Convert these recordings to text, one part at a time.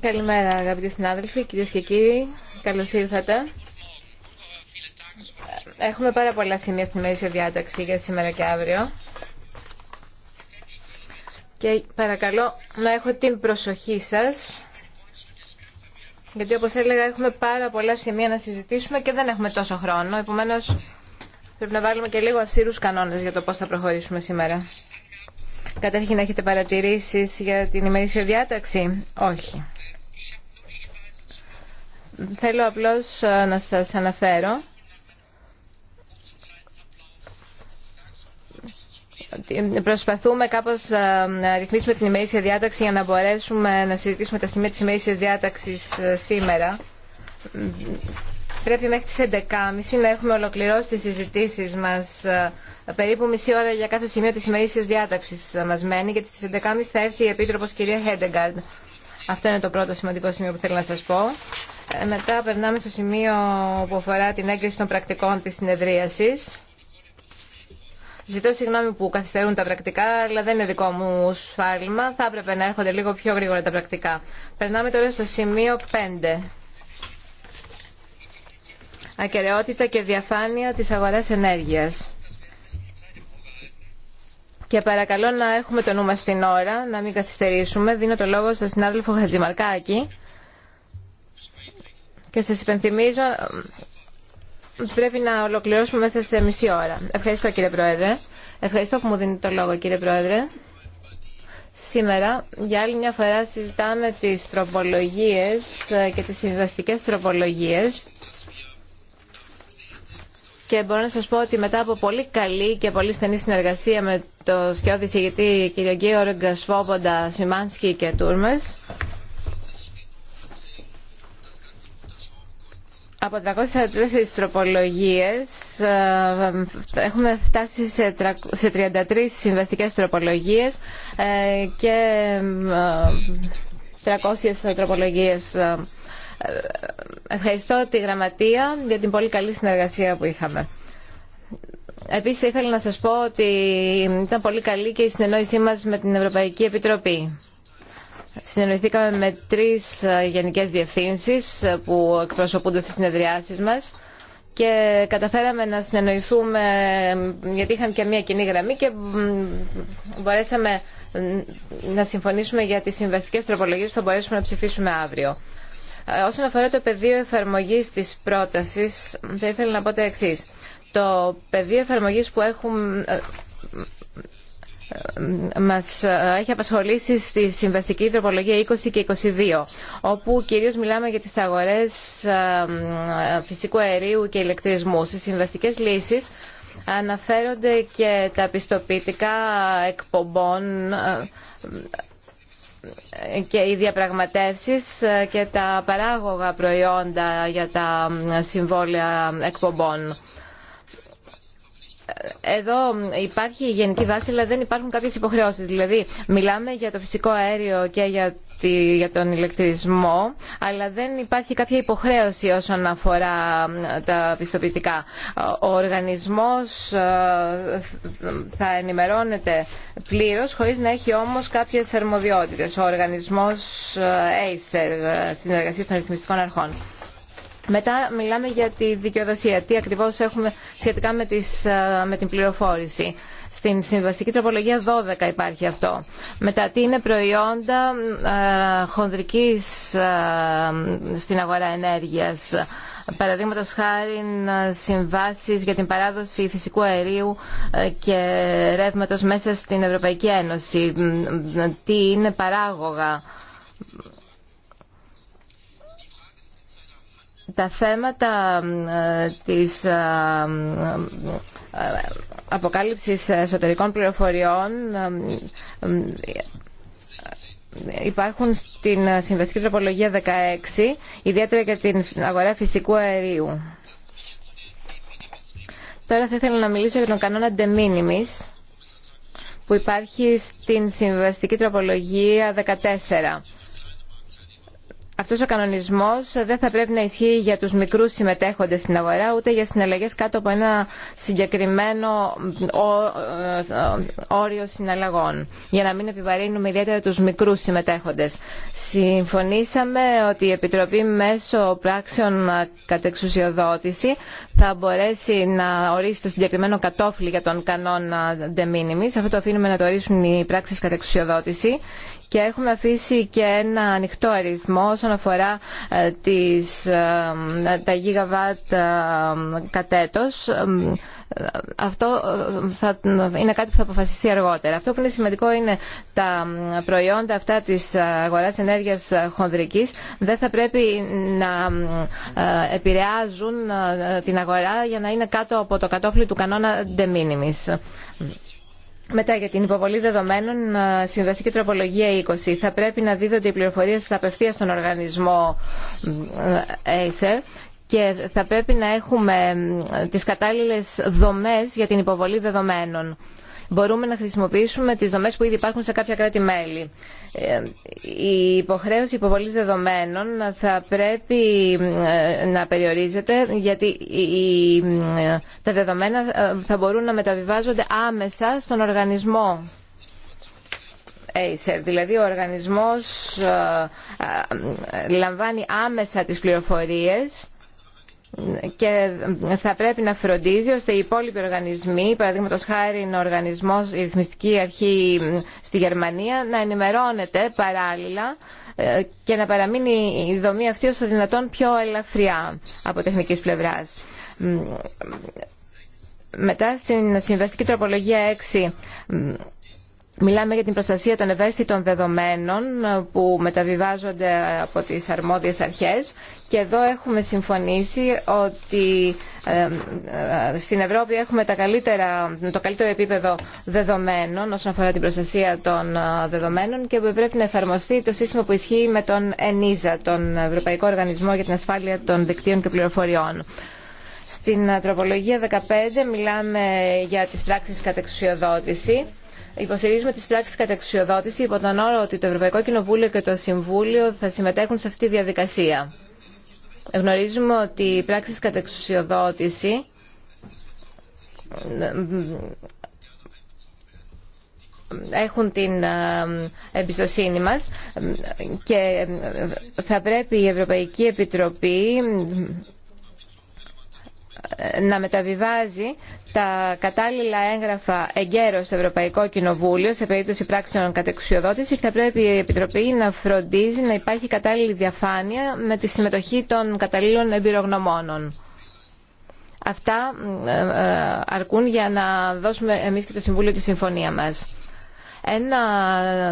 Καλημέρα αγαπητοί συνάδελφοι, κυρίες και κύριοι. Καλώς ήρθατε. Έχουμε πάρα πολλά σημεία στη μέση διάταξη για σήμερα και αύριο. Και παρακαλώ να έχω την προσοχή σας, γιατί όπως έλεγα έχουμε πάρα πολλά σημεία να συζητήσουμε και δεν έχουμε τόσο χρόνο. Επομένως πρέπει να βάλουμε και λίγο αυστηρούς κανόνες για το πώς θα προχωρήσουμε σήμερα. Καταρχήν έχετε παρατηρήσεις για την ημερήσια διάταξη. Όχι. Θέλω απλώς ε, να σας αναφέρω ε, προσπαθούμε κάπως ε, να ρυθμίσουμε την ημερήσια διάταξη για να μπορέσουμε να συζητήσουμε τα σημεία της ημερήσιας διάταξης σήμερα Πρέπει μέχρι τις 11.30 να έχουμε ολοκληρώσει τις συζητήσεις μας. Ε, περίπου μισή ώρα για κάθε σημείο της ημερήσιας διάταξης ε, μας μένει, γιατί στις 11.30 θα έρθει η Επίτροπος κυρία Χέντεγκαρντ. Αυτό είναι το πρώτο σημαντικό σημείο που θέλω να σας πω. Ε, μετά περνάμε στο σημείο που αφορά την έγκριση των πρακτικών της συνεδρίασης. Ζητώ συγγνώμη που καθυστερούν τα πρακτικά, αλλά δεν είναι δικό μου σφάλμα. Θα έπρεπε να έρχονται λίγο πιο γρήγορα τα πρακτικά. Περνάμε τώρα στο σημείο 5 ακαιρεότητα και διαφάνεια της αγοράς ενέργειας. Και παρακαλώ να έχουμε το νου μας την ώρα, να μην καθυστερήσουμε. Δίνω το λόγο στον συνάδελφο Χατζημαρκάκη. Και σας υπενθυμίζω, πρέπει να ολοκληρώσουμε μέσα σε μισή ώρα. Ευχαριστώ κύριε Πρόεδρε. Ευχαριστώ που μου δίνετε το λόγο κύριε Πρόεδρε. Σήμερα για άλλη μια φορά συζητάμε τις τροπολογίες ε, και τις συμβαστικές τροπολογίες και μπορώ να σας πω ότι μετά από πολύ καλή και πολύ στενή συνεργασία με το σκιώδη ηγητή κ. Γκέωργ Σβόμποντα, Σιμάνσκι και Τούρμες από 343 τροπολογίε ε, έχουμε φτάσει σε 33 συμβαστικέ τροπολογίε ε, και 300 ε, τροπολογίε. Ευχαριστώ τη Γραμματεία για την πολύ καλή συνεργασία που είχαμε. Επίσης ήθελα να σας πω ότι ήταν πολύ καλή και η συνεννόησή μας με την Ευρωπαϊκή Επιτροπή. Συνεννοηθήκαμε με τρεις ε, γενικές διευθύνσεις ε, που εκπροσωπούνται στις συνεδριάσεις μας και καταφέραμε να συνεννοηθούμε ε, γιατί είχαν και μια κοινή γραμμή και μπορέσαμε να συμφωνήσουμε για τις συμβαστικές τροπολογίες που θα μπορέσουμε να ψηφίσουμε αύριο. Ε, όσον αφορά το πεδίο εφαρμογή τη πρόταση, θα ήθελα να πω το εξή. Το πεδίο εφαρμογή που έχουν ε, ε, μας έχει απασχολήσει στη συμβαστική τροπολογία 20 και 22 όπου κυρίως μιλάμε για τις αγορές φυσικού αερίου και ηλεκτρισμού. Στις συμβαστικές λύσεις αναφέρονται και τα πιστοποιητικά εκπομπών και οι διαπραγματεύσεις ε, και τα παράγωγα προϊόντα για τα συμβόλαια εκπομπών εδώ υπάρχει η γενική βάση, αλλά δεν υπάρχουν κάποιες υποχρεώσεις. Δηλαδή, μιλάμε για το φυσικό αέριο και για για τον ηλεκτρισμό, αλλά δεν υπάρχει κάποια υποχρέωση όσον αφορά τα πιστοποιητικά. Ο οργανισμός ε, θα ενημερώνεται πλήρως, χωρίς να έχει όμως κάποιες αρμοδιότητες. Ο οργανισμός ε, Acer, ε, στην εργασία των ρυθμιστικών αρχών. Μετά μιλάμε για τη δικαιοδοσία. Τι ακριβώς έχουμε σχετικά με, την πληροφόρηση. Στην συμβαστική τροπολογία 12 υπάρχει αυτό. Μετά τι είναι προϊόντα χονδρικής στην αγορά ενέργεια, παραδείγματο χάρη συμβάσει για την παράδοση φυσικού αερίου και ρεύματο μέσα στην Ευρωπαϊκή Ένωση. Τι είναι παράγωγα τα θέματα ε, της ε, ε, αποκάλυψης εσωτερικών πληροφοριών υπάρχουν στην Συμβαστική Τροπολογία 16, ιδιαίτερα για την αγορά φυσικού αερίου. Τώρα θα ήθελα να μιλήσω για τον κανόνα de που υπάρχει στην Συμβαστική Τροπολογία 14 αυτός ο κανονισμός δεν θα πρέπει να ισχύει για τους μικρούς συμμετέχοντες στην αγορά ούτε για συναλλαγές κάτω από ένα συγκεκριμένο όριο συναλλαγών για να μην επιβαρύνουμε ιδιαίτερα τους μικρούς συμμετέχοντες. Συμφωνήσαμε ότι η Επιτροπή μέσω πράξεων κατεξουσιοδότηση θα μπορέσει να ορίσει το συγκεκριμένο κατόφλι για τον κανόνα de minimis. Αυτό το αφήνουμε να το ορίσουν οι πράξεις κατεξουσιοδότηση και έχουμε αφήσει και ένα ανοιχτό αριθμό όσον αφορά ε, ε, ε, τα γίγαβατ κατέτος αυτό θα, είναι κάτι που θα αποφασιστεί αργότερα. Αυτό που είναι σημαντικό είναι τα προϊόντα αυτά της αγοράς ενέργειας χονδρικής δεν θα πρέπει να επηρεάζουν την αγορά για να είναι κάτω από το κατόφλι του κανόνα de minimis. Μετά για την υποβολή δεδομένων, ε, συμβαστική τροπολογία 20. Θα πρέπει να δίδονται οι πληροφορίε απευθεία στον οργανισμό ε, Acer και θα πρέπει να έχουμε ε, τις κατάλληλες δομές για την υποβολή δεδομένων μπορούμε να χρησιμοποιήσουμε τις δομές που ήδη υπάρχουν σε κάποια κράτη-μέλη. Ε, η υποχρέωση υποβολής δεδομένων θα πρέπει ε, να περιορίζεται γιατί ε, τα δεδομένα θα μπορούν να μεταβιβάζονται άμεσα στον οργανισμό Acer. Δηλαδή ο οργανισμός λαμβάνει άμεσα τις πληροφορίες και θα πρέπει να φροντίζει ώστε οι υπόλοιποι οργανισμοί, παραδείγματο χάρη ο οργανισμό, η ρυθμιστική αρχή στη Γερμανία, να ενημερώνεται παράλληλα ε, και να παραμείνει η δομή αυτή όσο δυνατόν πιο ελαφριά από τεχνικής πλευράς. Μετά στην συμβαστική τροπολογία 6 Μιλάμε για την προστασία των ευαίσθητων δεδομένων που μεταβιβάζονται από τις αρμόδιες αρχές και εδώ έχουμε συμφωνήσει ότι ε, ε, στην Ευρώπη έχουμε τα καλύτερα, το καλύτερο επίπεδο δεδομένων όσον αφορά την προστασία των ε, δεδομένων και πρέπει να εφαρμοστεί το σύστημα που ισχύει με τον ΕΝΙΖΑ, τον Ευρωπαϊκό Οργανισμό για την Ασφάλεια των Δικτύων και Πληροφοριών. Στην τροπολογία 15 μιλάμε για τις πράξεις κατεξουσιοδότηση Υποστηρίζουμε τις πράξεις καταξιοδότηση υπό τον όρο ότι το Ευρωπαϊκό Κοινοβούλιο και το Συμβούλιο θα συμμετέχουν σε αυτή τη διαδικασία. Γνωρίζουμε ότι οι πράξεις καταξιοδότηση ε, έχουν την ε, εμπιστοσύνη μας και ε, θα πρέπει η Ευρωπαϊκή Επιτροπή να μεταβιβάζει τα κατάλληλα έγγραφα εγκαίρω στο Ευρωπαϊκό Κοινοβούλιο σε περίπτωση πράξεων κατεξουσιοδότηση θα πρέπει η Επιτροπή να φροντίζει να υπάρχει κατάλληλη διαφάνεια με τη συμμετοχή των καταλλήλων εμπειρογνωμόνων. Αυτά ε, ε, αρκούν για να δώσουμε εμείς και το Συμβούλιο τη συμφωνία μας. Ένα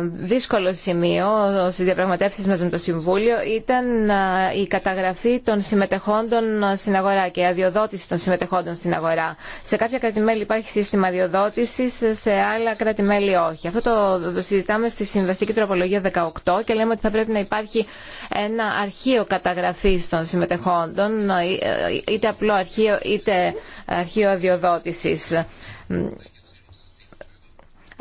δύσκολο σημείο στις διαπραγματεύσεις μας με το Συμβούλιο ήταν ε, η καταγραφή των συμμετεχόντων στην αγορά και η αδειοδότηση των συμμετεχόντων στην αγορά. Σε κάποια κράτη-μέλη υπάρχει σύστημα αδειοδότησης, σε άλλα κράτη-μέλη όχι. Αυτό το συζητάμε στη Συμβαστική Τροπολογία 18 και λέμε ότι θα πρέπει να υπάρχει ένα αρχείο καταγραφής των συμμετεχόντων, ε, ε, είτε απλό αρχείο είτε αρχείο αδειοδότησης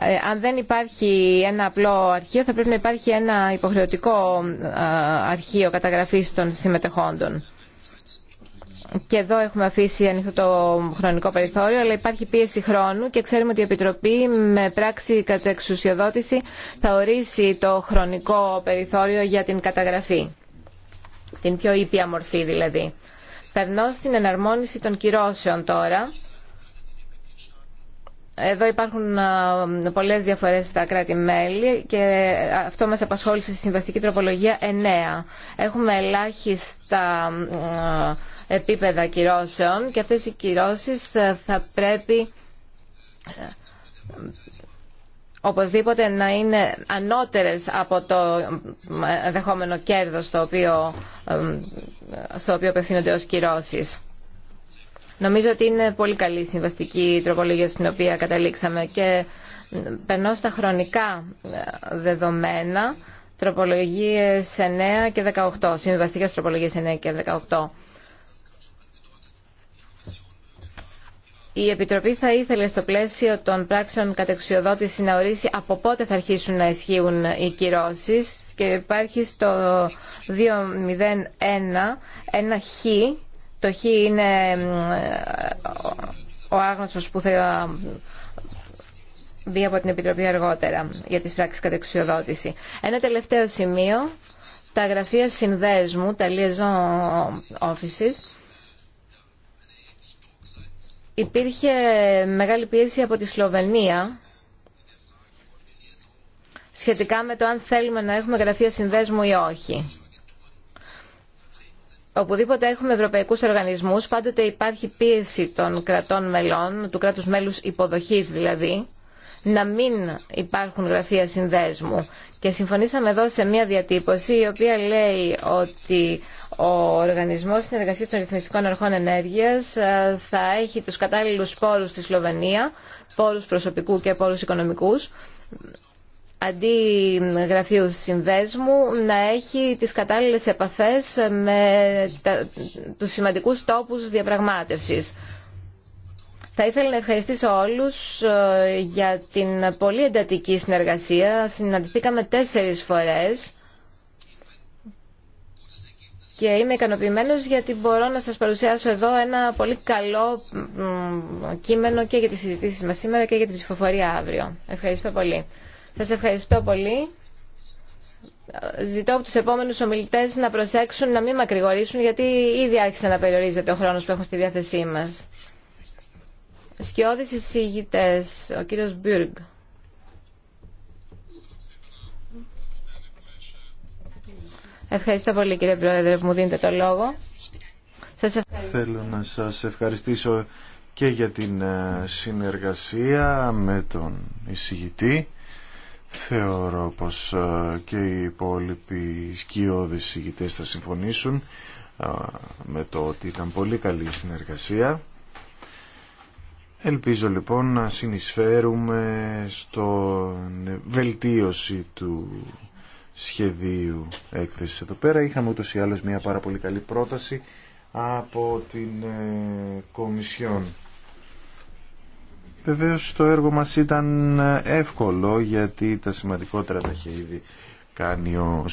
ε, αν δεν υπάρχει ένα απλό αρχείο θα πρέπει να υπάρχει ένα υποχρεωτικό ε, αρχείο καταγραφής των συμμετεχόντων. Και εδώ έχουμε αφήσει ανοιχτό το χρονικό περιθώριο, αλλά υπάρχει πίεση χρόνου και ξέρουμε ότι η Επιτροπή με πράξη κατά εξουσιοδότηση θα ορίσει το χρονικό περιθώριο για την καταγραφή. Την πιο ήπια μορφή δηλαδή. Περνώ στην εναρμόνιση των κυρώσεων τώρα εδώ υπάρχουν ε, πολλές διαφορές στα κράτη-μέλη και ε, αυτό μας απασχόλησε στη συμβαστική τροπολογία 9. Έχουμε ελάχιστα ε, επίπεδα κυρώσεων και αυτές οι κυρώσεις θα πρέπει οπωσδήποτε να είναι ανώτερες από το δεχόμενο κέρδος στο οποίο, στο οποίο απευθύνονται ως κυρώσεις. Νομίζω ότι είναι πολύ καλή η συμβαστική τροπολογία στην οποία καταλήξαμε και περνώ στα χρονικά ε, δεδομένα τροπολογίες 9 και 18, συμβαστικές τροπολογίες 9 και 18. Η Επιτροπή θα ήθελε στο πλαίσιο των πράξεων κατεξουσιοδότηση να ορίσει από πότε θα αρχίσουν να ισχύουν οι κυρώσεις και υπάρχει στο 2.01 ένα χ το χ είναι ο άγνωστος που θα δει από την Επιτροπή αργότερα για τις πράξεις κατεξουσιοδότηση. Ένα τελευταίο σημείο, τα γραφεία συνδέσμου, τα liaison offices, υπήρχε μεγάλη πίεση από τη Σλοβενία σχετικά με το αν θέλουμε να έχουμε γραφεία συνδέσμου ή όχι. Οπουδήποτε έχουμε ευρωπαϊκούς οργανισμούς, πάντοτε υπάρχει πίεση των κρατών μελών, του κράτου μέλους υποδοχής δηλαδή, να μην υπάρχουν γραφεία συνδέσμου. Και συμφωνήσαμε εδώ σε μια διατύπωση η οποία λέει ότι ο Οργανισμός συνεργασία των Ρυθμιστικών Αρχών ενέργεια ε, θα έχει τους κατάλληλου πόρου στη Σλοβενία, πόρου προσωπικού και πόρου οικονομικού αντί γραφείου συνδέσμου να έχει τις κατάλληλες επαφές με τα, τους σημαντικούς τόπους διαπραγμάτευσης. Θα ήθελα να ευχαριστήσω όλους ε, για την πολύ εντατική συνεργασία. Συναντηθήκαμε τέσσερις φορές και είμαι ικανοποιημένο γιατί μπορώ να σας παρουσιάσω εδώ ένα πολύ καλό κείμενο και για τις συζητήσεις μας σήμερα και για την ψηφοφορία αύριο. Ευχαριστώ πολύ. Σας ευχαριστώ πολύ. Ζητώ από τους επόμενους ομιλητές να προσέξουν να μην μακρηγορήσουν γιατί ήδη άρχισε να περιορίζεται ο χρόνος που έχουν στη διάθεσή μας. Σκιώδης εισηγητές, ο κύριος Μπιουργκ. Ευχαριστώ πολύ κύριε Πρόεδρε που μου δίνετε το λόγο. Θέλω να σας ευχαριστήσω και για την ε, συνεργασία με τον εισηγητή Θεωρώ πως ε, και οι υπόλοιποι σκιώδεις ηγητές θα συμφωνήσουν ε, με το ότι ήταν πολύ καλή συνεργασία. Ελπίζω λοιπόν να συνεισφέρουμε στο ε, βελτίωση του σχεδίου Έκθεση εδώ πέρα. Είχαμε ούτως ή άλλως μια πάρα πολύ καλή πρόταση από την Κομισιόν. Βεβαίως το έργο μας ήταν εύκολο γιατί τα σημαντικότερα τα είχε ήδη κάνει ο,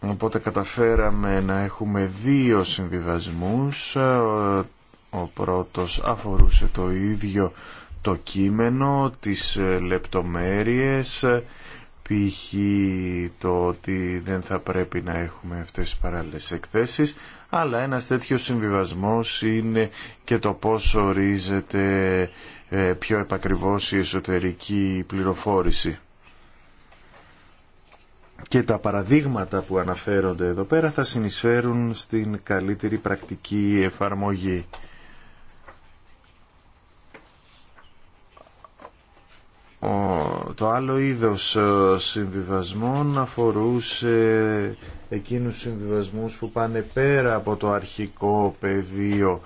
Οπότε καταφέραμε να έχουμε δύο συμβιβασμούς. Ο πρώτος αφορούσε το ίδιο το κείμενο, τις λεπτομέρειες, π.χ. το ότι δεν θα πρέπει να έχουμε αυτές τις παράλληλες εκθέσεις, αλλά ένας τέτοιος συμβιβασμός είναι και το πώς ορίζεται ε, πιο επακριβώς η εσωτερική πληροφόρηση. Και τα παραδείγματα που αναφέρονται εδώ πέρα θα συνεισφέρουν στην καλύτερη πρακτική εφαρμογή. το άλλο είδος ε, συμβιβασμών αφορούσε εκείνους τους που πάνε πέρα από το αρχικό πεδίο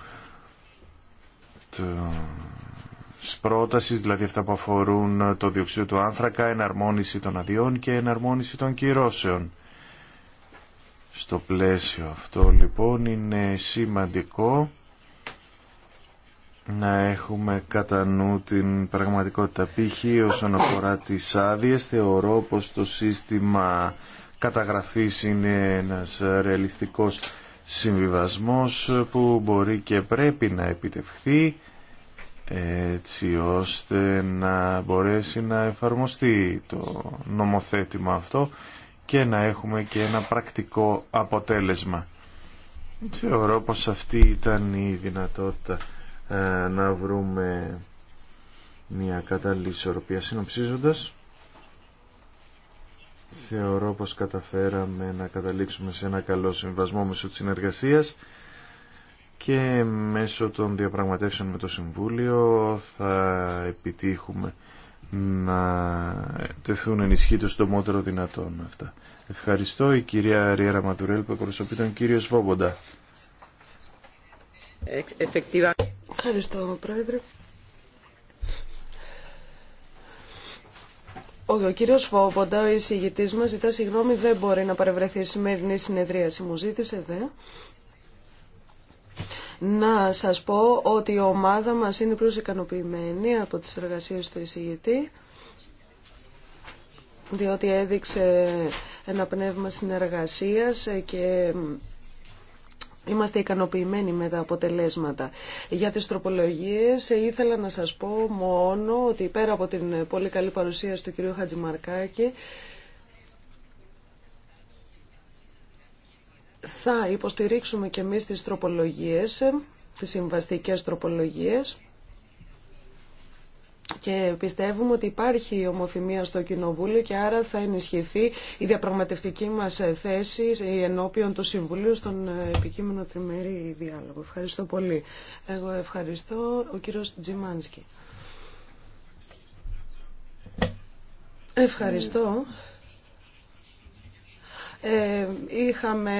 της πρότασης, δηλαδή αυτά που αφορούν το διοξείο του άνθρακα, εναρμόνιση των αδειών και εναρμόνιση των κυρώσεων. Στο πλαίσιο αυτό λοιπόν είναι σημαντικό να έχουμε κατά νου την πραγματικότητα. Π.χ. όσον αφορά τις άδειες θεωρώ πως το σύστημα καταγραφής είναι ένας ρεαλιστικός συμβιβασμός που μπορεί και πρέπει να επιτευχθεί έτσι ώστε να μπορέσει να εφαρμοστεί το νομοθέτημα αυτό και να έχουμε και ένα πρακτικό αποτέλεσμα. Θεωρώ πως αυτή ήταν η δυνατότητα ε, να βρούμε μια κατάλληλη ισορροπία συνοψίζοντας θεωρώ πως καταφέραμε να καταλήξουμε σε ένα καλό συμβασμό μέσω της συνεργασίας και μέσω των διαπραγματεύσεων με το Συμβούλιο θα επιτύχουμε να τεθούν ενισχύτως το στομότερο δυνατόν αυτά. Ευχαριστώ η κυρία Ριέρα Ματουρέλ που εκπροσωπεί τον κύριο Σβόμποντα. Ευχαριστώ πρόεδρε. Ο κύριος Φόποντα, ο εισηγητής μας, ζητά συγγνώμη, δεν μπορεί να παρευρεθεί η σημερινή συνεδρίαση. Μου ζήτησε δε. Να σας πω ότι η ομάδα μας είναι πλούς ικανοποιημένη από τις εργασίες του εισηγητή, διότι έδειξε ένα πνεύμα συνεργασίας και Είμαστε ικανοποιημένοι με τα αποτελέσματα. Για τις τροπολογίες ήθελα να σας πω μόνο ότι πέρα από την πολύ καλή παρουσίαση του κυρίου Χατζημαρκάκη θα υποστηρίξουμε και εμείς τις τροπολογίες, τις συμβαστικές τροπολογίες και πιστεύουμε ότι υπάρχει ομοθυμία στο Κοινοβούλιο και άρα θα ενισχυθεί η διαπραγματευτική μας θέση ενώπιον του Συμβουλίου στον ε, επικείμενο τριμερή διάλογο. Ευχαριστώ πολύ. Εγώ ευχαριστώ. Ο κύριος Τζιμάνσκι. Ευχαριστώ. Ε, είχαμε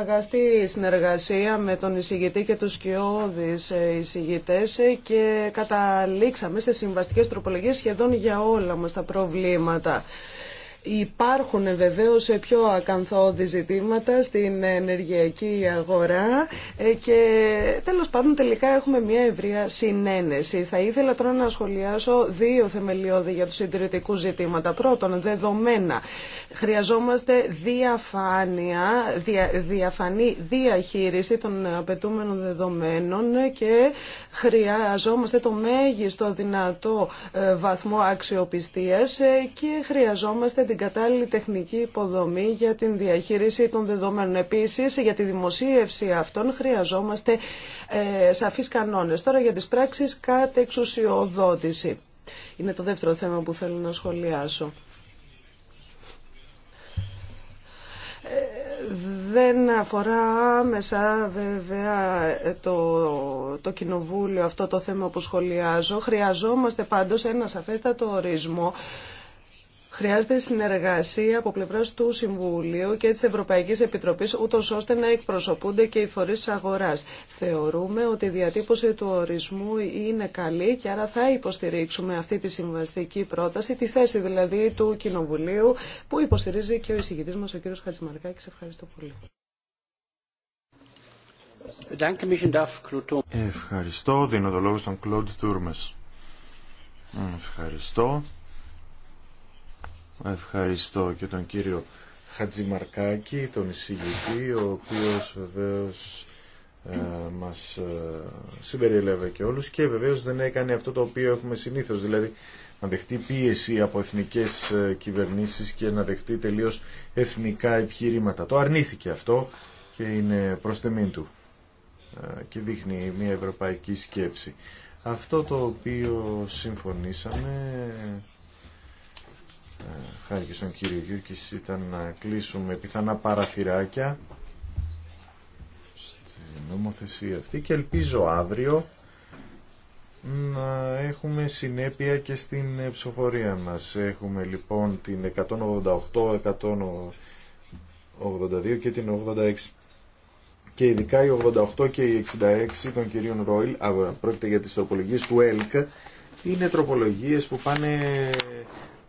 αγαστή συνεργασία με τον εισηγητή και τους σκιώδεις ε, εισηγητές ε, και καταλήξαμε σε συμβαστικές τροπολογίες σχεδόν για όλα μας τα προβλήματα. Υπάρχουν βεβαίως πιο ακαθόδη ζητήματα στην ενεργειακή αγορά ε, και τέλος πάντων τελικά έχουμε μια ευρεία συνένεση. Θα ήθελα τώρα να σχολιάσω δύο θεμελιώδη για τους συντηρητικού ζητήματα. Πρώτον, δεδομένα. Χρειαζόμαστε διαφάνεια, δια, διαφανή διαχείριση των απαιτούμενων δεδομένων και χρειαζόμαστε το μέγιστο δυνατό ε, βαθμό αξιοπιστίας ε, και χρειαζόμαστε την κατάλληλη τεχνική υποδομή για την διαχείριση των δεδομένων. επίση για τη δημοσίευση αυτών χρειαζόμαστε ε, σαφείς κανόνες. Τώρα για τις πράξεις κατ' εξουσιοδότηση. Είναι το δεύτερο θέμα που θέλω να σχολιάσω. Ε, δεν αφορά μέσα βέβαια το, το κοινοβούλιο αυτό το θέμα που σχολιάζω. Χρειαζόμαστε πάντως ένα σαφέστατο ορισμό Χρειάζεται συνεργασία από πλευρά του Συμβουλίου και τη Ευρωπαϊκή Επιτροπή, ούτω ώστε να εκπροσωπούνται και οι φορεί τη αγορά. Θεωρούμε ότι η διατύπωση του ορισμού είναι καλή και άρα θα υποστηρίξουμε αυτή τη συμβαστική πρόταση, τη θέση δηλαδή του Κοινοβουλίου, που υποστηρίζει και ο εισηγητή μα, ο κ. Χατζημαρκάκη. Ευχαριστώ πολύ. Ευχαριστώ. Δίνω το λόγο στον Κλοντ Τούρμες. Ευχαριστώ. Ευχαριστώ και τον κύριο Χατζημαρκάκη, τον εισηγητή, ο οποίος βεβαίως ε, μας ε, και όλους και βεβαίως δεν έκανε αυτό το οποίο έχουμε συνήθως, δηλαδή να δεχτεί πίεση από εθνικές ε, κυβερνήσεις και να δεχτεί τελείως εθνικά επιχειρήματα. Το αρνήθηκε αυτό και είναι προς του ε, και δείχνει μια ευρωπαϊκή σκέψη. Αυτό το οποίο συμφωνήσαμε χάρη στον κύριο Γιούρκης ήταν να κλείσουμε πιθανά παραθυράκια στην νομοθεσία αυτή και ελπίζω αύριο να έχουμε συνέπεια και στην ψηφοφορία μας. Έχουμε λοιπόν την 188, 182 και την 86. Και ειδικά η 88 και η 66 των κυρίων Ρόιλ, πρόκειται για τις τροπολογίες του ΕΛΚ, είναι τροπολογίες που πάνε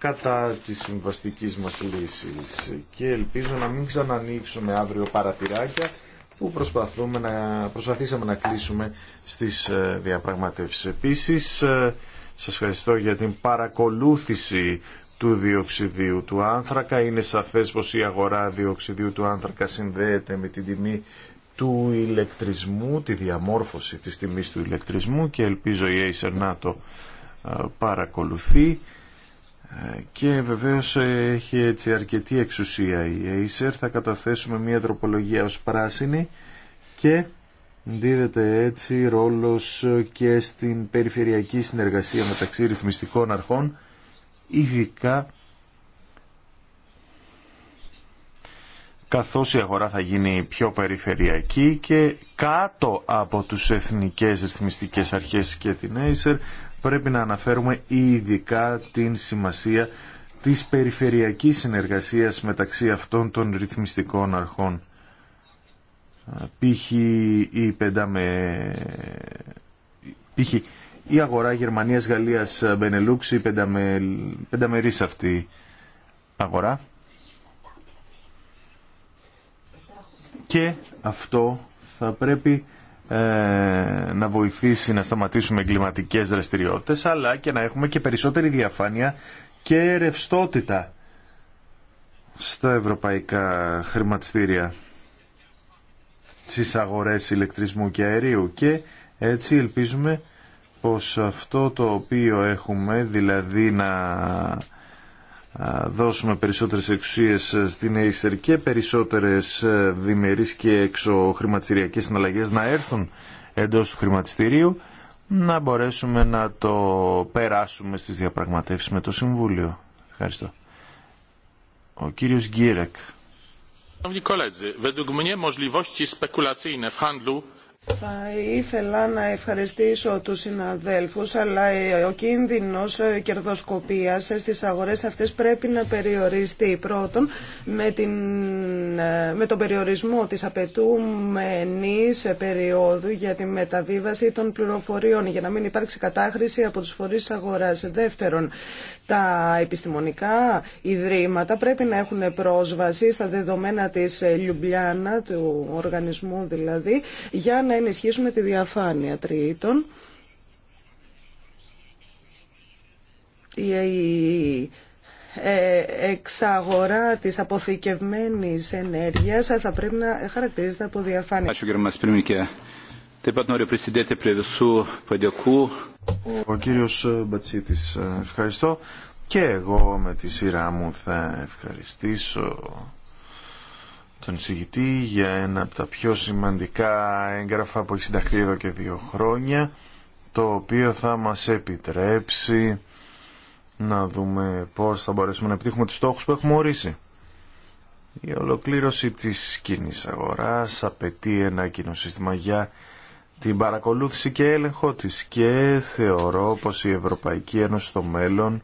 κατά της συμβαστικής μας λύσης και ελπίζω να μην ξανανοίξουμε αύριο παραθυράκια που προσπαθούμε να, προσπαθήσαμε να κλείσουμε στις ε, διαπραγματεύσεις. Επίσης, ε, σας ευχαριστώ για την παρακολούθηση του διοξιδίου του άνθρακα. Είναι σαφές πως η αγορά διοξιδίου του άνθρακα συνδέεται με την τιμή του ηλεκτρισμού, τη διαμόρφωση της τιμής του ηλεκτρισμού και ελπίζω η Acer να το ε, παρακολουθεί. Και βεβαίως έχει έτσι αρκετή εξουσία η Acer. Θα καταθέσουμε μια τροπολογία ως πράσινη και δίδεται έτσι ρόλος και στην περιφερειακή συνεργασία μεταξύ ρυθμιστικών αρχών, ειδικά καθώς η αγορά θα γίνει πιο περιφερειακή και κάτω από τους εθνικές ρυθμιστικές αρχές και την Acer πρέπει να αναφέρουμε ειδικά την σημασία της περιφερειακής συνεργασίας μεταξύ αυτών των ρυθμιστικών αρχών. Π.χ. η, π.χ. η αγορά Γερμανίας, Γαλλίας, Μπενελούξ, η πενταμε... αυτή αγορά. Και αυτό θα πρέπει ε, να βοηθήσει να σταματήσουμε εγκληματικές δραστηριότητες αλλά και να έχουμε και περισσότερη διαφάνεια και ρευστότητα στα ευρωπαϊκά χρηματιστήρια στις αγορές ηλεκτρισμού και αερίου και έτσι ελπίζουμε πως αυτό το οποίο έχουμε δηλαδή να δώσουμε περισσότερες εξουσίες ε, στην Acer και περισσότερες ε, διμερείς και έξω χρηματιστηριακές συναλλαγές να έρθουν εντός του χρηματιστηρίου να μπορέσουμε να το περάσουμε στις διαπραγματεύσεις με το Συμβούλιο. Ευχαριστώ. Ο κύριος Γκίρεκ. Θα ήθελα να ευχαριστήσω τους συναδέλφους, αλλά ο κίνδυνος κερδοσκοπίας στις αγορές αυτές πρέπει να περιοριστεί. Πρώτον, με, την, με τον περιορισμό της απαιτούμενης περίοδου για τη μεταβίβαση των πληροφοριών, για να μην υπάρξει κατάχρηση από τους φορείς αγοράς. Δεύτερον, τα επιστημονικά ιδρύματα πρέπει να έχουν πρόσβαση στα δεδομένα της Λιουμπλιάνα, του οργανισμού δηλαδή, για να ενισχύσουμε τη διαφάνεια τρίτων. Η ε, εξαγορά της αποθηκευμένης ενέργειας θα πρέπει να χαρακτηρίζεται από διαφάνεια. Taip pat noriu prisidėti prie visų padėkų. Ο κύριο ε, Μπατσίτη, ε, ευχαριστώ. Και εγώ με τη σειρά μου θα ευχαριστήσω τον συγητή για ένα από τα πιο σημαντικά έγγραφα που έχει συνταχθεί εδώ και δύο χρόνια, το οποίο θα μας επιτρέψει να δούμε πώς θα μπορέσουμε να επιτύχουμε τους στόχους που έχουμε ορίσει. Η ολοκλήρωση της κοινή αγοράς απαιτεί ένα κοινό σύστημα για την παρακολούθηση και έλεγχό της και θεωρώ πως η Ευρωπαϊκή Ένωση στο μέλλον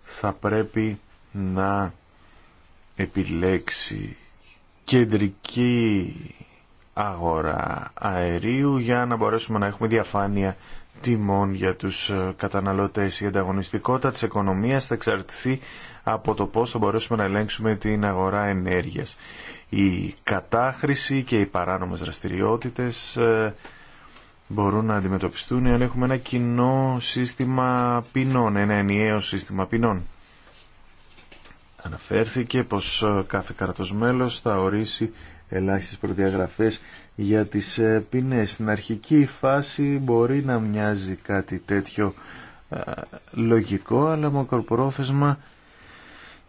θα πρέπει να επιλέξει κεντρική αγορά αερίου για να μπορέσουμε να έχουμε διαφάνεια τιμών για τους ε, καταναλωτές. Η ανταγωνιστικότητα της οικονομίας θα εξαρτηθεί από το πώς θα μπορέσουμε να ελέγξουμε την αγορά ενέργειας. Η κατάχρηση και οι παράνομες δραστηριότητες ε, μπορούν να αντιμετωπιστούν αν έχουμε ένα κοινό σύστημα ποινών, ένα ενιαίο σύστημα ποινών. Αναφέρθηκε πως ε, κάθε κρατος μέλος θα ορίσει ελάχιστες προδιαγραφές για τις ε, ποινές. Στην αρχική φάση μπορεί να μοιάζει κάτι τέτοιο ε, λογικό, αλλά μακροπρόθεσμα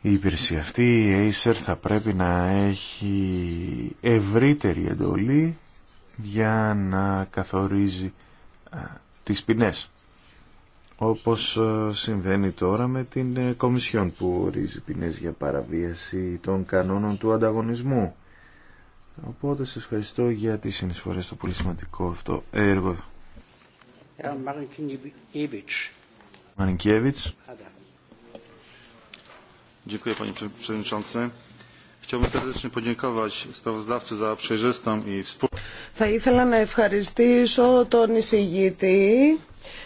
η υπηρεσία αυτή, η Acer, θα πρέπει να έχει ευρύτερη εντολή για να καθορίζει τις ποινές. Όπως συμβαίνει τώρα με την ε, Κομισιόν που ορίζει ποινές για παραβίαση των κανόνων του ανταγωνισμού. Οπότε σας ευχαριστώ για τις συνεισφορές στο πολύ σημαντικό αυτό έργο. Ε, Μαρινκιέβιτς. przewodniczący. Θα ήθελα να ευχαριστήσω τον εισηγητή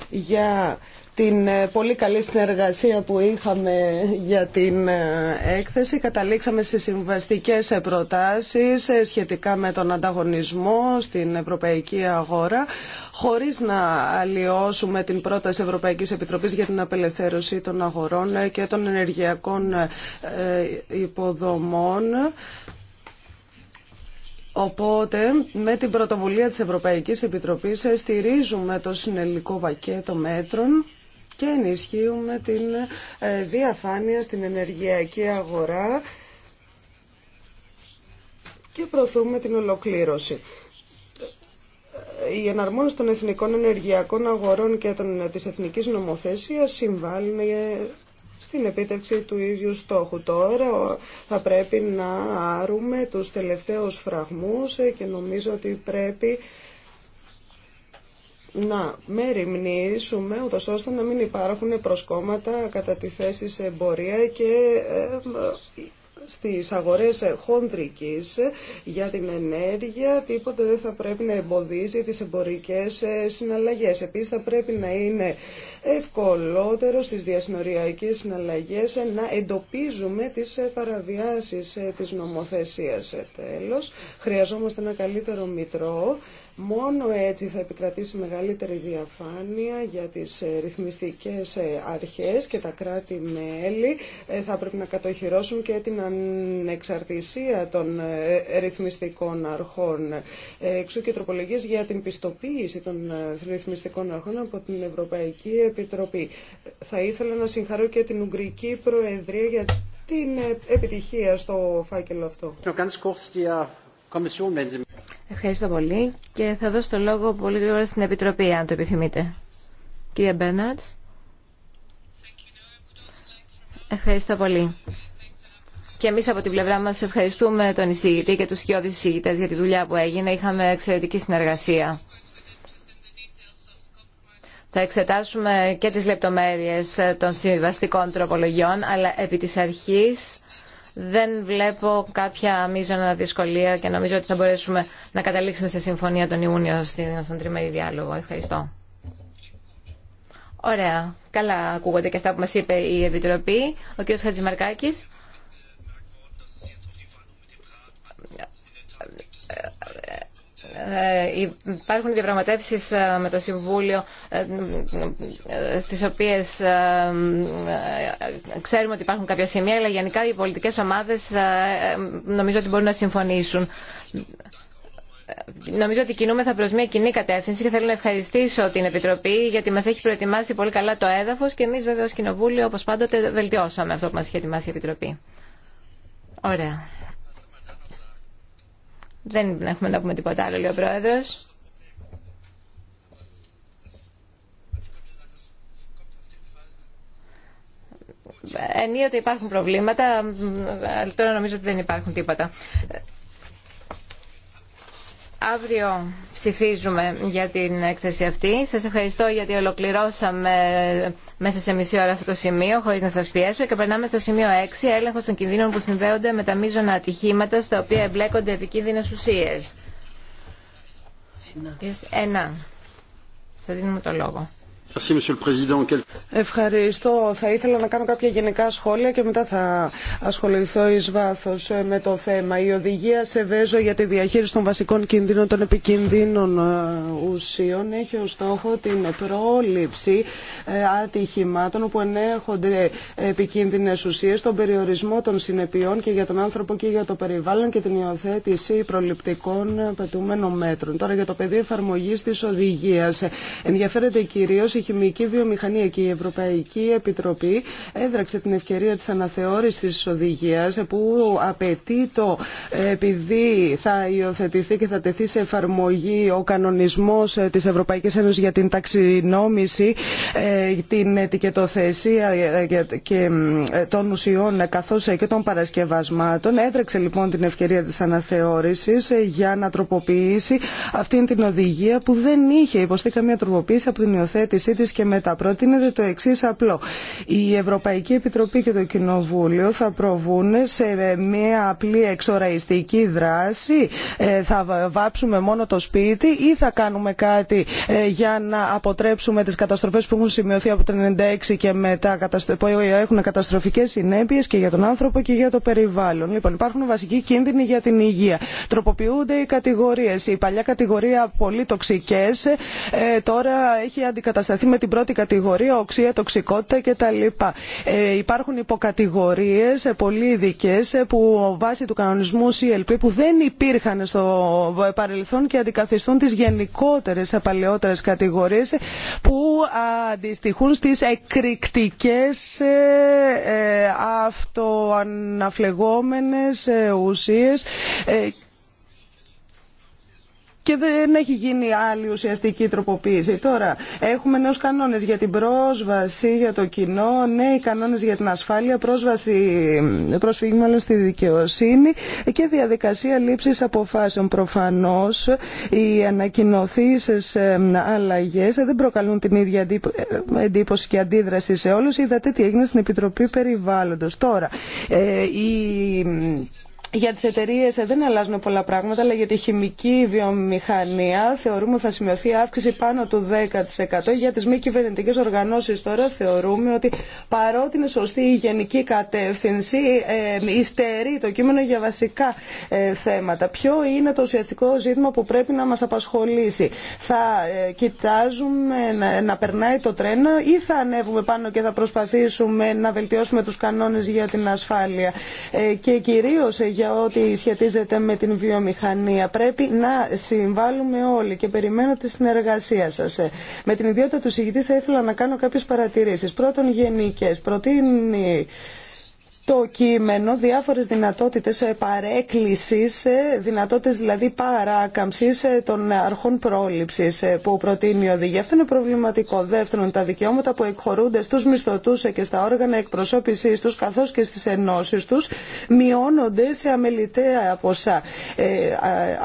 για την ε, πολύ καλή συνεργασία που είχαμε για την ε, έκθεση. Καταλήξαμε σε συμβαστικές ε, προτάσεις σχετικά με τον ανταγωνισμό στην ευρωπαϊκή αγορά, χωρίς να αλλοιώσουμε την πρόταση Ευρωπαϊκής Επιτροπής για την απελευθέρωση των αγορών και των ενεργειακών υποδομών. Οπότε, με την πρωτοβουλία της Ευρωπαϊκής Επιτροπής στηρίζουμε το συνελικό πακέτο μέτρων και ενισχύουμε την ε, διαφάνεια στην ενεργειακή αγορά και προωθούμε την ολοκλήρωση. Η εναρμόνιση των εθνικών ενεργειακών αγορών και των, της εθνικής νομοθεσίας συμβάλλουν στην επίτευξη του ίδιου στόχου. Τώρα θα πρέπει να άρουμε τους τελευταίους φραγμούς ε, και νομίζω ότι πρέπει να μεριμνήσουμε ούτως ώστε να μην υπάρχουν προσκόμματα κατά τη θέση σε εμπορία και ε, στις αγορές ε, χοντρικής ε, για την ενέργεια Τίποτα δεν θα πρέπει να εμποδίζει τις εμπορικές συναλλαγές. Επίσης θα πρέπει να είναι ευκολότερο στις διασυνοριακές συναλλαγές να εντοπίζουμε τις παραβιάσεις της νομοθεσίας. Τέλος, χρειαζόμαστε ένα καλύτερο μητρό Μόνο έτσι θα επικρατήσει μεγαλύτερη διαφάνεια για τις ε, ρυθμιστικές ε, αρχές και τα κράτη-μέλη ε, θα πρέπει να κατοχυρώσουν και την ανεξαρτησία των ρυθμιστικών αρχών. Εξού και τροπολογίες για την πιστοποίηση των ρυθμιστικών αρχών από την Ευρωπαϊκή Επιτροπή. Θα ήθελα να συγχαρώ και την Ουγγρική Προεδρία για την επιτυχία στο φάκελο αυτό. Ευχαριστώ πολύ και θα δώσω το λόγο πολύ γρήγορα στην Επιτροπή, αν το επιθυμείτε. Κύριε Μπέρναρτ. Ευχαριστώ πολύ. Και εμείς από την πλευρά μα ευχαριστούμε τον εισηγητή και του σκιώδει εισηγητέ για τη δουλειά που έγινε. Είχαμε εξαιρετική συνεργασία. Θα εξετάσουμε και τις λεπτομέρειες των συμβιβαστικών τροπολογιών, αλλά επί της αρχής δεν βλέπω κάποια μείζωνα δυσκολία και νομίζω ότι θα μπορέσουμε να καταλήξουμε σε συμφωνία τον Ιούνιο στον τριμερή διάλογο. Ευχαριστώ. Ωραία. Καλά ακούγονται και αυτά που μας είπε η Επιτροπή. Ο κ. Χατζημαρκάκης. Ε, υπάρχουν διαπραγματεύσει ε, με το Συμβούλιο ε, στις οποίες ξέρουμε ότι υπάρχουν κάποια σημεία αλλά γενικά οι πολιτικές ομάδες νομίζω ότι μπορούν να συμφωνήσουν. Νομίζω ότι κινούμεθα προ μια κοινή κατεύθυνση και θέλω να ευχαριστήσω την Επιτροπή γιατί μα έχει προετοιμάσει πολύ καλά το έδαφο και εμεί βέβαια ω Κοινοβούλιο όπω πάντοτε βελτιώσαμε αυτό που μα είχε ετοιμάσει η Επιτροπή. Ωραία. Δεν έχουμε να πούμε τίποτα άλλο, λέει ο πρόεδρο. Ε, ενίοτε υπάρχουν προβλήματα, αλλά τώρα νομίζω ότι δεν υπάρχουν τίποτα. Αύριο ψηφίζουμε για την έκθεση αυτή. Σας ευχαριστώ γιατί ολοκληρώσαμε μέσα σε μισή ώρα αυτό το σημείο, χωρίς να σας πιέσω. Και περνάμε στο σημείο 6, έλεγχος των κινδύνων που συνδέονται με τα μείζωνα ατυχήματα, στα οποία εμπλέκονται επικίνδυνες ουσίες. Ένα. Σας δίνουμε το λόγο. Ευχαριστώ. Θα ήθελα να κάνω κάποια γενικά σχόλια και μετά θα ασχοληθώ ει βάθο ε, με το θέμα. Η οδηγία σε βέζο για τη διαχείριση των βασικών κινδύνων των επικίνδυνων ε, ουσίων έχει ως στόχο την πρόληψη ε, ατυχημάτων που ενέχονται επικίνδυνε ουσίε, τον περιορισμό των συνεπειών και για τον άνθρωπο και για το περιβάλλον και την υιοθέτηση προληπτικών πετούμενων μέτρων. Τώρα για το πεδίο εφαρμογή τη οδηγία. Ενδιαφέρεται κυρίω η χημική βιομηχανία και η Ευρωπαϊκή Επιτροπή έδραξε την ευκαιρία της αναθεώρησης της οδηγίας που απαιτεί το επειδή θα υιοθετηθεί και θα τεθεί σε εφαρμογή ο κανονισμός ε, της Ευρωπαϊκής Ένωσης για την ταξινόμηση, ε, την ετικετοθεσία ε, και των ουσιών καθώς και των παρασκευασμάτων. Έδραξε λοιπόν την ευκαιρία της αναθεώρησης για να τροποποιήσει αυτή την οδηγία που δεν είχε υποστεί καμία τροποποίηση από την υιοθέτηση της και μετά. Προτείνεται το εξή απλό. Η Ευρωπαϊκή Επιτροπή και το Κοινοβούλιο θα προβούν σε μια απλή εξοραϊστική δράση. Ε, θα βάψουμε μόνο το σπίτι ή θα κάνουμε κάτι ε, για να αποτρέψουμε τις καταστροφές που έχουν σημειωθεί από το 1996 και μετά που έχουν καταστροφικές συνέπειες και για τον άνθρωπο και για το περιβάλλον. Λοιπόν, υπάρχουν βασικοί κίνδυνοι για την υγεία. Τροποποιούνται οι κατηγορίες. Η παλιά κατηγορία πολύ τοξικές ε, τώρα έχει αντικατασταθεί με την πρώτη κατηγορία, οξία, τοξικότητα κτλ. Ε, υπάρχουν υποκατηγορίε ε, πολύ ειδικέ ε, που βάσει του κανονισμού CLP που δεν υπήρχαν στο παρελθόν και αντικαθιστούν τι γενικότερε παλαιότερε κατηγορίε που αντιστοιχούν στι εκρηκτικέ αυτοαναφλεγόμενες ουσίες και δεν έχει γίνει άλλη ουσιαστική τροποποίηση. Τώρα, έχουμε νέους κανόνες για την πρόσβαση για το κοινό, νέοι κανόνες για την ασφάλεια, πρόσβαση προσφυγή στη δικαιοσύνη και διαδικασία λήψης αποφάσεων. Προφανώ, οι ανακοινωθήσεις, ε, αλλαγές, δεν προκαλούν την ίδια ε, εντύπωση και αντίδραση σε όλους. Είδατε τι έγινε στην Επιτροπή Περιβάλλοντος. Τώρα, ε, η για τις εταιρείε ε, δεν αλλάζουν πολλά πράγματα, αλλά για τη χημική βιομηχανία θεωρούμε ότι θα σημειωθεί αύξηση πάνω του 10%. Για τις μη κυβερνητικέ οργανώσεις τώρα θεωρούμε ότι παρότι είναι σωστή η γενική κατεύθυνση, ε, υστερεί το κείμενο για βασικά ε, θέματα. Ποιο είναι το ουσιαστικό ζήτημα που πρέπει να μας απασχολήσει. Θα ε, κοιτάζουμε να, να περνάει το τρένο ή θα ανέβουμε πάνω και θα προσπαθήσουμε να βελτιώσουμε τους κανόνες για την ασφάλεια. Ε, και ό,τι σχετίζεται με την βιομηχανία. Πρέπει να συμβάλλουμε όλοι και περιμένω τη συνεργασία σα. Ε, με την ιδιότητα του συγητή θα ήθελα να κάνω κάποιε παρατηρήσεις. Πρώτον, γενικέ, Προτείνει το κείμενο διάφορες δυνατότητες παρέκκλησης, ε, δυνατότητες δηλαδή παράκαμψης ε, των αρχών πρόληψης ε, που προτείνει η οδηγία. Αυτό είναι προβληματικό. Δεύτερον, τα δικαιώματα που εκχωρούνται στους μισθωτούς και στα όργανα εκπροσώπησής τους καθώς και στις ενώσεις τους μειώνονται σε αμεληταία ποσά.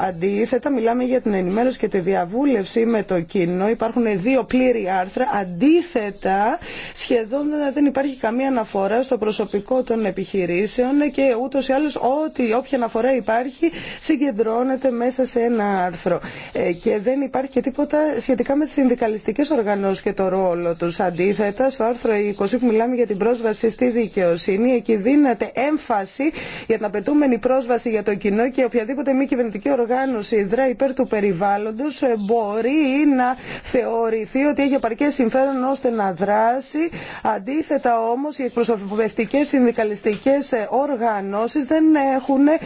αντίθετα, μιλάμε για την ενημέρωση και τη διαβούλευση με το κοινό. Υπάρχουν δύο πλήρη άρθρα. Αντίθετα, σχεδόν δεν υπάρχει καμία αναφορά στο προσωπικό των επιχειρήσεων και ούτως ή άλλως ό,τι όποια αναφορά υπάρχει συγκεντρώνεται μέσα σε ένα άρθρο. Ε, και δεν υπάρχει και τίποτα σχετικά με τις συνδικαλιστικές οργανώσεις και το ρόλο τους. Αντίθετα, στο άρθρο 20 που μιλάμε για την πρόσβαση στη δικαιοσύνη, εκεί δίνεται έμφαση για την απαιτούμενη πρόσβαση για το κοινό και οποιαδήποτε μη κυβερνητική οργάνωση δρά υπέρ του περιβάλλοντος ε, μπορεί να θεωρηθεί ότι έχει επαρκέ συμφέρον ώστε να δράσει. Αντίθετα όμως οι εκπροσωπευτικές συνδικαλιστικές ανθρωπιστικές οργανώσεις δεν έχουν ε,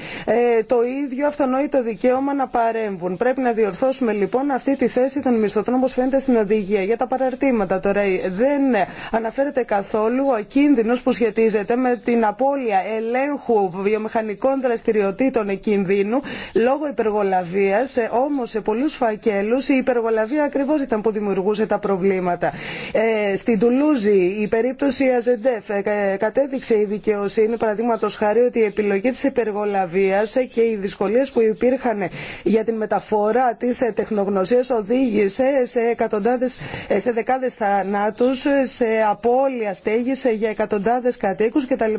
το ίδιο αυτονόητο δικαίωμα να παρέμβουν. Πρέπει να διορθώσουμε λοιπόν αυτή τη θέση των μισθωτών όπως φαίνεται στην οδηγία. Για τα παραρτήματα τώρα ε, δεν αναφέρεται καθόλου ο κίνδυνος που σχετίζεται με την απώλεια ελέγχου βιομηχανικών δραστηριοτήτων κινδύνου λόγω υπεργολαβίας. Ε, όμως σε πολλούς φακέλους η υπεργολαβία ακριβώς ήταν που δημιουργούσε τα προβλήματα. στην Τουλούζη η περίπτωση Αζεντεφ κατέδειξε η δικαιοσύνη είναι παραδείγματο χάρη, ότι η επιλογή τη υπεργολαβία και οι δυσκολίε που υπήρχαν για την μεταφορά τη τεχνογνωσία οδήγησε σε, εκατοντάδες, σε δεκάδε θανάτου, σε απώλεια στέγη για εκατοντάδε κατοίκου κτλ.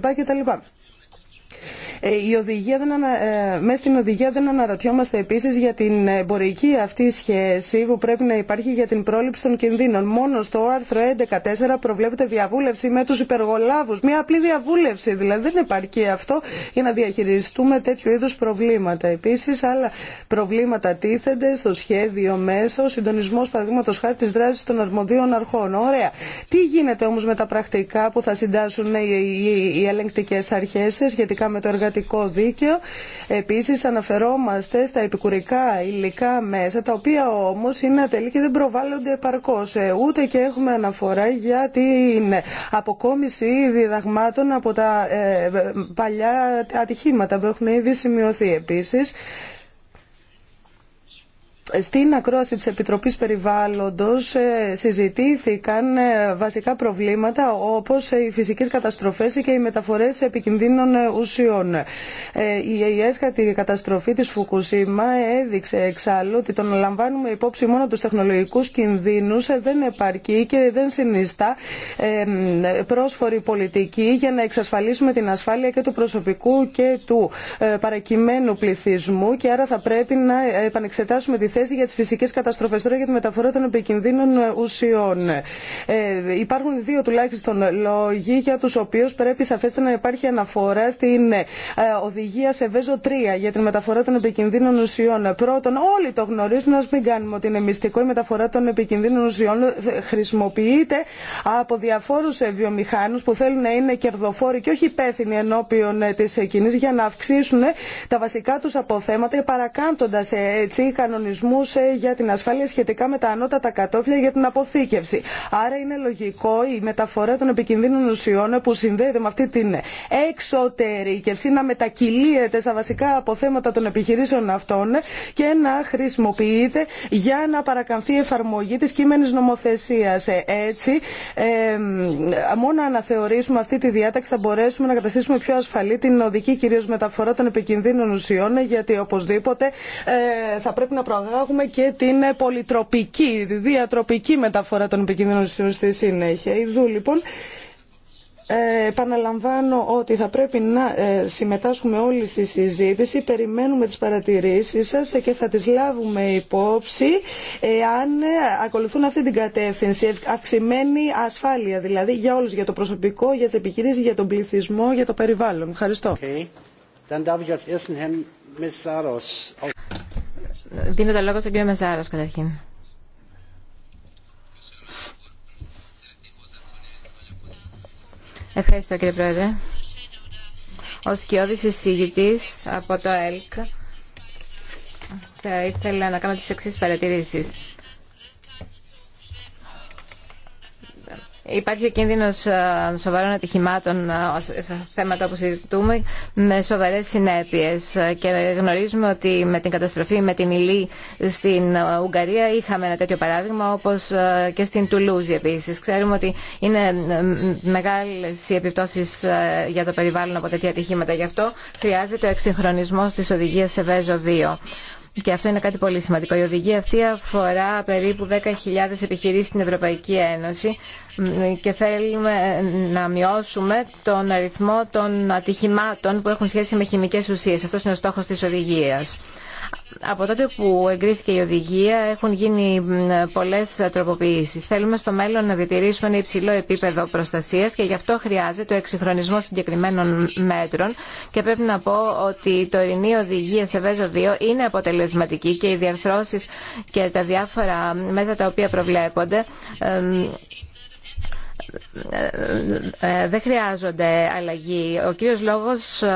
Ε, η οδηγία δεν ανα... Ε, μέσα στην οδηγία δεν αναρωτιόμαστε επίση για την εμπορική αυτή σχέση που πρέπει να υπάρχει για την πρόληψη των κινδύνων. Μόνο στο άρθρο 11.4 προβλέπεται διαβούλευση με του υπεργολάβου. Μια απλή διαβούλευση δηλαδή δεν επαρκεί αυτό για να διαχειριστούμε τέτοιου είδου προβλήματα. Επίση, άλλα προβλήματα τίθενται στο σχέδιο μέσα ο συντονισμός παραδείγματος χάρη τη δράση των αρμοδίων αρχών. Ωραία. Τι γίνεται όμω με τα πρακτικά που θα συντάσσουν οι ελεγκτικέ αρχέ σχετικά με το εργατικό δίκαιο. Επίσης αναφερόμαστε στα επικουρικά υλικά μέσα, τα οποία όμως είναι ατελή και δεν προβάλλονται επαρκώς. Ε, ούτε και έχουμε αναφορά για την αποκόμιση διδαγμάτων από τα ε, παλιά ατυχήματα που έχουν ήδη σημειωθεί επίσης στην ακρόαση της Επιτροπής Περιβάλλοντος ε, συζητήθηκαν ε, βασικά προβλήματα όπως οι φυσικές καταστροφές και οι μεταφορές επικινδύνων ε, ουσιών. Η έσχατη καταστροφή της Φουκουσίμα έδειξε εξάλλου ότι τον λαμβάνουμε υπόψη μόνο τους τεχνολογικούς κινδύνους δεν επαρκεί και δεν συνιστά πρόσφορη πολιτική για να εξασφαλίσουμε την ασφάλεια και του προσωπικού και του παρακειμένου πληθυσμού και άρα θα πρέπει να επανεξετάσουμε τη θέση για τι φυσικέ καταστροφέ τώρα για τη μεταφορά των επικινδύνων ουσιών. Ε, υπάρχουν δύο τουλάχιστον λόγοι για του οποίου πρέπει σαφέστα να υπάρχει αναφορά στην ε, οδηγία σε Βέζο 3 για τη μεταφορά των επικινδύνων ουσιών. Πρώτον, όλοι το γνωρίζουν, α μην κάνουμε ότι είναι μυστικό η μεταφορά των επικινδύνων ουσιών ε, χρησιμοποιείται από διαφόρου ε, βιομηχανου που θέλουν να είναι κερδοφόροι και όχι υπεύθυνοι ενώπιον ε, τη κοινή για να αυξήσουν τα βασικά του αποθέματα παρακάμπτοντα έτσι κανονισμού. Ε, για την ασφάλεια σχετικά με τα ανώτατα κατόφλια για την αποθήκευση. Άρα είναι λογικό η μεταφορά των επικινδύνων ουσιών ε, που συνδέεται με αυτή την εξωτερήκευση να μετακυλίεται στα βασικά αποθέματα των επιχειρήσεων αυτών ε, και να χρησιμοποιείται για να παρακαμφθεί η εφαρμογή της κείμενης νομοθεσίας. Έτσι, ε, μόνο αναθεωρήσουμε αυτή τη διάταξη θα μπορέσουμε να καταστήσουμε πιο ασφαλή την οδική κυρίως μεταφορά των επικινδύνων ουσιών γιατί οπωσδήποτε ε, θα πρέπει να προαγάγουμε παράγουμε και την πολυτροπική, διατροπική μεταφορά των επικίνδυνων ουσιών στη συνέχεια. Ιδού λοιπόν ε, επαναλαμβάνω ότι θα πρέπει να ε, συμμετάσχουμε όλοι στη συζήτηση. Περιμένουμε τις παρατηρήσεις σας και θα τις λάβουμε υπόψη εάν ε, ακολουθούν αυτή την κατεύθυνση. Αυξημένη ασφάλεια δηλαδή για όλους, για το προσωπικό, για τις επιχειρήσεις, για τον πληθυσμό, για το περιβάλλον. Ευχαριστώ. Okay. Dann darf ich als ersten Herrn Δίνω το λόγο στον κύριο Μεζάρος καταρχήν. Ευχαριστώ κύριε Πρόεδρε. Ο Σκιώδης εισηγητής από το ΕΛΚ θα ήθελα να κάνω τις εξής παρατηρήσεις. Υπάρχει ο κίνδυνο ε, σοβαρών ατυχημάτων ε, σε θέματα που συζητούμε με σοβαρέ συνέπειε. Ε, και γνωρίζουμε ότι με την καταστροφή με την ηλί στην Ουγγαρία είχαμε ένα τέτοιο παράδειγμα όπως και στην Τουλούζη επίσης. Ξέρουμε ότι είναι μεγάλε οι επιπτώσεις για το περιβάλλον από τέτοια ατυχήματα. Γι' αυτό χρειάζεται ο εξυγχρονισμό της οδηγίας σε 2 και αυτό είναι κάτι πολύ σημαντικό. Η οδηγία αυτή αφορά περίπου 10.000 επιχειρήσεις στην Ευρωπαϊκή Ένωση και θέλουμε ε, να μειώσουμε τον αριθμό των ατυχημάτων που έχουν σχέση με χημικές ουσίες. Αυτός είναι ο στόχος της οδηγίας. Από τότε που εγκρίθηκε η οδηγία έχουν γίνει πολλές τροποποιήσεις. Θέλουμε στο μέλλον να διατηρήσουμε ένα υψηλό επίπεδο προστασίας και γι' αυτό χρειάζεται ο εξυγχρονισμός συγκεκριμένων μέτρων και πρέπει να πω ότι η τωρινή οδηγία σε ΒΕΖΟ 2 είναι αποτελεσματική και οι διαρθρώσεις και τα διάφορα μέτρα τα οποία προβλέπονται ε, ε, δεν χρειάζονται αλλαγή. Ο κύριος λόγος ε,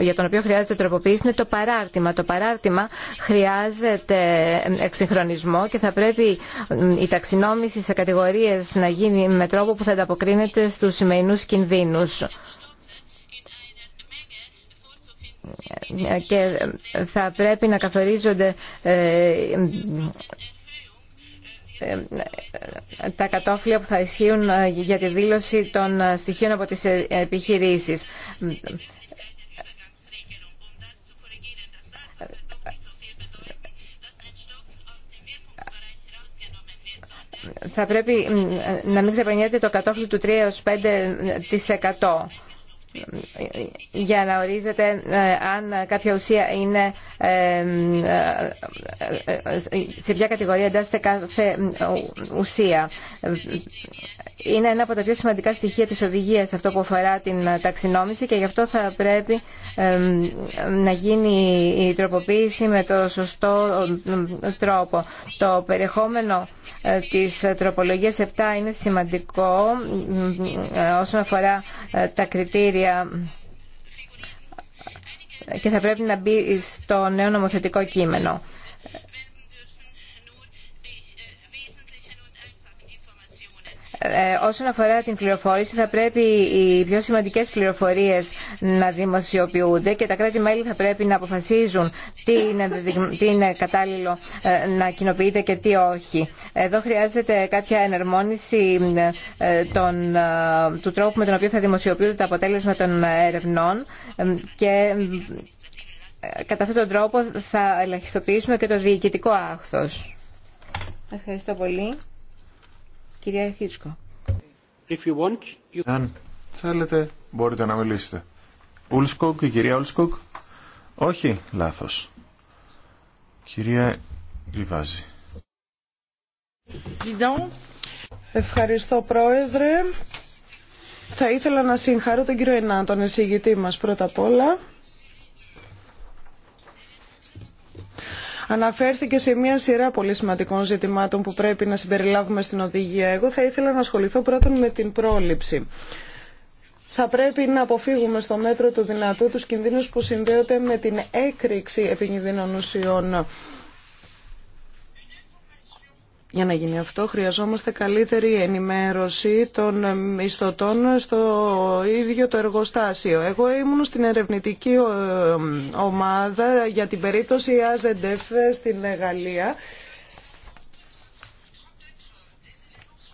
για τον οποίο χρειάζεται τροποποίηση είναι το παράρτημα. Το παράρτημα χρειάζεται εξυγχρονισμό και θα πρέπει η ταξινόμηση σε κατηγορίες να γίνει με τρόπο που θα ανταποκρίνεται στους σημερινούς κινδύνους και θα πρέπει να καθορίζονται ε, τα κατόφλια που θα ισχύουν ε, για τη δήλωση των ε, στοιχείων από τις επιχειρήσεις. Θα πρέπει να μην ξεπερνιέται το κατόφλι του 3 5% για να ορίζεται ε, αν κάποια ουσία είναι ε, ε, σε ποια κατηγορία εντάσσεται κάθε ουσία. Είναι ένα από τα πιο σημαντικά στοιχεία της οδηγίας αυτό που αφορά την ταξινόμηση και γι' αυτό θα πρέπει να γίνει η τροποποίηση με το σωστό τρόπο. Το περιεχόμενο της τροπολογίας 7 είναι σημαντικό όσον αφορά τα κριτήρια και θα πρέπει να μπει στο νέο νομοθετικό κείμενο. όσον αφορά την πληροφόρηση θα πρέπει οι πιο σημαντικές πληροφορίες να δημοσιοποιούνται και τα κράτη-μέλη θα πρέπει να αποφασίζουν τι είναι ε, κατάλληλο ε, να κοινοποιείται και τι όχι. Εδώ χρειάζεται κάποια ενερμόνιση ε, του τρόπου με τον οποίο θα δημοσιοποιούνται τα αποτέλεσμα των ερευνών και κατά αυτόν τον τρόπο θα ελαχιστοποιήσουμε και το διοικητικό άχθος. Ευχαριστώ πολύ. Κυρία Χίτσκο. Αν θέλετε, μπορείτε να μιλήσετε. Ουλσκοκ, η κυρία Ουλσκοκ. Όχι, λάθος. Κυρία Γκριβάζη. Ευχαριστώ, Πρόεδρε. Θα ήθελα να συγχαρώ τον κύριο Ενά, τον εισηγητή μας πρώτα απ' όλα αναφέρθηκε σε μια σειρά πολύ σημαντικών ζητημάτων που πρέπει να συμπεριλάβουμε στην οδηγία. Εγώ θα ήθελα να ασχοληθώ πρώτον με την πρόληψη. Θα πρέπει να αποφύγουμε στο μέτρο του δυνατού τους κινδύνους που συνδέονται με την έκρηξη επικινδύνων ουσιών. Για να γίνει αυτό χρειαζόμαστε καλύτερη ενημέρωση των μισθωτών στο ίδιο το εργοστάσιο. Εγώ ήμουν στην ερευνητική ε, ομάδα για την περίπτωση ΑΖΕΝΤΕΦ ε, στην Γαλλία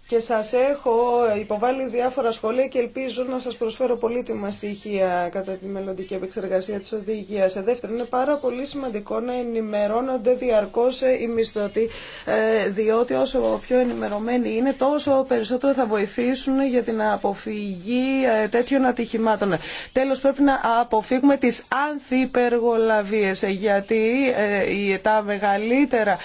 και σας έχω υποβάλει διάφορα σχόλια και ελπίζω να σας προσφέρω πολύτιμα στοιχεία κατά τη μελλοντική επεξεργασία της οδηγίας. Σε δεύτερον, είναι πάρα πολύ σημαντικό να ενημερώνονται διαρκώς οι μισθωτοί, ε, διότι όσο πιο ενημερωμένοι είναι, τόσο περισσότερο θα βοηθήσουν για την αποφυγή ε, τέτοιων ατυχημάτων. Τέλος, πρέπει να αποφύγουμε τις ανθυπεργολαβίες, ε, γιατί τα μεγαλύτερα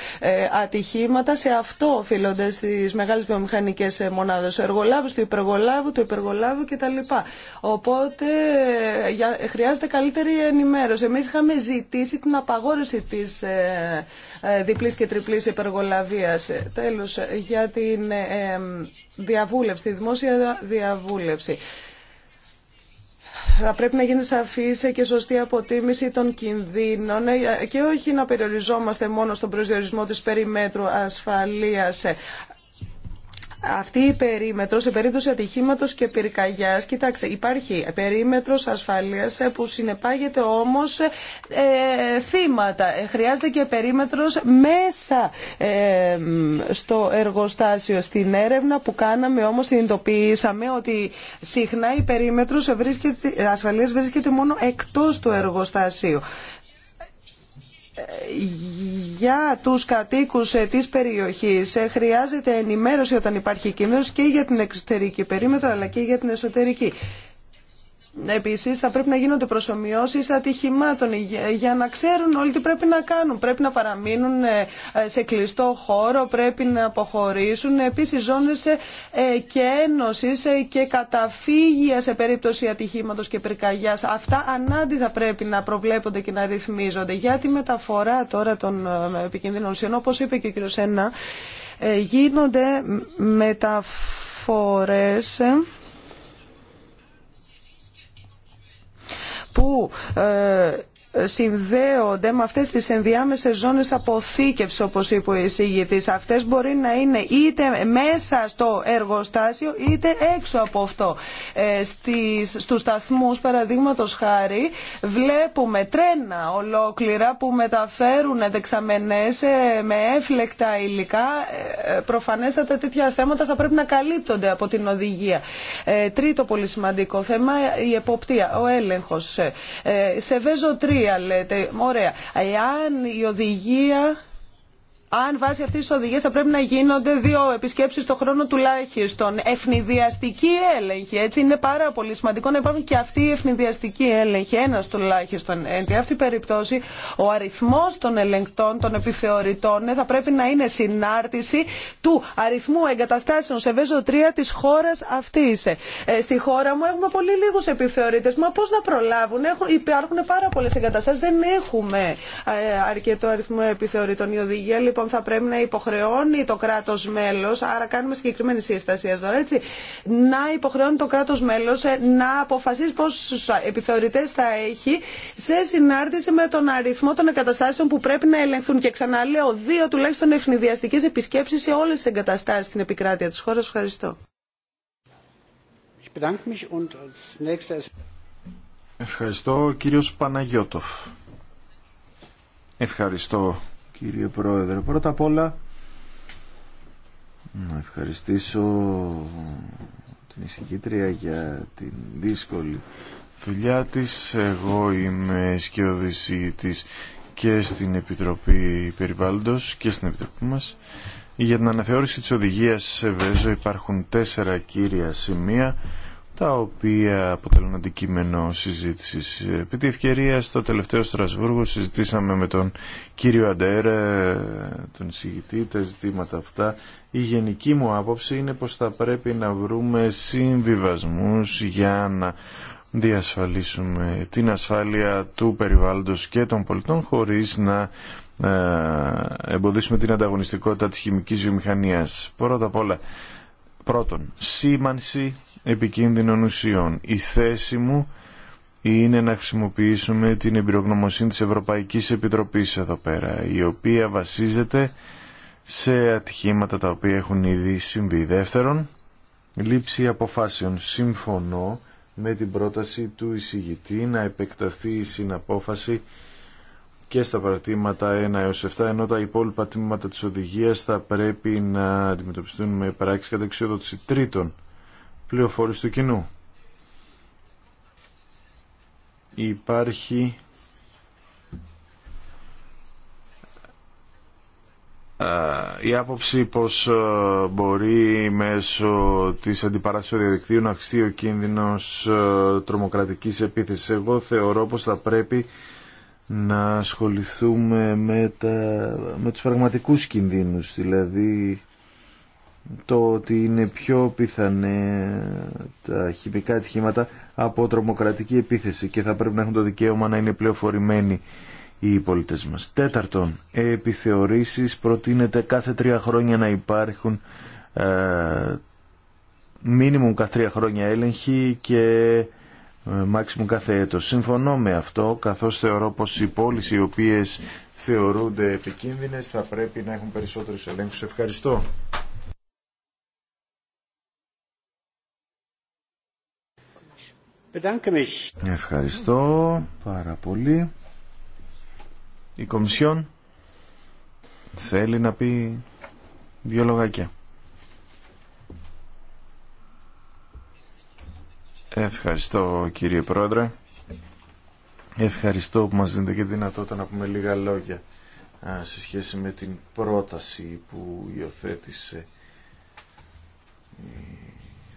ατυχήματα σε αυτό οφείλονται στι μεγάλες βιομηχανίε σε μονάδες, ο εργολάβο, του υπεργολάβου, και τα κτλ. Οπότε ε, χρειάζεται καλύτερη ενημέρωση. Εμείς είχαμε ζητήσει την απαγόρευση της ε, ε, διπλής και τριπλής υπεργολαβίας. Τέλο για την διαβούλευση, τη δημόσια διαβούλευση θα πρέπει να γίνει σαφής και σωστή αποτίμηση των κινδύνων και όχι να περιοριζόμαστε μόνο στον προσδιορισμό της περιμέτρου ασφαλείας αυτή η περίμετρο σε περίπτωση ατυχήματο και πυρκαγιά, κοιτάξτε, υπάρχει περίμετρο ασφαλεία που συνεπάγεται όμω ε, θύματα. Ε, χρειάζεται και περίμετρο μέσα ε, στο εργοστάσιο. Στην έρευνα που κάναμε όμω συνειδητοποιήσαμε ότι συχνά η περίμετρο ασφαλεία βρίσκεται μόνο εκτό του εργοστασίου για τους κατοίκους ε, της περιοχής ε, χρειάζεται ενημέρωση όταν υπάρχει κίνδυνος και για την εξωτερική περίμετρο αλλά και για την εσωτερική. Επίση, θα πρέπει να γίνονται προσωμιώσει ατυχημάτων για να ξέρουν όλοι τι πρέπει να κάνουν. Πρέπει να παραμείνουν ε, σε κλειστό χώρο, πρέπει να αποχωρήσουν. επίση ζώνες ε, ε, και ένωση και καταφύγια σε περίπτωση ατυχήματο και πυρκαγιά. Αυτά ανάντι θα πρέπει να προβλέπονται και να ρυθμίζονται. Για τη μεταφορά τώρα των επικίνδυνων ουσιών, όπω είπε και ο κ. Σένα, γίνονται μεταφορές... που ε- συνδέονται με αυτές τις ενδιάμεσες ζώνες αποθήκευσης όπως είπε ο εισηγητής. Αυτές μπορεί να είναι είτε μέσα στο εργοστάσιο είτε έξω από αυτό. Ε, στις, στους σταθμούς παραδείγματος χάρη βλέπουμε τρένα ολόκληρα που μεταφέρουν δεξαμενές ε, με έφλεκτα υλικά. Ε, ε, προφανέστατα τέτοια θέματα θα πρέπει να καλύπτονται από την οδηγία. Ε, τρίτο πολύ σημαντικό θέμα η εποπτεία, ο έλεγχος. Ε, σε βέζο οδηγία λέτε. Ωραία. Εάν η οδηγία αν βάσει αυτή τη οδηγία θα πρέπει να γίνονται δύο επισκέψει το χρόνο τουλάχιστον. Ευνηδιαστική έλεγχη. Έτσι είναι πάρα πολύ σημαντικό να υπάρχουν και αυτή οι ευνηδιαστικοί έλεγχοι. Ένα τουλάχιστον. Εν τη αυτή περιπτώση, ο αριθμό των ελεγκτών, των επιθεωρητών, ε, θα πρέπει να είναι συνάρτηση του αριθμού εγκαταστάσεων σε βέζο 3 τη χώρα αυτή. Ε, στη χώρα μου έχουμε πολύ λίγου επιθεωρητέ. Μα πώ να προλάβουν. Έχουν, υπάρχουν πάρα πολλέ εγκαταστάσει. Δεν έχουμε ε, αρκετό αριθμό επιθεωρητών. Η οδηγία λοιπόν, λοιπόν θα πρέπει να υποχρεώνει το κράτο μέλο, άρα κάνουμε συγκεκριμένη σύσταση εδώ, έτσι, να υποχρεώνει το κράτος μέλος ε, να αποφασίσει πόσου επιθεωρητές θα έχει σε συνάρτηση με τον αριθμό των εγκαταστάσεων που πρέπει να ελεγχθούν. Και ξαναλέω, δύο τουλάχιστον ευνηδιαστικέ επισκέψει σε όλε τι εγκαταστάσει στην επικράτεια τη χώρα. Ευχαριστώ. Ευχαριστώ κύριος Παναγιώτοφ. Ευχαριστώ κύριε Πρόεδρε. Πρώτα απ' όλα να ευχαριστήσω την εισηγήτρια για την δύσκολη δουλειά της. Εγώ είμαι της και στην Επιτροπή Περιβάλλοντος και στην Επιτροπή μας. Για την αναθεώρηση της οδηγίας σε Βέζο υπάρχουν τέσσερα κύρια σημεία τα οποία αποτελούν αντικείμενο συζήτησης. Επί τη ευκαιρία στο τελευταίο Στρασβούργο συζητήσαμε με τον κύριο Αντέρ, τον συγητή, τα ζητήματα αυτά. Η γενική μου άποψη είναι πως θα πρέπει να βρούμε συμβιβασμούς για να διασφαλίσουμε την ασφάλεια του περιβάλλοντος και των πολιτών χωρίς να ε, εμποδίσουμε την ανταγωνιστικότητα της χημικής βιομηχανίας. Πρώτα απ' όλα, πρώτον, σήμανση επικίνδυνων ουσιών. Η θέση μου είναι να χρησιμοποιήσουμε την εμπειρογνωμοσύνη της Ευρωπαϊκής Επιτροπής εδώ πέρα, η οποία βασίζεται σε ατυχήματα τα οποία έχουν ήδη συμβεί. Δεύτερον, λήψη αποφάσεων. Συμφωνώ με την πρόταση του εισηγητή να επεκταθεί η συναπόφαση και στα παρατήματα 1 έως 7, ενώ τα υπόλοιπα τμήματα της οδηγίας θα πρέπει να αντιμετωπιστούν με πράξη καταξιοδότηση τρίτων πληροφόρηση του κοινού. Υπάρχει η άποψη πως μπορεί μέσω της αντιπαράσεως διαδικτύου να αυξηθεί ο κίνδυνος τρομοκρατικής επίθεσης. Εγώ θεωρώ πως θα πρέπει να ασχοληθούμε με, τα, με τους πραγματικούς κινδύνους, δηλαδή το ότι είναι πιο πιθανέ τα χημικά ατυχήματα από τρομοκρατική επίθεση και θα πρέπει να έχουν το δικαίωμα να είναι πληροφορημένοι οι πολιτέ μας. Τέταρτον, επιθεωρήσεις προτείνεται κάθε τρία χρόνια να υπάρχουν ε, μίνιμουμ κάθε τρία χρόνια έλεγχοι και μάξιμου ε, μάξιμουμ κάθε έτος. Συμφωνώ με αυτό, καθώς θεωρώ πως οι πόλεις οι οποίες θεωρούνται επικίνδυνες θα πρέπει να έχουν περισσότερους ελέγχους. Ευχαριστώ. Ευχαριστώ πάρα πολύ. Η Κομισιόν θέλει να πει δύο λογάκια. Ευχαριστώ κύριε Πρόεδρε. Ευχαριστώ που μας δίνετε και δυνατότητα να πούμε λίγα λόγια σε σχέση με την πρόταση που υιοθέτησε η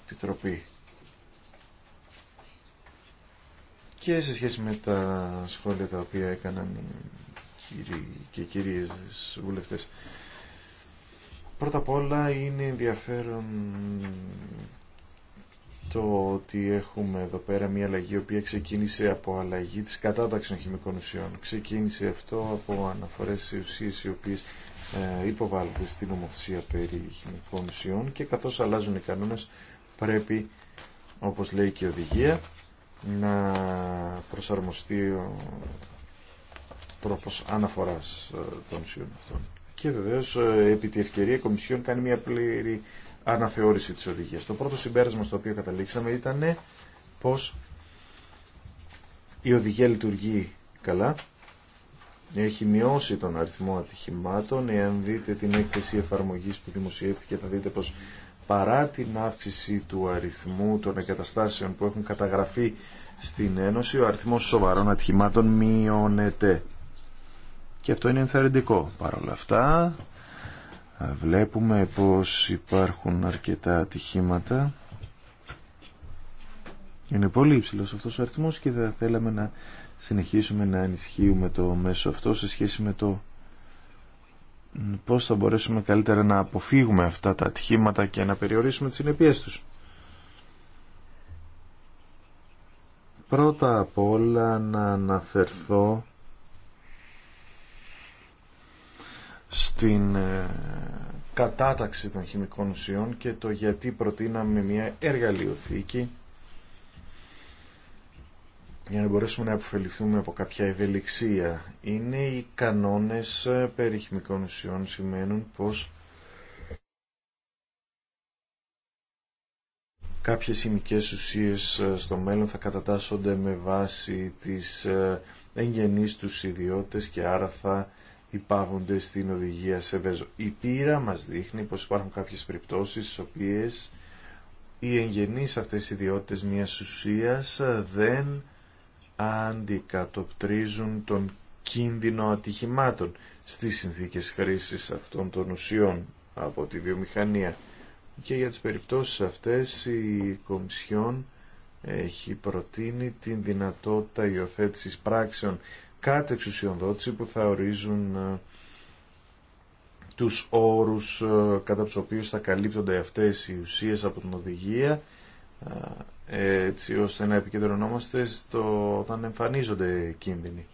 Επιτροπή και σε σχέση με τα σχόλια τα οποία έκαναν οι κύριοι και κυρίες βουλευτές. Πρώτα απ' όλα είναι ενδιαφέρον το ότι έχουμε εδώ πέρα μια αλλαγή η οποία ξεκίνησε από αλλαγή της κατάταξης των χημικών ουσιών. Ξεκίνησε αυτό από αναφορές σε ουσίες οι οποίες ε, υποβάλλονται στην ομοθεσία περί χημικών ουσιών και καθώς αλλάζουν οι κανόνες πρέπει, όπως λέει και η οδηγία, να προσαρμοστεί ο τρόπος αναφοράς ε, των ουσιών αυτών. Και βεβαίως ε, επί τη ευκαιρία η Κομισιόν κάνει μια πλήρη αναθεώρηση της οδηγίας. Το πρώτο συμπέρασμα στο οποίο καταλήξαμε ήταν πως η οδηγία λειτουργεί καλά, έχει μειώσει τον αριθμό ατυχημάτων. Εάν δείτε την έκθεση εφαρμογής που δημοσιεύτηκε θα δείτε πως παρά την αύξηση του αριθμού των εγκαταστάσεων που έχουν καταγραφεί στην Ένωση, ο αριθμός σοβαρών ατυχημάτων μειώνεται. Και αυτό είναι ενθαρρυντικό. Παρ' όλα αυτά, βλέπουμε πως υπάρχουν αρκετά ατυχήματα. Είναι πολύ υψηλός αυτός ο αριθμός και θα θέλαμε να συνεχίσουμε να ενισχύουμε το μέσο αυτό σε σχέση με το πώς θα μπορέσουμε καλύτερα να αποφύγουμε αυτά τα ατυχήματα και να περιορίσουμε τις συνεπίες τους. Πρώτα απ' όλα να αναφερθώ στην ε, κατάταξη των χημικών ουσιών και το γιατί προτείναμε μια εργαλειοθήκη για να μπορέσουμε να αποφεληθούμε από κάποια ευελιξία. Είναι οι κανόνες ε, περί χημικών ουσιών σημαίνουν πως κάποιες χημικές ουσίες ε, στο μέλλον θα κατατάσσονται με βάση τις ε, εγγενείς τους ιδιότητες και άρα θα υπάγονται στην οδηγία σε βέζο. Η πείρα μας δείχνει πως υπάρχουν κάποιες περιπτώσεις στις οποίες οι εγγενείς αυτές ιδιότητες μιας ουσίας δεν αντικατοπτρίζουν τον κίνδυνο ατυχημάτων στις συνθήκες χρήσης αυτών των ουσιών από τη βιομηχανία. Και για τις περιπτώσεις αυτές η Κομισιόν έχει προτείνει την δυνατότητα υιοθέτηση πράξεων κάτω εξουσιοδότηση που θα ορίζουν ε, τους όρους ε, κατά τους οποίους θα καλύπτονται αυτές οι ουσίες από την οδηγία ε, έτσι ώστε να επικεντρωνόμαστε στο όταν εμφανίζονται κίνδυνοι.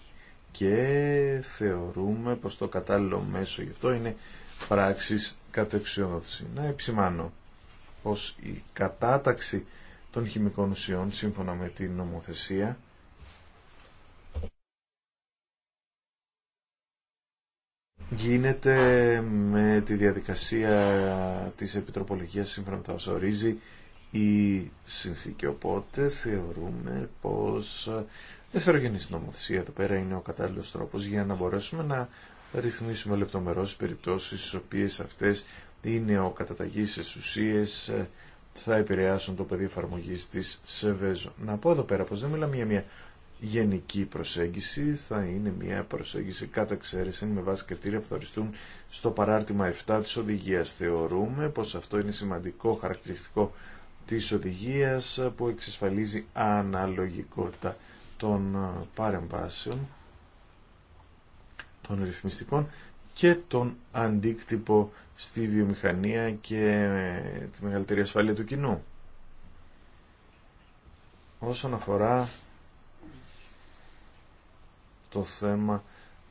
Και θεωρούμε πως το κατάλληλο μέσο γι' αυτό είναι πράξεις κατεξιοδότηση. Να επισημάνω πως η κατάταξη των χημικών ουσιών σύμφωνα με την νομοθεσία γίνεται με τη διαδικασία της επιτροπολογίας σύμφωνα με τα ορίζει η συνθήκη. Οπότε θεωρούμε πως δευτερογενής νομοθεσία εδώ πέρα είναι ο κατάλληλος τρόπος για να μπορέσουμε να ρυθμίσουμε λεπτομερώς περιπτώσεις στις οποίες αυτές είναι ο καταταγής ουσίες θα επηρεάσουν το πεδίο εφαρμογή σε ΣΕΒΕΖΟ. Να πω εδώ πέρα πω δεν μιλάμε για μια γενική προσέγγιση, θα είναι μια προσέγγιση κατά εξαίρεση με βάση κριτήρια που θα οριστούν στο παράρτημα 7 τη οδηγία. Θεωρούμε πω αυτό είναι σημαντικό χαρακτηριστικό της οδηγίας που εξασφαλίζει αναλογικότητα των ε, παρεμβάσεων των ρυθμιστικών και τον αντίκτυπο στη βιομηχανία και ε, τη μεγαλύτερη ασφάλεια του κοινού. Όσον αφορά το θέμα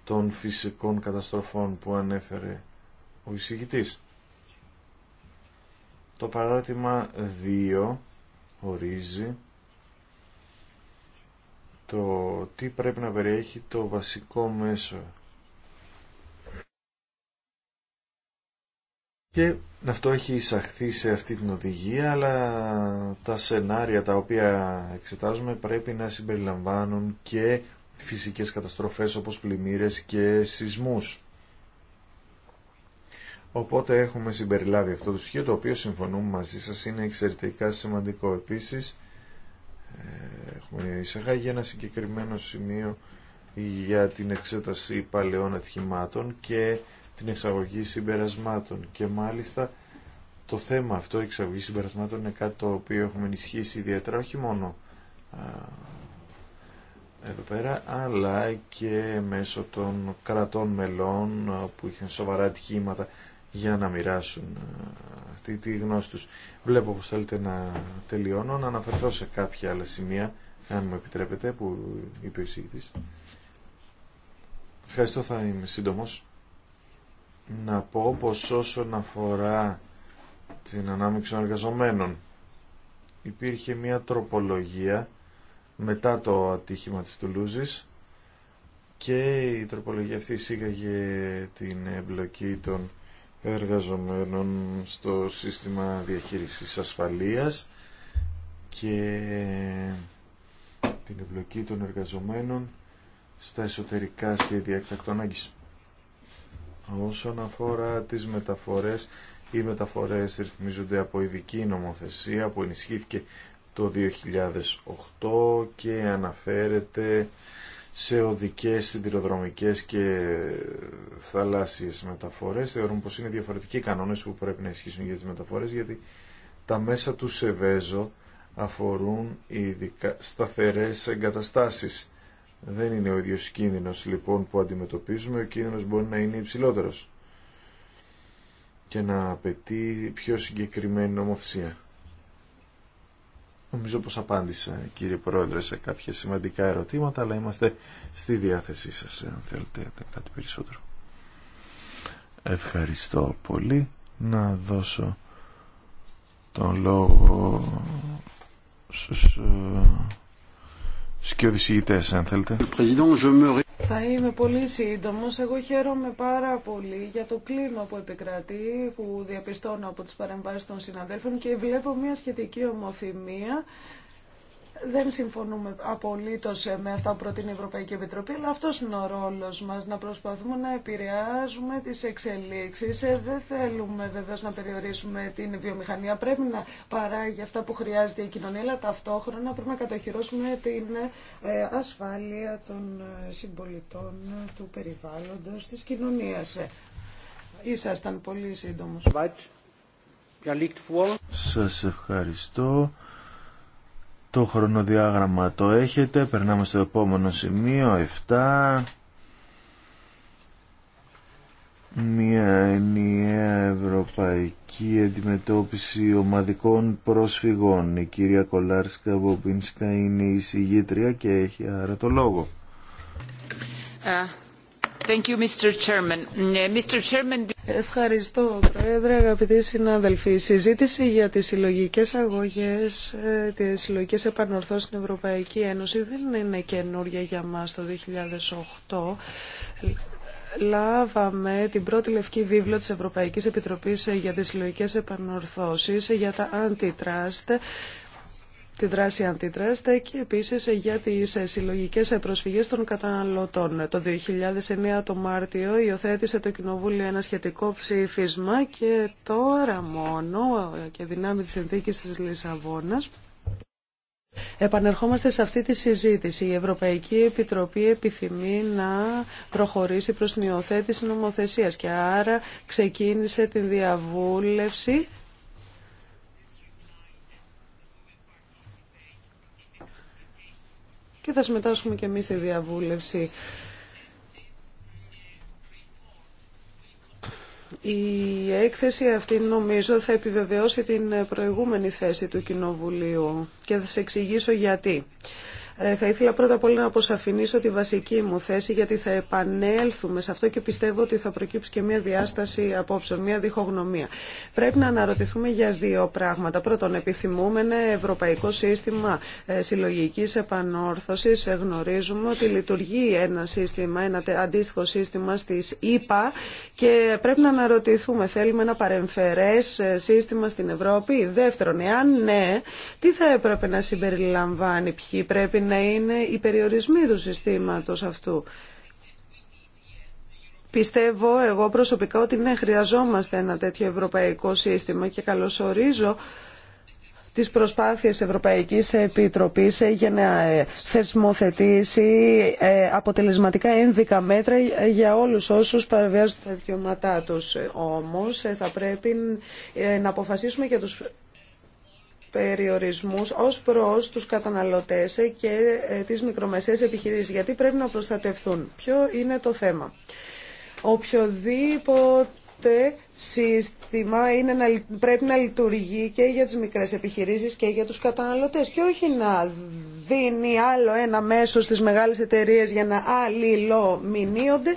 των φυσικών καταστροφών που ανέφερε ο εισηγητής. Το παράδειγμα 2 ορίζει το τι πρέπει να περιέχει το βασικό μέσο. Και αυτό έχει εισαχθεί σε αυτή την οδηγία, αλλά τα σενάρια τα οποία εξετάζουμε πρέπει να συμπεριλαμβάνουν και φυσικές καταστροφές όπως πλημμύρες και σεισμούς. Οπότε έχουμε συμπεριλάβει αυτό το στοιχείο, το οποίο συμφωνούμε μαζί σας, είναι εξαιρετικά σημαντικό. Επίσης, ε, έχουμε εισαγάγει ένα συγκεκριμένο σημείο για την εξέταση παλαιών ατυχημάτων και την εξαγωγή συμπερασμάτων. Και μάλιστα το θέμα αυτό, η εξαγωγή συμπερασμάτων, είναι κάτι το οποίο έχουμε ενισχύσει ιδιαίτερα, όχι μόνο εδώ πέρα, αλλά και μέσω των κρατών μελών που είχαν σοβαρά ατυχήματα για να μοιράσουν ε, αυτή τη γνώση τους. Βλέπω πως θέλετε να τελειώνω, να αναφερθώ σε κάποια άλλα σημεία, αν μου επιτρέπετε, που είπε ο εισηγητής. Ευχαριστώ, θα είμαι σύντομος. Να πω πως όσον αφορά την ανάμειξη των εργαζομένων, υπήρχε μια τροπολογία μετά το ατύχημα της Τουλούζης και η τροπολογία αυτή εισήγαγε την εμπλοκή των εργαζομένων στο σύστημα διαχείρισης ασφαλείας και την εμπλοκή των εργαζομένων στα εσωτερικά σχέδια άγγης. Όσον αφορά τις μεταφορές, οι μεταφορές ρυθμίζονται από ειδική νομοθεσία που ενισχύθηκε το 2008 και αναφέρεται σε οδικές, συντηροδρομικές και θαλάσσιες μεταφορές. Θεωρούν πως είναι διαφορετικοί κανόνες που πρέπει να ισχύσουν για τις μεταφορές γιατί τα μέσα του ΣΕΒΕΖΟ αφορούν ειδικά σταθερές εγκαταστάσεις. Δεν είναι ο ίδιος κίνδυνος λοιπόν που αντιμετωπίζουμε, ο κίνδυνος μπορεί να είναι υψηλότερος και να απαιτεί πιο συγκεκριμένη νομοθεσία. Νομίζω πως απάντησα κύριε Πρόεδρε σε κάποια σημαντικά ερωτήματα, αλλά είμαστε στη διάθεσή σας αν θέλετε κάτι περισσότερο. Ευχαριστώ πολύ. Να δώσω τον λόγο στους ε, σκιοδησηγητές αν θέλετε. Θα είμαι πολύ σύντομος. Εγώ χαίρομαι πάρα πολύ για το κλίμα που επικρατεί, που διαπιστώνω από τις παρεμβάσεις των συναδέλφων και βλέπω μια σχετική ομοθυμία δεν συμφωνούμε απολύτως με αυτά που προτείνει η Ευρωπαϊκή Επιτροπή, αλλά αυτό είναι ο ρόλο μας, να προσπαθούμε να επηρεάζουμε τις εξελίξεις. Ε, δεν θέλουμε βεβαίω να περιορίσουμε την βιομηχανία. Πρέπει να παράγει αυτά που χρειάζεται η κοινωνία, αλλά ταυτόχρονα πρέπει να κατοχυρώσουμε την ε, ασφάλεια των ε, συμπολιτών, του περιβάλλοντος, τη κοινωνία. Ήσασταν πολύ σύντομο. Σα ευχαριστώ το χρονοδιάγραμμα το έχετε. Περνάμε στο επόμενο σημείο, 7. Μια ενιαία ευρωπαϊκή αντιμετώπιση ομαδικών πρόσφυγων. Η κυρία Κολάρσκα Βομπίνσκα είναι η συγγήτρια και έχει άρα το λόγο. Ε, ε, Ευχαριστώ, Πρόεδρε, αγαπητοί συνάδελφοι. Η συζήτηση για τις συλλογικέ αγωγές, ε, τις συλλογικέ επανορθώσεις στην Ευρωπαϊκή Ένωση δεν είναι καινούρια για μας το 2008 λάβαμε την πρώτη λευκή βίβλο της Ευρωπαϊκής Επιτροπής ε, για τις συλλογικέ επανορθώσεις για τα antitrust τη δράση αντιτράστα και επίσης για τις συλλογικές προσφυγές των καταναλωτών. Το 2009 το Μάρτιο υιοθέτησε το Κοινοβούλιο ένα σχετικό ψήφισμα και τώρα μόνο και δυνάμει της συνθήκη της Λισαβόνας Επανερχόμαστε σε αυτή τη συζήτηση. Η Ευρωπαϊκή Επιτροπή επιθυμεί να προχωρήσει προς την υιοθέτηση νομοθεσίας και άρα ξεκίνησε την διαβούλευση και θα συμμετάσχουμε και εμείς στη διαβούλευση. Η έκθεση αυτή νομίζω θα επιβεβαιώσει την προηγούμενη θέση του Κοινοβουλίου και θα σε εξηγήσω γιατί. Ε, θα ήθελα πρώτα απ' όλα να αποσαφηνίσω τη βασική μου θέση γιατί θα επανέλθουμε σε αυτό και πιστεύω ότι θα προκύψει και μια διάσταση απόψε, μια διχογνωμία. Πρέπει να αναρωτηθούμε για δύο πράγματα. Πρώτον, επιθυμούμε ένα ευρωπαϊκό σύστημα ε, συλλογική επανόρθωση. Ε, γνωρίζουμε ότι λειτουργεί ένα σύστημα, ένα αντίστοιχο σύστημα στι ΗΠΑ και πρέπει να αναρωτηθούμε, θέλουμε ένα παρεμφερέ σύστημα στην Ευρώπη. Δεύτερον, εάν ναι, τι θα έπρεπε να συμπεριλαμβάνει, ποιοι πρέπει να είναι οι περιορισμοί του συστήματος αυτού. Πιστεύω εγώ προσωπικά ότι ναι, χρειαζόμαστε ένα τέτοιο ευρωπαϊκό σύστημα και καλωσορίζω τις προσπάθειες Ευρωπαϊκής Επιτροπής για να ε, θεσμοθετήσει ε, αποτελεσματικά ένδικα μέτρα για όλους όσους παραβιάζουν τα δικαιώματά τους. Ε, όμως θα πρέπει να αποφασίσουμε για τους περιορισμούς ως προς τους καταναλωτές και ε, τις μικρομεσαίες επιχειρήσεις, γιατί πρέπει να προστατευθούν Ποιο είναι το θέμα. Οποιοδήποτε σύστημα είναι να, πρέπει να λειτουργεί και για τις μικρές επιχειρήσεις και για τους καταναλωτές και όχι να δίνει άλλο ένα μέσο στις μεγάλες εταιρείες για να αλληλομηνύονται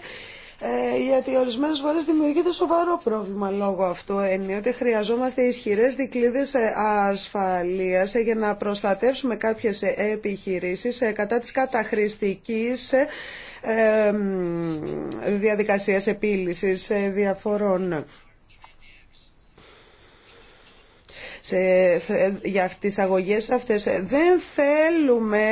ε, γιατί ορισμένες φορές δημιουργείται σοβαρό πρόβλημα λόγω αυτού Εννοεί ότι χρειαζόμαστε ισχυρές δικλείδες ε, ασφαλείας ε, για να προστατεύσουμε κάποιες επιχειρήσεις κατά της καταχρηστικής διαδικασίας επίλυσης διαφορών. σε, για τις αγωγέ αυτές. Δεν θέλουμε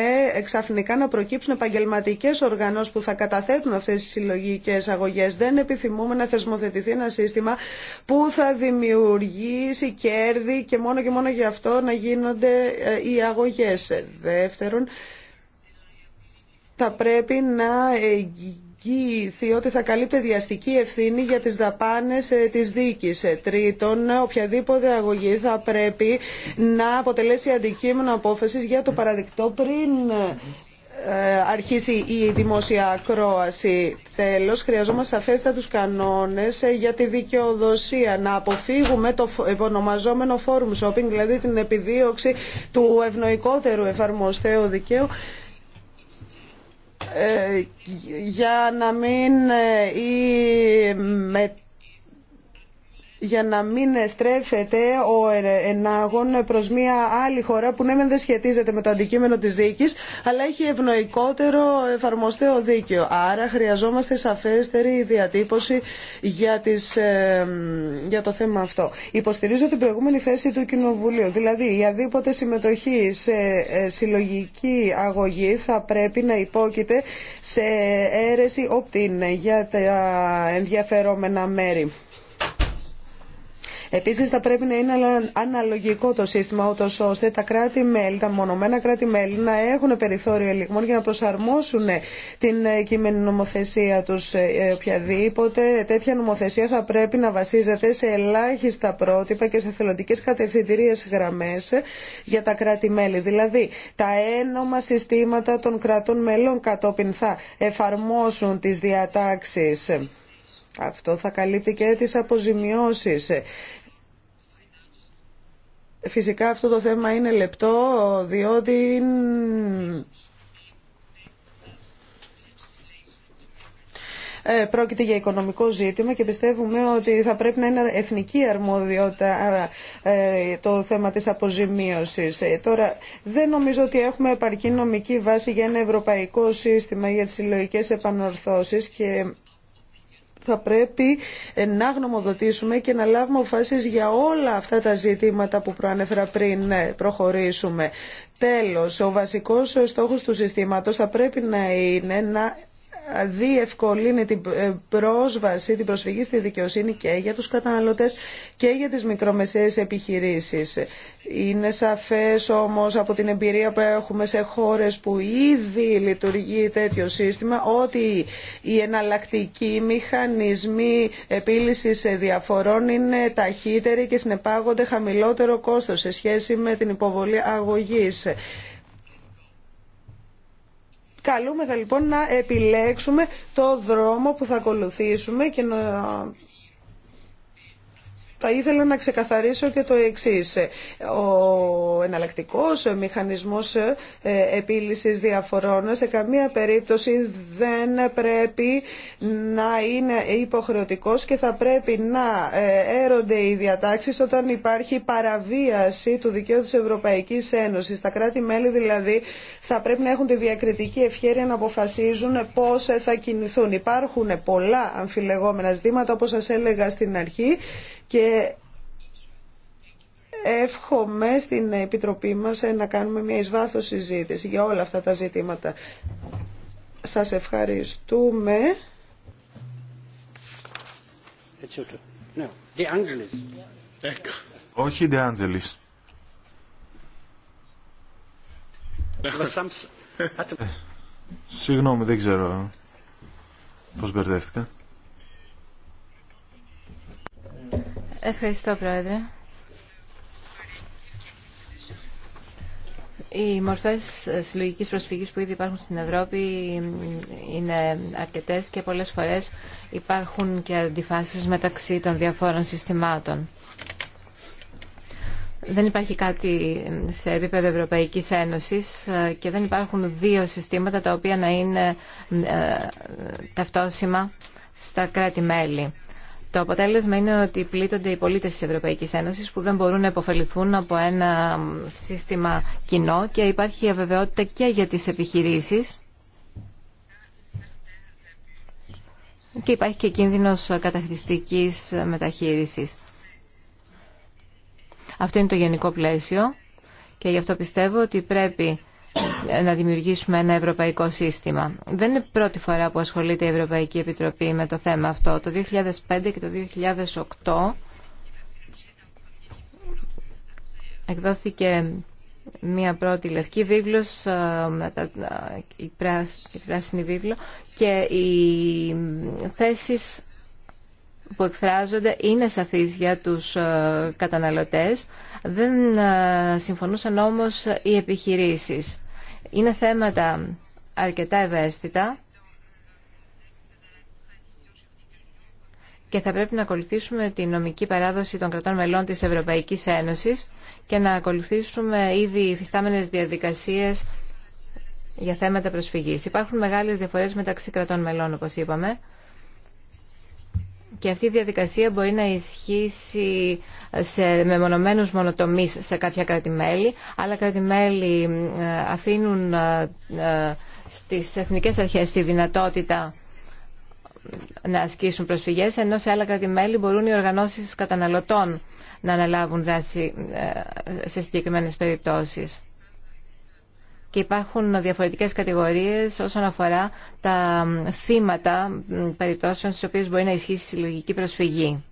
ξαφνικά να προκύψουν επαγγελματικέ οργανώσει που θα καταθέτουν αυτές τις συλλογικέ αγωγέ. Δεν επιθυμούμε να θεσμοθετηθεί ένα σύστημα που θα δημιουργήσει κέρδη και μόνο και μόνο γι' αυτό να γίνονται ε, οι αγωγέ. Δεύτερον, θα πρέπει να εγγυηθεί ότι θα καλύπτει διαστική ευθύνη για τις δαπάνες ε, της δίκης. Ε, τρίτον, οποιαδήποτε αγωγή θα πρέπει να αποτελέσει αντικείμενο απόφασης για το παραδεικτό πριν ε, αρχίσει η δημόσια ακρόαση. Τέλος, χρειαζόμαστε τους κανόνες για τη δικαιοδοσία. Να αποφύγουμε το υπονομαζόμενο forum shopping, δηλαδή την επιδίωξη του ευνοϊκότερου εφαρμοστέου δικαίου ε, για να μην ε, ή με για να μην στρέφεται ο ε, ενάγων προς μια άλλη χώρα που ναι δεν σχετίζεται με το αντικείμενο της δίκης αλλά έχει ευνοϊκότερο εφαρμοστέο δίκαιο. Άρα χρειαζόμαστε σαφέστερη διατύπωση για, τις, ε, για το θέμα αυτό. Υποστηρίζω την προηγούμενη θέση του Κοινοβουλίου. Δηλαδή η αδίποτε συμμετοχή σε ε, συλλογική αγωγή θα πρέπει να υπόκειται σε αίρεση opt-in για τα ενδιαφερόμενα μέρη. Επίση θα πρέπει να είναι αναλογικό το σύστημα ώστε τα κράτη-μέλη, τα μονομένα κράτη-μέλη να έχουν περιθώριο ελιγμών για να προσαρμόσουν την ε, κείμενη νομοθεσία του ε, ε, οποιαδήποτε. Τέτοια νομοθεσία θα πρέπει να βασίζεται σε ελάχιστα πρότυπα και σε θελοντικέ κατευθυντήριε γραμμέ για τα κράτη-μέλη. Δηλαδή τα ένομα συστήματα των κρατών μελών κατόπιν θα εφαρμόσουν τι διατάξεις αυτό θα καλύπτει και τις αποζημιώσεις Φυσικά αυτό το θέμα είναι λεπτό διότι ε, πρόκειται για οικονομικό ζήτημα και πιστεύουμε ότι θα πρέπει να είναι εθνική αρμοδιότητα ε, το θέμα της αποζημίωσης. Ε, τώρα δεν νομίζω ότι έχουμε επαρκή νομική βάση για ένα ευρωπαϊκό σύστημα για τις συλλογικέ επανορθώσεις και θα πρέπει ε, να γνωμοδοτήσουμε και να λάβουμε αποφάσεις για όλα αυτά τα ζητήματα που προανέφερα πριν ναι, προχωρήσουμε. Τέλος, ο βασικός στόχος του συστήματος θα πρέπει να είναι να διευκολύνει την ε, πρόσβαση, την προσφυγή στη δικαιοσύνη και για τους καταναλωτές και για τις μικρομεσαίες επιχειρήσεις. Είναι σαφές όμως από την εμπειρία που έχουμε σε χώρες που ήδη λειτουργεί τέτοιο σύστημα ότι οι εναλλακτικοί μηχανισμοί επίλυσης διαφορών είναι ταχύτεροι και συνεπάγονται χαμηλότερο κόστος σε σχέση με την υποβολή αγωγής. Καλούμεθα λοιπόν να επιλέξουμε το δρόμο που θα ακολουθήσουμε και να θα ήθελα να ξεκαθαρίσω και το εξή. Ο εναλλακτικό μηχανισμό ε, επίλυση διαφορών σε καμία περίπτωση δεν πρέπει να είναι υποχρεωτικό και θα πρέπει να ε, έρονται οι διατάξει όταν υπάρχει παραβίαση του δικαίου τη Ευρωπαϊκή Ένωση. Τα κράτη-μέλη δηλαδή θα πρέπει να έχουν τη διακριτική ευχαίρεια να αποφασίζουν πώ θα κινηθούν. Υπάρχουν πολλά αμφιλεγόμενα ζητήματα, όπω σα έλεγα στην αρχή και εύχομαι στην Επιτροπή μας να κάνουμε μια εισβάθος συζήτηση για όλα αυτά τα ζητήματα. Σας ευχαριστούμε. Όχι, De Angelis. Ε, συγγνώμη, δεν ξέρω πώς μπερδεύτηκα. Ευχαριστώ, Πρόεδρε. Οι μορφές συλλογικής προσφυγής που ήδη υπάρχουν στην Ευρώπη είναι αρκετές και πολλές φορές υπάρχουν και αντιφάσεις μεταξύ των διαφόρων συστημάτων. Δεν υπάρχει κάτι σε επίπεδο Ευρωπαϊκής Ένωσης και δεν υπάρχουν δύο συστήματα τα οποία να είναι ε, ταυτόσημα στα κράτη-μέλη. Το αποτέλεσμα είναι ότι πλήττονται οι πολίτε τη Ευρωπαϊκή Ένωση που δεν μπορούν να υποφεληθούν από ένα σύστημα κοινό και υπάρχει αβεβαιότητα και για τι επιχειρήσει. και υπάρχει και κίνδυνος καταχρηστικής μεταχείρισης. Αυτό είναι το γενικό πλαίσιο και γι' αυτό πιστεύω ότι πρέπει να δημιουργήσουμε ένα ευρωπαϊκό σύστημα. Δεν είναι πρώτη φορά που ασχολείται η Ευρωπαϊκή Επιτροπή με το θέμα αυτό. Το 2005 και το 2008 εκδόθηκε μία πρώτη λευκή βίβλος, ε, ε, η πράσινη βίβλο και οι θέσεις που εκφράζονται είναι σαφείς για τους ε, καταναλωτές, δεν ε, συμφωνούσαν όμως οι επιχειρήσεις. Είναι θέματα αρκετά ευαίσθητα και θα πρέπει να ακολουθήσουμε τη νομική παράδοση των κρατών μελών της Ευρωπαϊκής Ένωσης και να ακολουθήσουμε ήδη υφιστάμενες διαδικασίες για θέματα προσφυγής. Υπάρχουν μεγάλες διαφορές μεταξύ κρατών μελών, όπως είπαμε, και αυτή η διαδικασία μπορεί να ισχύσει σε μεμονωμένους μονοτομεί σε κάποια κράτη-μέλη, αλλά κράτη-μέλη ε, αφήνουν ε, ε, στις εθνικέ αρχές τη δυνατότητα να ασκήσουν προσφυγέ, ενώ σε άλλα κράτη-μέλη μπορούν οι οργανώσεις καταναλωτών να αναλάβουν δράση σε συγκεκριμένες περιπτώσεις και υπάρχουν διαφορετικές κατηγορίες όσον αφορά τα θύματα περιπτώσεων στις οποίες μπορεί να ισχύσει συλλογική προσφυγή.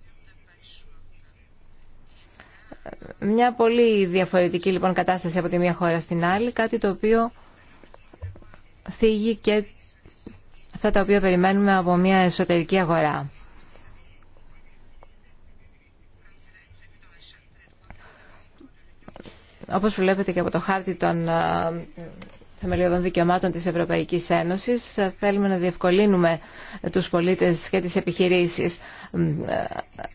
Μια πολύ διαφορετική λοιπόν κατάσταση από τη μία χώρα στην άλλη, κάτι το οποίο θίγει και αυτά τα οποία περιμένουμε από μια εσωτερική αγορά. Όπως βλέπετε και από το χάρτη των ε, θεμελιωδών δικαιωμάτων της Ευρωπαϊκής Ένωσης ε, θέλουμε να διευκολύνουμε τους πολίτες και τις επιχειρήσεις ε,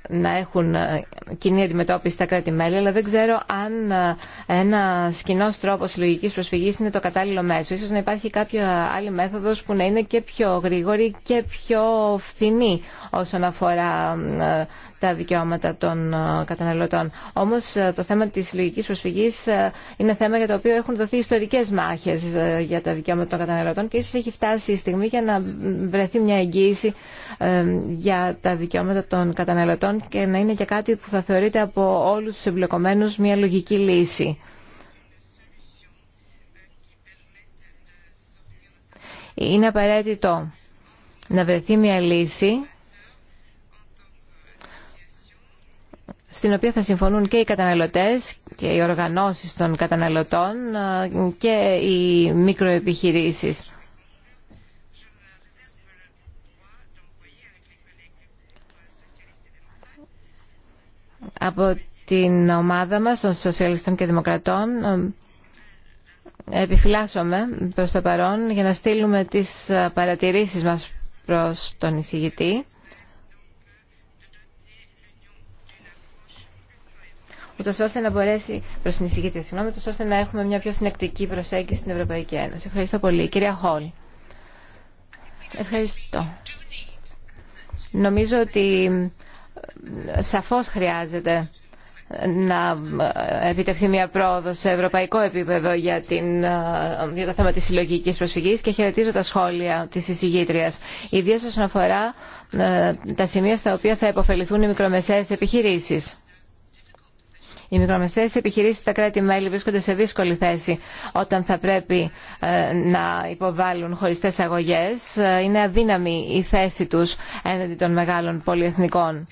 να έχουν ε, κοινή αντιμετώπιση στα κράτη-μέλη, αλλά δεν ξέρω αν ε, ένα κοινό τρόπο συλλογική προσφυγή είναι το κατάλληλο μέσο. σω να υπάρχει κάποια άλλη μέθοδο που να είναι και πιο γρήγορη και πιο φθηνή όσον αφορά τα δικαιώματα των καταναλωτών. Όμω το θέμα τη συλλογική προσφυγή είναι θέμα για το οποίο έχουν δοθεί ιστορικέ μάχε για τα δικαιώματα των καταναλωτών και ίσω έχει φτάσει η στιγμή για να βρεθεί μια εγγύηση για τα δικαιώματα δικαιώματα των καταναλωτών και να είναι και κάτι που θα θεωρείται από όλους τους εμπλεκομένους μια λογική λύση. Είναι απαραίτητο να βρεθεί μια λύση στην οποία θα συμφωνούν και οι καταναλωτές και οι οργανώσεις των καταναλωτών ε, και οι μικροεπιχειρήσεις. από την ομάδα μας των Σοσιαλιστών και Δημοκρατών ε, επιφυλάσσομαι προς το παρόν για να στείλουμε τις ε, παρατηρήσεις μας προς τον εισηγητή ούτως ώστε να μπορέσει προς την εισηγητή συγγνώμη, ούτως ώστε να έχουμε μια πιο συνεκτική προσέγγιση στην Ευρωπαϊκή Ένωση. Ευχαριστώ πολύ. Κυρία Χόλ. Ευχαριστώ. Νομίζω ότι σαφώς χρειάζεται να επιτευχθεί μια πρόοδο σε ευρωπαϊκό επίπεδο για, την, για το θέμα της συλλογική προσφυγής και χαιρετίζω τα σχόλια της εισηγήτριας, ιδίως όσον αφορά ε, τα σημεία στα οποία θα υποφεληθούν οι μικρομεσαίες επιχειρήσεις. Οι μικρομεσαίες επιχειρήσεις στα κράτη-μέλη βρίσκονται σε δύσκολη θέση όταν θα πρέπει ε, να υποβάλουν χωριστές αγωγές. Ε, είναι αδύναμη η θέση τους έναντι των μεγάλων πολυεθνικών.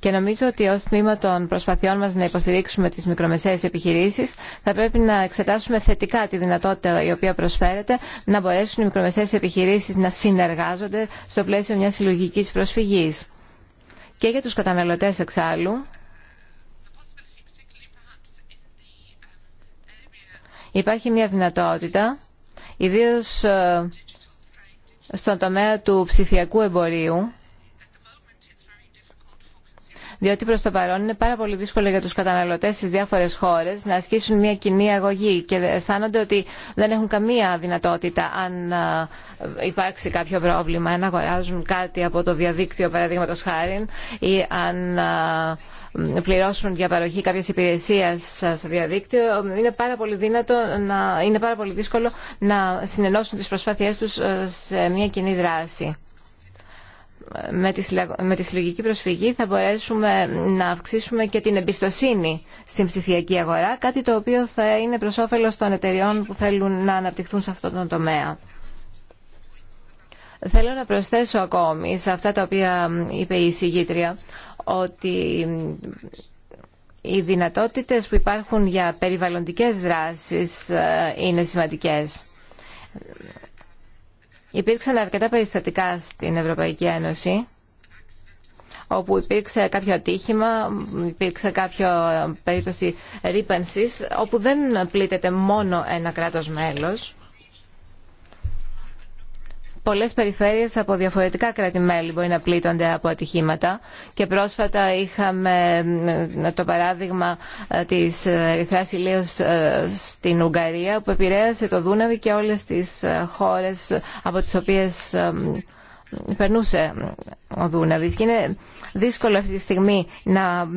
Και νομίζω ότι ω τμήμα των προσπαθειών μα να υποστηρίξουμε τι μικρομεσαίες επιχειρήσει θα πρέπει να εξετάσουμε θετικά τη δυνατότητα η οποία προσφέρεται να μπορέσουν οι μικρομεσαίες επιχειρήσει να συνεργάζονται στο πλαίσιο μια συλλογική προσφυγή. Και για του καταναλωτέ εξάλλου, υπάρχει μια δυνατότητα, ιδίως ε, στον τομέα του ψηφιακού εμπορίου, διότι προς το παρόν είναι πάρα πολύ δύσκολο για τους καταναλωτές στι διάφορες χώρε να ασκήσουν μια κοινή αγωγή και αισθάνονται ότι δεν έχουν καμία δυνατότητα αν υπάρξει κάποιο πρόβλημα, αν αγοράζουν κάτι από το διαδίκτυο παραδείγματο χάρη ή αν πληρώσουν για παροχή κάποιας υπηρεσία στο διαδίκτυο είναι πάρα πολύ να, είναι πάρα πολύ δύσκολο να συνενώσουν τις προσπάθειές τους ε, σε μια κοινή δράση με τη συλλογική προσφυγή θα μπορέσουμε να αυξήσουμε και την εμπιστοσύνη στην ψηφιακή αγορά, κάτι το οποίο θα είναι προς όφελος των εταιριών που θέλουν να αναπτυχθούν σε αυτόν τον τομέα. Θέλω να προσθέσω ακόμη σε αυτά τα οποία είπε η συγγήτρια ότι οι δυνατότητες που υπάρχουν για περιβαλλοντικές δράσεις ε, είναι σημαντικές. Υπήρξαν αρκετά περιστατικά στην Ευρωπαϊκή Ένωση όπου υπήρξε κάποιο ατύχημα, υπήρξε κάποιο ε, περίπτωση ρήπανσης, όπου δεν πλήττεται μόνο ένα κράτος μέλος, πολλές περιφέρειες από διαφορετικά κράτη-μέλη μπορεί να πλήττονται από ατυχήματα και πρόσφατα είχαμε ε, το παράδειγμα ε, της ε, Ερυθράς ηλίου στην Ουγγαρία που επηρέασε το Δούναβι και όλες τις χώρες από τις οποίες περνούσε ο Δούναβης και είναι δύσκολο αυτή τη στιγμή να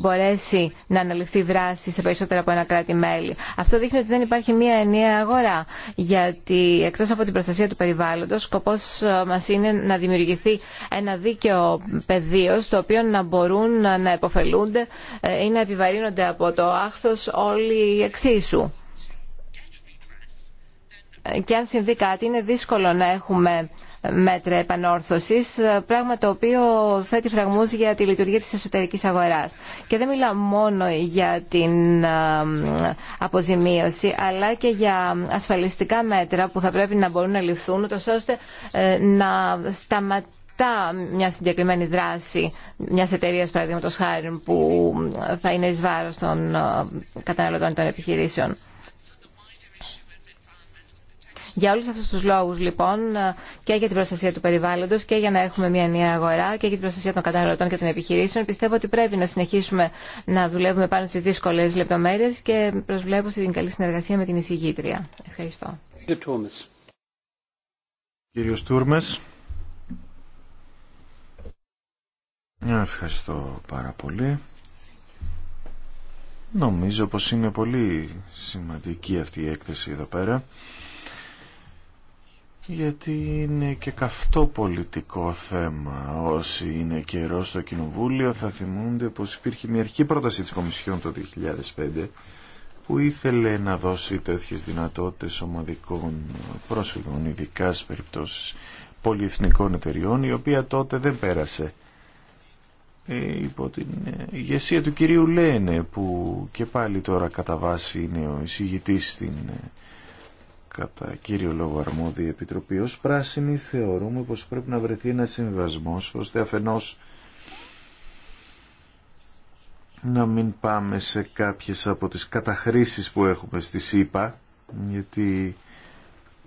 μπορέσει να αναλυθεί δράση σε περισσότερα από ένα κράτη-μέλη. Αυτό δείχνει ότι δεν υπάρχει μία ενιαία αγορά, γιατί εκτός από την προστασία του περιβάλλοντος, σκοπός ε, μας είναι να δημιουργηθεί ένα δίκαιο πεδίο στο οποίο να μπορούν να επωφελούνται ε, ή να επιβαρύνονται από το άχθος όλοι εξίσου και αν συμβεί κάτι είναι δύσκολο να έχουμε μέτρα επανόρθωσης, πράγμα το οποίο θέτει φραγμούς για τη λειτουργία της εσωτερικής αγοράς. Και δεν μιλάω μόνο για την αποζημίωση, αλλά και για ασφαλιστικά μέτρα που θα πρέπει να μπορούν να ληφθούν, ώστε ε, να σταματά μια συγκεκριμένη δράση μια εταιρεία, παραδείγματο χάρη, που θα είναι ει βάρο των καταναλωτών των επιχειρήσεων. Για όλους αυτούς τους λόγους λοιπόν και για την προστασία του περιβάλλοντος και για να έχουμε μια νέα αγορά και για την προστασία των καταναλωτών και των επιχειρήσεων πιστεύω ότι πρέπει να συνεχίσουμε να δουλεύουμε πάνω στις δύσκολες λεπτομέρειες και προσβλέπω στην καλή συνεργασία με την εισηγήτρια. Ευχαριστώ. Κύριος Τούρμες. Ε, ευχαριστώ πάρα πολύ. Νομίζω πως είναι πολύ σημαντική αυτή η έκθεση εδώ πέρα γιατί είναι και καυτό πολιτικό θέμα. Όσοι είναι καιρό στο Κοινοβούλιο θα θυμούνται πως υπήρχε μια αρχική πρόταση της Κομισιόν το 2005 που ήθελε να δώσει τέτοιες δυνατότητες ομαδικών πρόσφυγων, ειδικά σε περιπτώσεις πολυεθνικών εταιριών, η οποία τότε δεν πέρασε. Ε, υπό την ηγεσία του κυρίου Λένε, που και πάλι τώρα κατά βάση είναι ο εισηγητής στην κατά κύριο λόγο αρμόδια επιτροπή. Ως πράσινοι θεωρούμε πως πρέπει να βρεθεί ένα συμβασμός ώστε αφενός να μην πάμε σε κάποιες από τις καταχρήσεις που έχουμε στη ΣΥΠΑ γιατί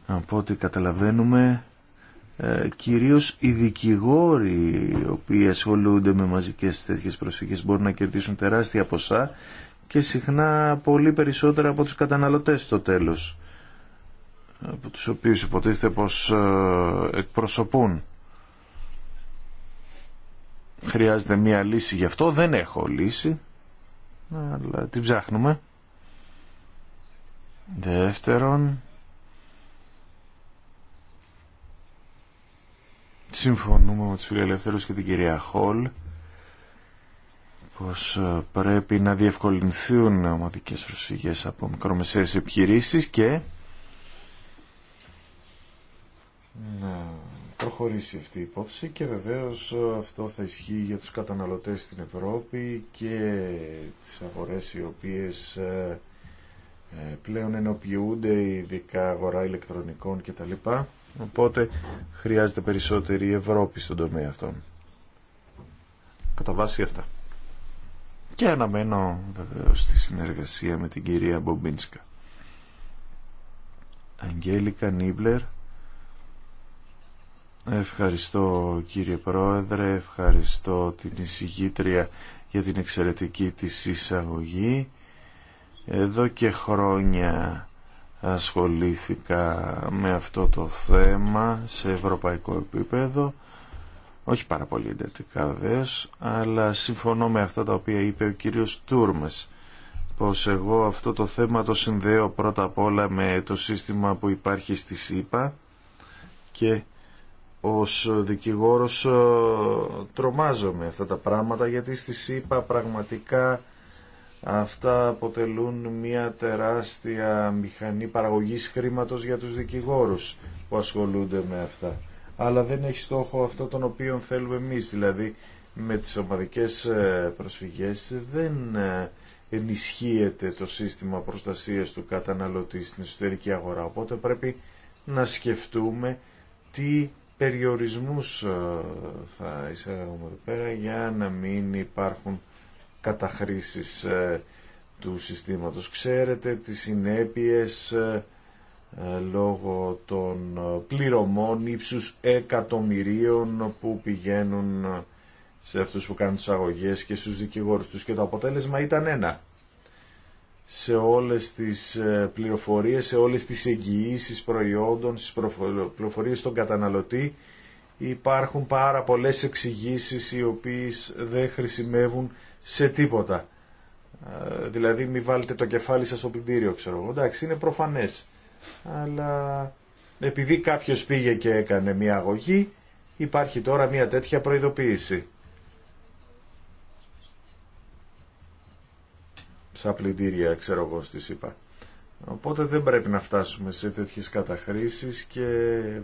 από ό,τι καταλαβαίνουμε ε, κυρίως οι δικηγόροι οι οποίοι ασχολούνται με μαζικές τέτοιες προσφυγές μπορούν να κερδίσουν τεράστια ποσά και συχνά πολύ περισσότερα από τους καταναλωτές στο τέλος από τους οποίους υποτίθεται πως ε, εκπροσωπούν. Χρειάζεται μία λύση γι' αυτό. Δεν έχω λύση, αλλά την ψάχνουμε. Δεύτερον, συμφωνούμε με τους φιλελεύθερους και την κυρία Χολ πως ε, πρέπει να διευκολυνθούν ομαδικές προσφυγές από μικρομεσαίες επιχειρήσεις και να προχωρήσει αυτή η υπόθεση και βεβαίως αυτό θα ισχύει για τους καταναλωτές στην Ευρώπη και τις αγορές οι οποίες ε, ε, πλέον ενοποιούνται ειδικά αγορά ηλεκτρονικών κτλ. Οπότε χρειάζεται περισσότερη Ευρώπη στον τομέα αυτόν. Κατά βάση αυτά. Και αναμένω βεβαίω στη συνεργασία με την κυρία Μπομπίνσκα. Αγγέλικα Νίμπλερ Ευχαριστώ κύριε Πρόεδρε, ευχαριστώ την εισηγήτρια για την εξαιρετική της εισαγωγή. Εδώ και χρόνια ασχολήθηκα με αυτό το θέμα σε ευρωπαϊκό επίπεδο. Όχι πάρα πολύ εντατικά βεβαίω, αλλά συμφωνώ με αυτά τα οποία είπε ο κύριος Τούρμες πως εγώ αυτό το θέμα το συνδέω πρώτα απ' όλα με το σύστημα που υπάρχει στη ΣΥΠΑ και ως δικηγόρος ε, τρομάζομαι αυτά τα πράγματα γιατί στη ΣΥΠΑ πραγματικά αυτά αποτελούν μια τεράστια μηχανή παραγωγής χρήματος για τους δικηγόρους που ασχολούνται με αυτά. Αλλά δεν έχει στόχο αυτό τον οποίο θέλουμε εμείς, δηλαδή με τις ομαδικές ε, προσφυγές δεν ε, ενισχύεται το σύστημα προστασίας του καταναλωτή στην εσωτερική αγορά. Οπότε πρέπει να σκεφτούμε τι περιορισμούς ε, θα εισαγωγούμε εδώ πέρα για να μην υπάρχουν καταχρήσεις ε, του συστήματος. Ξέρετε τις συνέπειες ε, λόγω των πληρωμών ύψους εκατομμυρίων που πηγαίνουν σε αυτούς που κάνουν τις αγωγές και στους δικηγόρους τους και το αποτέλεσμα ήταν ένα σε όλες τις ε, πληροφορίες, σε όλες τις εγγυήσεις προϊόντων, στις πληροφορίες στον καταναλωτή. Υπάρχουν πάρα πολλές εξηγήσει οι οποίες δεν χρησιμεύουν σε τίποτα. Ε, δηλαδή μη βάλετε το κεφάλι σας στο πλυντήριο, ξέρω εγώ. Εντάξει, είναι προφανές. Αλλά επειδή κάποιος πήγε και έκανε μια αγωγή, υπάρχει τώρα μια τέτοια προειδοποίηση. Σαν πλυντήρια, ξέρω εγώ, στις είπα. Οπότε δεν πρέπει να φτάσουμε σε τέτοιες καταχρήσεις και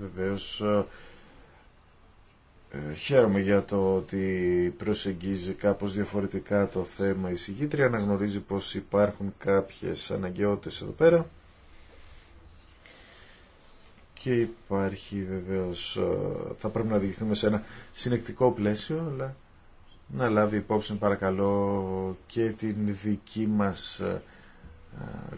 βεβαίως ε, χαίρομαι για το ότι προσεγγίζει κάπως διαφορετικά το θέμα η συγκήτρια, αναγνωρίζει πως υπάρχουν κάποιες αναγκαιότητες εδώ πέρα και υπάρχει βεβαίως, ε, θα πρέπει να διηγηθούμε σε ένα συνεκτικό πλαίσιο, αλλά να λάβει υπόψη παρακαλώ και την δική μας ε,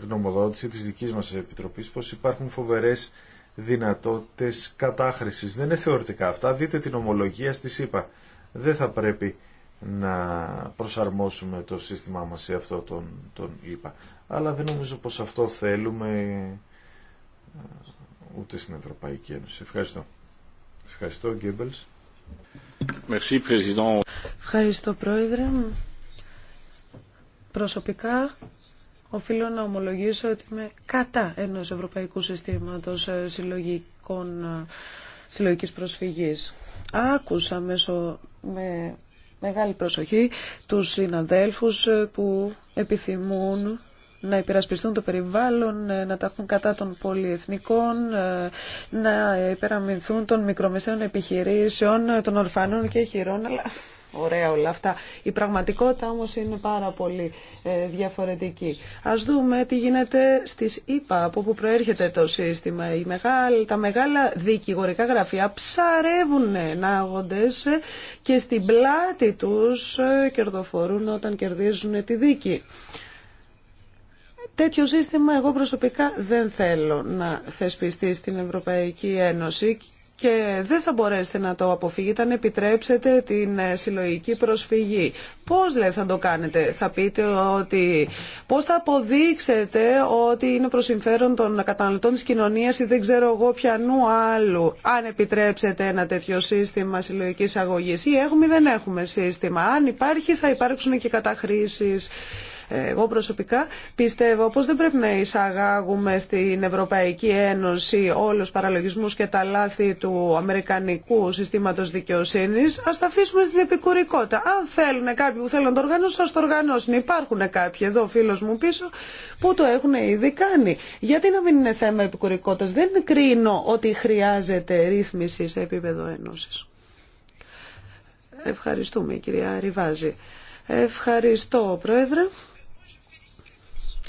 γνωμοδότηση της δικής μας επιτροπής πως υπάρχουν φοβερές δυνατότητες κατάχρησης. Δεν είναι θεωρητικά αυτά. Δείτε την ομολογία στη ΣΥΠΑ. Δεν θα πρέπει να προσαρμόσουμε το σύστημά μας σε αυτό τον, τον ΙΠΑ. Αλλά δεν νομίζω πως αυτό θέλουμε ε, ούτε στην Ευρωπαϊκή Ένωση. Ευχαριστώ. Ευχαριστώ, Γκέμπελς. Ευχαριστώ, Πρόεδρε. Προσωπικά, οφείλω να ομολογήσω ότι είμαι κατά ενός ευρωπαϊκού συστήματος ε, συλλογικών, ε, συλλογικής προσφυγής. Άκουσα μέσω, με μεγάλη προσοχή τους συναδέλφους ε, που επιθυμούν να υπερασπιστούν το περιβάλλον, ε, να ταχθούν κατά των πολυεθνικών, ε, να υπεραμεινθούν των μικρομεσαίων επιχειρήσεων, ε, των ορφανών και χειρών, αλλά ωραία όλα αυτά. Η πραγματικότητα όμως είναι πάρα πολύ διαφορετική. Ας δούμε τι γίνεται στις ΙΠΑ, από που προέρχεται το σύστημα. η μεγάλη, τα μεγάλα δικηγορικά γραφεία ψαρεύουν ενάγοντες και στην πλάτη τους κερδοφορούν όταν κερδίζουν τη δίκη. Τέτοιο σύστημα εγώ προσωπικά δεν θέλω να θεσπιστεί στην Ευρωπαϊκή Ένωση και δεν θα μπορέσετε να το αποφύγετε αν επιτρέψετε την ε, συλλογική προσφυγή. Πώς λέει θα το κάνετε, θα πείτε ότι πώς θα αποδείξετε ότι είναι προς συμφέρον των καταναλωτών της κοινωνίας ή δεν ξέρω εγώ νου άλλου αν επιτρέψετε ένα τέτοιο σύστημα συλλογικής αγωγής ή έχουμε ή δεν έχουμε σύστημα. Αν υπάρχει θα υπάρξουν και καταχρήσεις εγώ προσωπικά πιστεύω πως δεν πρέπει να εισαγάγουμε στην Ευρωπαϊκή Ένωση όλους παραλογισμούς και τα λάθη του Αμερικανικού συστήματος δικαιοσύνης. Ας τα αφήσουμε στην επικουρικότητα. Αν θέλουν κάποιοι που θέλουν να το οργανώσουν, ας το οργανώσουν. Υπάρχουν κάποιοι εδώ, φίλος μου πίσω, που το έχουν ήδη κάνει. Γιατί να μην είναι θέμα επικουρικότητας. Δεν κρίνω ότι χρειάζεται ρύθμιση σε επίπεδο ένωσης. Ευχαριστούμε κυρία Ριβάζη. Ευχαριστώ πρόεδρε.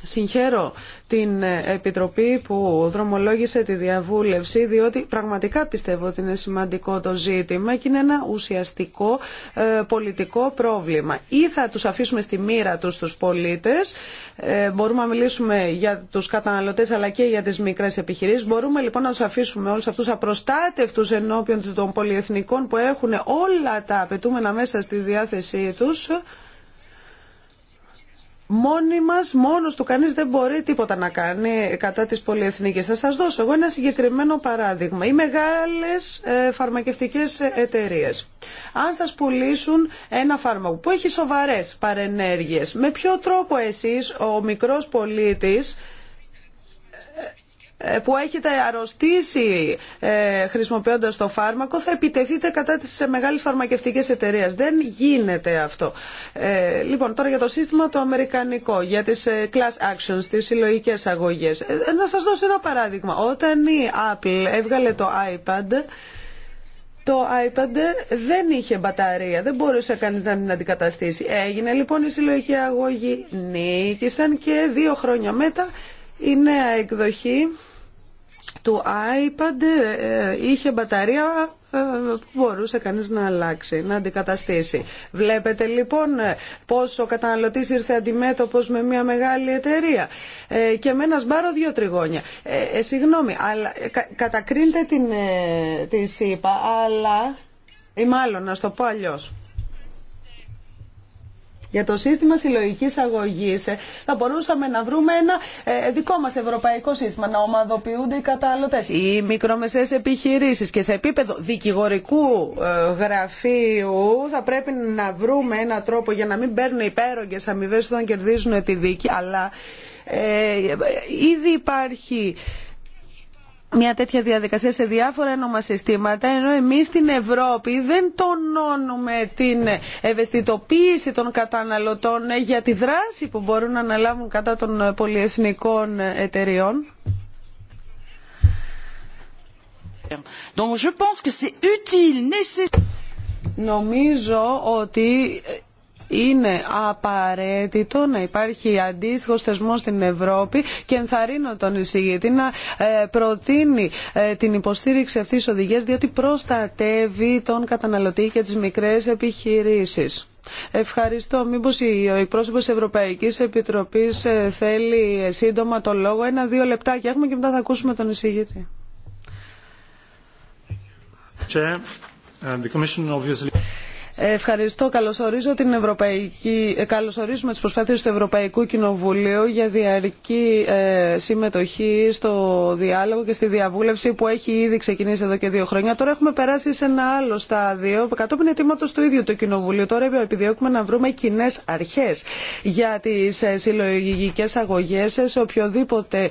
Συγχαίρω την Επιτροπή που δρομολόγησε τη διαβούλευση διότι πραγματικά πιστεύω ότι είναι σημαντικό το ζήτημα και είναι ένα ουσιαστικό ε, πολιτικό πρόβλημα. Ή θα τους αφήσουμε στη μοίρα τους τους πολίτες, ε, μπορούμε να μιλήσουμε για τους καταναλωτές αλλά και για τις μικρές επιχειρήσεις, μπορούμε λοιπόν να τους αφήσουμε όλους αυτούς απροστάτευτους ενώπιον των πολυεθνικών που έχουν όλα τα απαιτούμενα μέσα στη διάθεσή τους Μόνοι μόνος του κανείς δεν μπορεί τίποτα να κάνει κατά τις πολυεθνίκες. Θα σας δώσω εγώ ένα συγκεκριμένο παράδειγμα. Οι μεγάλες ε, φαρμακευτικές εταιρείε. Αν σας πουλήσουν ένα φάρμακο που έχει σοβαρές παρενέργειες, με ποιο τρόπο εσείς, ο μικρός πολίτης, που έχετε αρρωστήσει ε, χρησιμοποιώντας το φάρμακο θα επιτεθείτε κατά της ε, μεγάλες φαρμακευτικές εταιρείες. Δεν γίνεται αυτό. Ε, λοιπόν, τώρα για το σύστημα το αμερικανικό, για τις class actions, τις συλλογικέ αγωγές. Να σας δώσω ένα παράδειγμα. Όταν η Apple έβγαλε το iPad, το iPad δεν είχε μπαταρία, δεν μπορούσε κανεί να την αντικαταστήσει. Έγινε λοιπόν η συλλογική αγωγή, νίκησαν και δύο χρόνια μετά η νέα εκδοχή του iPad ε, είχε μπαταρία ε, που μπορούσε κανείς να αλλάξει, να αντικαταστήσει. Βλέπετε λοιπόν ε, πόσο ο καταναλωτής ήρθε αντιμέτωπος με μια μεγάλη εταιρεία και με ένα σπάρο δύο τριγώνια. συγγνώμη, αλλά, κα, την, την ΣΥΠΑ, αλλά ή μάλλον να στο πω αλλιώς για το σύστημα συλλογική αγωγή, ε, θα μπορούσαμε να βρούμε ένα ε, δικό μας ευρωπαϊκό σύστημα να ομαδοποιούνται οι καταναλωτέ. οι μικρόμεσες επιχειρήσεις και σε επίπεδο δικηγορικού ε, γραφείου θα πρέπει να βρούμε ένα τρόπο για να μην παίρνουν υπέρογγε αμοιβέ όταν κερδίζουν τη δίκη αλλά ε, ήδη υπάρχει μια τέτοια διαδικασία σε διάφορα ένομα συστήματα, ενώ εμείς στην Ευρώπη δεν τονώνουμε την ευαισθητοποίηση των καταναλωτών για τη δράση που μπορούν να αναλάβουν κατά των πολυεθνικών εταιριών. Donc, je pense que utile, Νομίζω ότι είναι απαραίτητο να υπάρχει αντίστοιχο θεσμό στην Ευρώπη και ενθαρρύνω τον εισηγητή να ε, προτείνει ε, την υποστήριξη αυτής της οδηγίας διότι προστατεύει τον καταναλωτή και τις μικρές επιχειρήσεις. Ευχαριστώ. Μήπω ο εκπρόσωπο Ευρωπαϊκή Επιτροπή ε, θέλει σύντομα το λόγο. Ένα-δύο λεπτάκια έχουμε και μετά θα ακούσουμε τον εισηγητή. Ευχαριστώ. Καλωσορίζω ε, Καλωσορίζουμε τις προσπάθειες του Ευρωπαϊκού Κοινοβουλίου για διαρκή ε, συμμετοχή στο διάλογο και στη διαβούλευση που έχει ήδη ξεκινήσει εδώ και δύο χρόνια. Τώρα έχουμε περάσει σε ένα άλλο στάδιο, κατόπιν αιτήματος του ίδιου του Κοινοβουλίου. Τώρα επιδιώκουμε να βρούμε κοινέ αρχές για τις ε, συλλογικές αγωγές σε οποιοδήποτε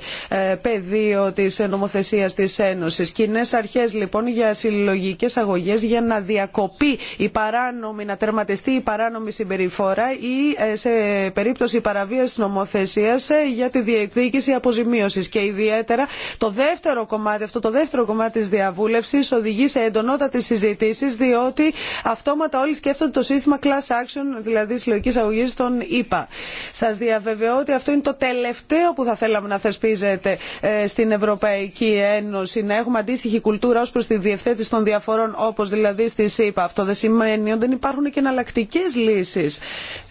πεδίο της νομοθεσίας της Ένωσης. Κοινέ αρχές λοιπόν για συλλογικές αγωγές για να διακοπεί η παράνομη παράνομη, να τερματιστεί η παράνομη συμπεριφορά ή ε, σε περίπτωση παραβίαση νομοθεσία ε, για τη διεκδίκηση αποζημίωση. Και ιδιαίτερα το δεύτερο κομμάτι, αυτό το δεύτερο κομμάτι τη διαβούλευση οδηγεί σε εντονότατε συζητήσει, διότι αυτόματα όλοι σκέφτονται το σύστημα class action, δηλαδή συλλογική αγωγή των ΗΠΑ. Σα διαβεβαιώ ότι αυτό είναι το τελευταίο που θα θέλαμε να θεσπίζετε ε, στην Ευρωπαϊκή Ένωση, να έχουμε αντίστοιχη κουλτούρα ω προ τη διευθέτηση των διαφορών, όπω δηλαδή στη ΣΥΠΑ. Αυτό δεν σημαίνει δεν υπάρχουν και εναλλακτικέ λύσει.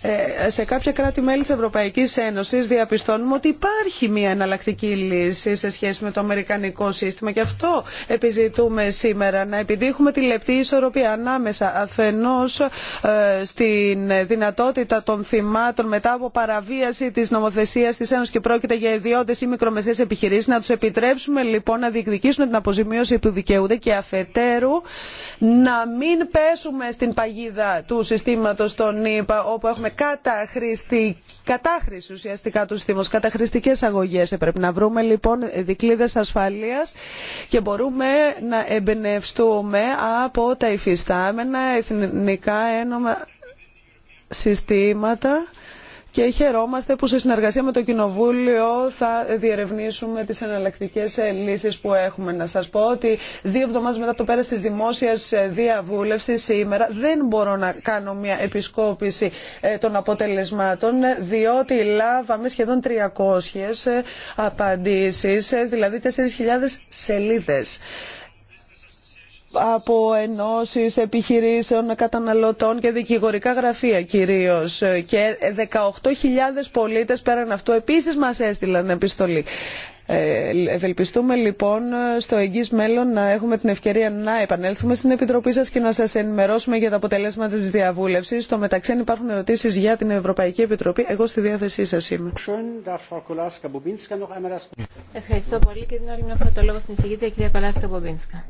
Ε, σε κάποια κράτη-μέλη τη Ευρωπαϊκή Ένωση διαπιστώνουμε ότι υπάρχει μια εναλλακτική λύση σε σχέση με το αμερικανικό σύστημα και αυτό επιζητούμε σήμερα. Να επιτύχουμε τη λεπτή ισορροπία ανάμεσα αφενό ε, στην δυνατότητα των θυμάτων μετά από παραβίαση τη νομοθεσία τη Ένωση και πρόκειται για ιδιώτε ή μικρομεσαίε επιχειρήσει, να του επιτρέψουμε λοιπόν να διεκδικήσουν την αποζημίωση που δικαιούνται και αφετέρου να μην πέσουμε στην παγίδα του συστήματος των ΗΠΑ όπου έχουμε κατάχρηση ουσιαστικά του συστήματος, καταχρηστικές αγωγές. Ε, πρέπει να βρούμε λοιπόν δικλείδες ασφαλείας και μπορούμε να εμπνευστούμε από τα υφιστάμενα εθνικά ένομα συστήματα και χαιρόμαστε που σε συνεργασία με το Κοινοβούλιο θα διερευνήσουμε τις εναλλακτικέ ε, λύσεις που έχουμε. Να σας πω ότι δύο εβδομάδες μετά το πέρας της δημόσιας ε, διαβούλευσης σήμερα δεν μπορώ να κάνω μια επισκόπηση ε, των αποτελεσμάτων διότι λάβαμε σχεδόν 300 απαντήσεις, δηλαδή 4.000 σελίδες από ενώσεις επιχειρήσεων, καταναλωτών και δικηγορικά γραφεία κυρίως. Και 18.000 πολίτες πέραν αυτού επίσης μας έστειλαν επιστολή. Ε, ευελπιστούμε λοιπόν στο εγγύ μέλλον να έχουμε την ευκαιρία να επανέλθουμε στην Επιτροπή σα και να σα ενημερώσουμε για τα αποτελέσματα τη διαβούλευση. Στο μεταξύ αν υπάρχουν ερωτήσει για την Ευρωπαϊκή Επιτροπή, εγώ στη διάθεσή σα. είμαι. Ευχαριστώ πολύ και την άλλη μια φορά το λόγο στην εισηγήτρια κυρία Κολάσκα Μπομπίνσκα.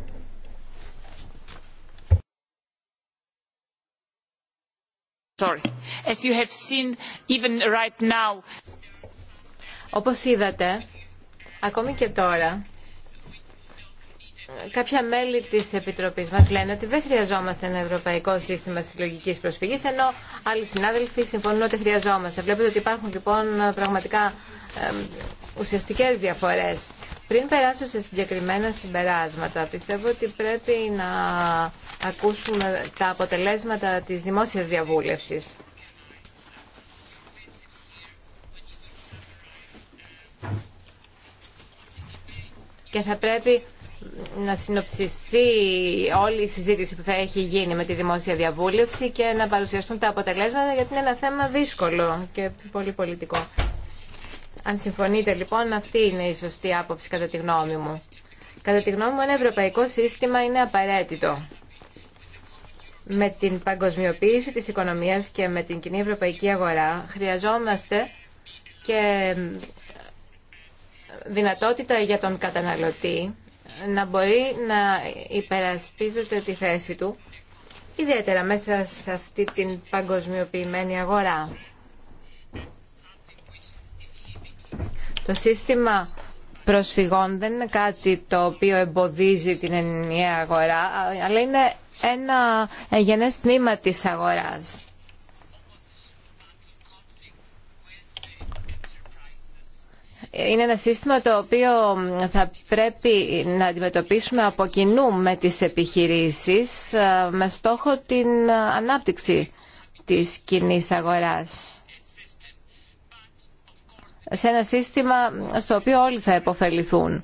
Sorry. As you have seen, even right now... Όπως είδατε, ακόμη και τώρα, κάποια μέλη της Επιτροπής μας λένε ότι δεν χρειαζόμαστε ένα ευρωπαϊκό σύστημα συλλογικής προσφυγή, ενώ άλλοι συνάδελφοι συμφωνούν ότι χρειαζόμαστε. Βλέπετε ότι υπάρχουν λοιπόν πραγματικά ουσιαστικές διαφορές. Πριν περάσω σε συγκεκριμένα συμπεράσματα, πιστεύω ότι πρέπει να ακούσουμε τα αποτελέσματα της δημόσιας διαβούλευσης. Και θα πρέπει να συνοψιστεί όλη η συζήτηση που θα έχει γίνει με τη δημόσια διαβούλευση και να παρουσιαστούν τα αποτελέσματα γιατί είναι ένα θέμα δύσκολο και πολύ πολιτικό. Αν συμφωνείτε λοιπόν αυτή είναι η σωστή άποψη κατά τη γνώμη μου. Κατά τη γνώμη μου ένα ευρωπαϊκό σύστημα είναι απαραίτητο. Με την παγκοσμιοποίηση της οικονομίας και με την κοινή ευρωπαϊκή αγορά χρειαζόμαστε και ε, δυνατότητα για τον καταναλωτή να μπορεί να υπερασπίζεται τη θέση του, ιδιαίτερα μέσα σε αυτή την παγκοσμιοποιημένη αγορά. Το σύστημα προσφυγών δεν είναι κάτι το οποίο εμποδίζει την ενιαία αγορά, αλλά είναι ένα γενές τμήμα της αγοράς. είναι ένα σύστημα το οποίο θα πρέπει να αντιμετωπίσουμε από κοινού με τις επιχειρήσεις ε, με στόχο την ανάπτυξη της κοινή αγοράς. Σε ένα σύστημα στο οποίο όλοι θα επωφεληθούν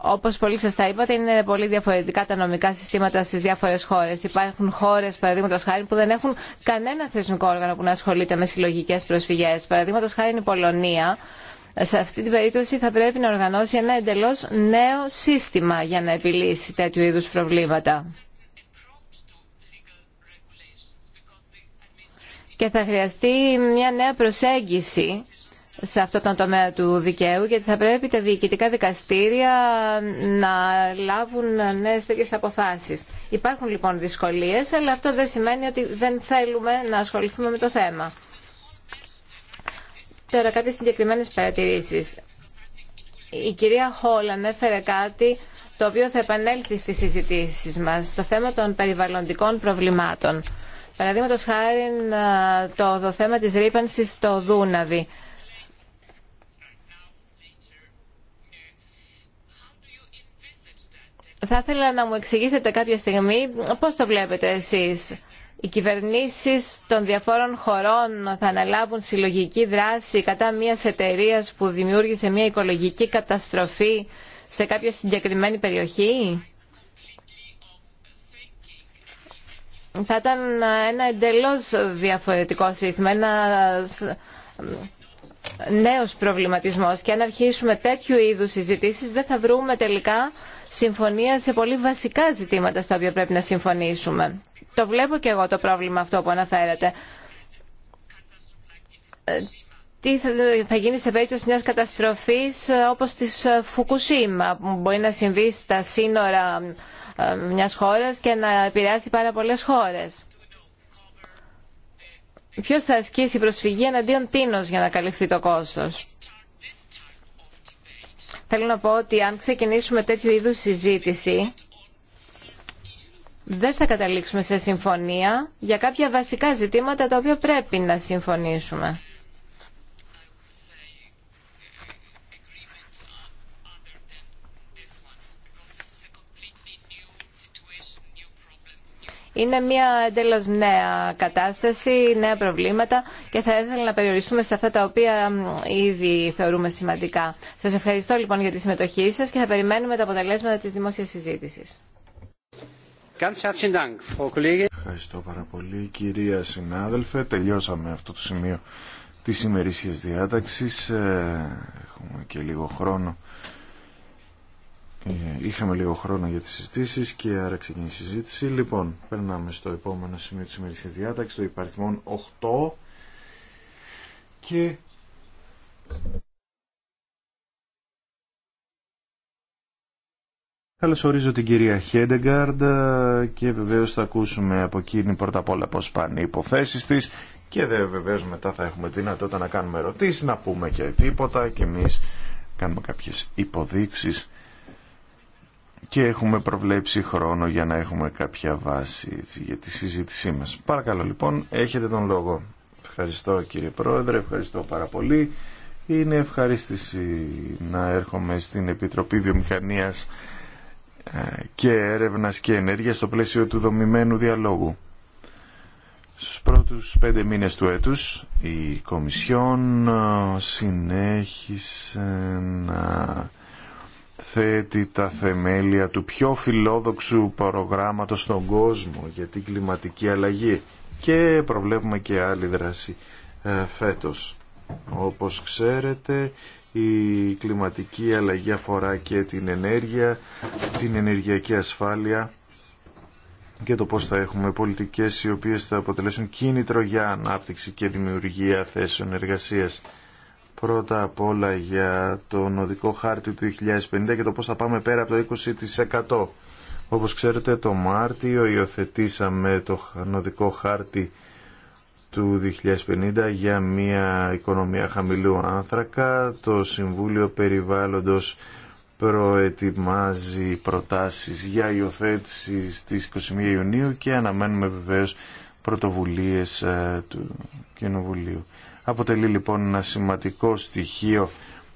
όπως πολύ σωστά είπατε, είναι πολύ διαφορετικά τα νομικά συστήματα στις διάφορες χώρες. Υπάρχουν χώρες, παραδείγματος χάρη, που δεν έχουν κανένα θεσμικό όργανο που να ασχολείται με συλλογικές προσφυγές. Παραδείγματος χάρη η Πολωνία. Σε αυτή την περίπτωση θα πρέπει να οργανώσει ένα εντελώς νέο σύστημα για να επιλύσει τέτοιου είδους προβλήματα. Και θα χρειαστεί μια νέα προσέγγιση σε αυτό τον τομέα του δικαίου γιατί θα πρέπει τα διοικητικά δικαστήρια να λάβουν νέες τέτοιε αποφάσεις. Υπάρχουν λοιπόν δυσκολίες, αλλά αυτό δεν σημαίνει ότι δεν θέλουμε να ασχοληθούμε με το θέμα. Τώρα κάποιε συγκεκριμένε παρατηρήσει. Η κυρία Χόλ ανέφερε κάτι το οποίο θα επανέλθει στις συζητήσεις μας, το θέμα των περιβαλλοντικών προβλημάτων. Παραδείγματο χάρη ε, το, το θέμα της ρήπανσης στο Δούναβι. Θα ήθελα να μου εξηγήσετε κάποια στιγμή πώς το βλέπετε εσείς. Οι κυβερνήσεις των διαφόρων χωρών θα αναλάβουν συλλογική δράση κατά μία εταιρεία που δημιούργησε μια οικολογική καταστροφή σε κάποια συγκεκριμένη περιοχή. Θα ήταν ένα εντελώς διαφορετικό σύστημα, ένα νέος προβληματισμός και αν αρχίσουμε τέτοιου είδους συζητήσεις δεν θα βρούμε τελικά συμφωνία σε πολύ βασικά ζητήματα στα οποία πρέπει να συμφωνήσουμε. Το βλέπω και εγώ το πρόβλημα αυτό που αναφέρατε. Ε, τι θα γίνει σε περίπτωση μιας καταστροφής ε, όπως της ε, Φουκουσίμα που μπορεί να συμβεί στα σύνορα μιας χώρας και να επηρεάσει πάρα πολλές χώρες. Ποιος θα ασκήσει προσφυγή εναντίον τίνος για να καλυφθεί το κόστος. Θέλω να πω ότι αν ξεκινήσουμε τέτοιου είδους συζήτηση, δεν θα καταλήξουμε σε συμφωνία για κάποια βασικά ζητήματα τα οποία πρέπει να συμφωνήσουμε. Είναι μια εντελώ νέα κατάσταση, νέα προβλήματα και θα ήθελα να περιοριστούμε σε αυτά τα οποία ήδη θεωρούμε σημαντικά. Σα ευχαριστώ λοιπόν για τη συμμετοχή σα και θα περιμένουμε τα αποτελέσματα τη δημόσια συζήτηση. Ευχαριστώ πάρα πολύ κυρία συνάδελφε. Τελειώσαμε αυτό το σημείο της ημερήσιας διάταξης. Ε, έχουμε και λίγο χρόνο ε, είχαμε λίγο χρόνο για τι συζητήσει και άρα ξεκινήσει η συζήτηση. Λοιπόν, περνάμε στο επόμενο σημείο τη ημερικής διάταξη το υπαριθμό 8 και... ορίζω την κυρία Χέντεγκαρντ και βεβαίως θα ακούσουμε από εκείνη πρώτα απ' όλα πώς πάνε οι υποθέσεις της και δε βεβαίως μετά θα έχουμε δυνατότητα να κάνουμε ερωτήσεις, να πούμε και τίποτα και εμείς κάνουμε κάποιες υποδείξεις και έχουμε προβλέψει χρόνο για να έχουμε κάποια βάση για τη συζήτησή μας. Παρακαλώ λοιπόν, έχετε τον λόγο. Ευχαριστώ κύριε Πρόεδρε, ευχαριστώ πάρα πολύ. Είναι ευχαρίστηση να έρχομαι στην Επιτροπή Βιομηχανίας ε, και Έρευνας και Ενέργειας στο πλαίσιο του δομημένου διαλόγου. Στους πρώτους πέντε μήνες του έτους η Κομισιόν ε, συνέχισε να θέτει τα θεμέλια του πιο φιλόδοξου προγράμματος στον κόσμο για την κλιματική αλλαγή και προβλέπουμε και άλλη δράση ε, φέτος. Όπως ξέρετε η κλιματική αλλαγή αφορά και την ενέργεια, την ενεργειακή ασφάλεια και το πώς θα έχουμε πολιτικές οι οποίες θα αποτελέσουν κίνητρο για ανάπτυξη και δημιουργία θέσεων εργασίας πρώτα απ' όλα για τον οδικό χάρτη του 2050 και το πώς θα πάμε πέρα από το 20%. Όπως ξέρετε το Μάρτιο υιοθετήσαμε το οδικό χάρτη του 2050 για μια οικονομία χαμηλού άνθρακα. Το Συμβούλιο Περιβάλλοντος προετοιμάζει προτάσεις για υιοθέτηση στις 21 Ιουνίου και αναμένουμε βεβαίως πρωτοβουλίες ε, του Κοινοβουλίου. Αποτελεί λοιπόν ένα σημαντικό στοιχείο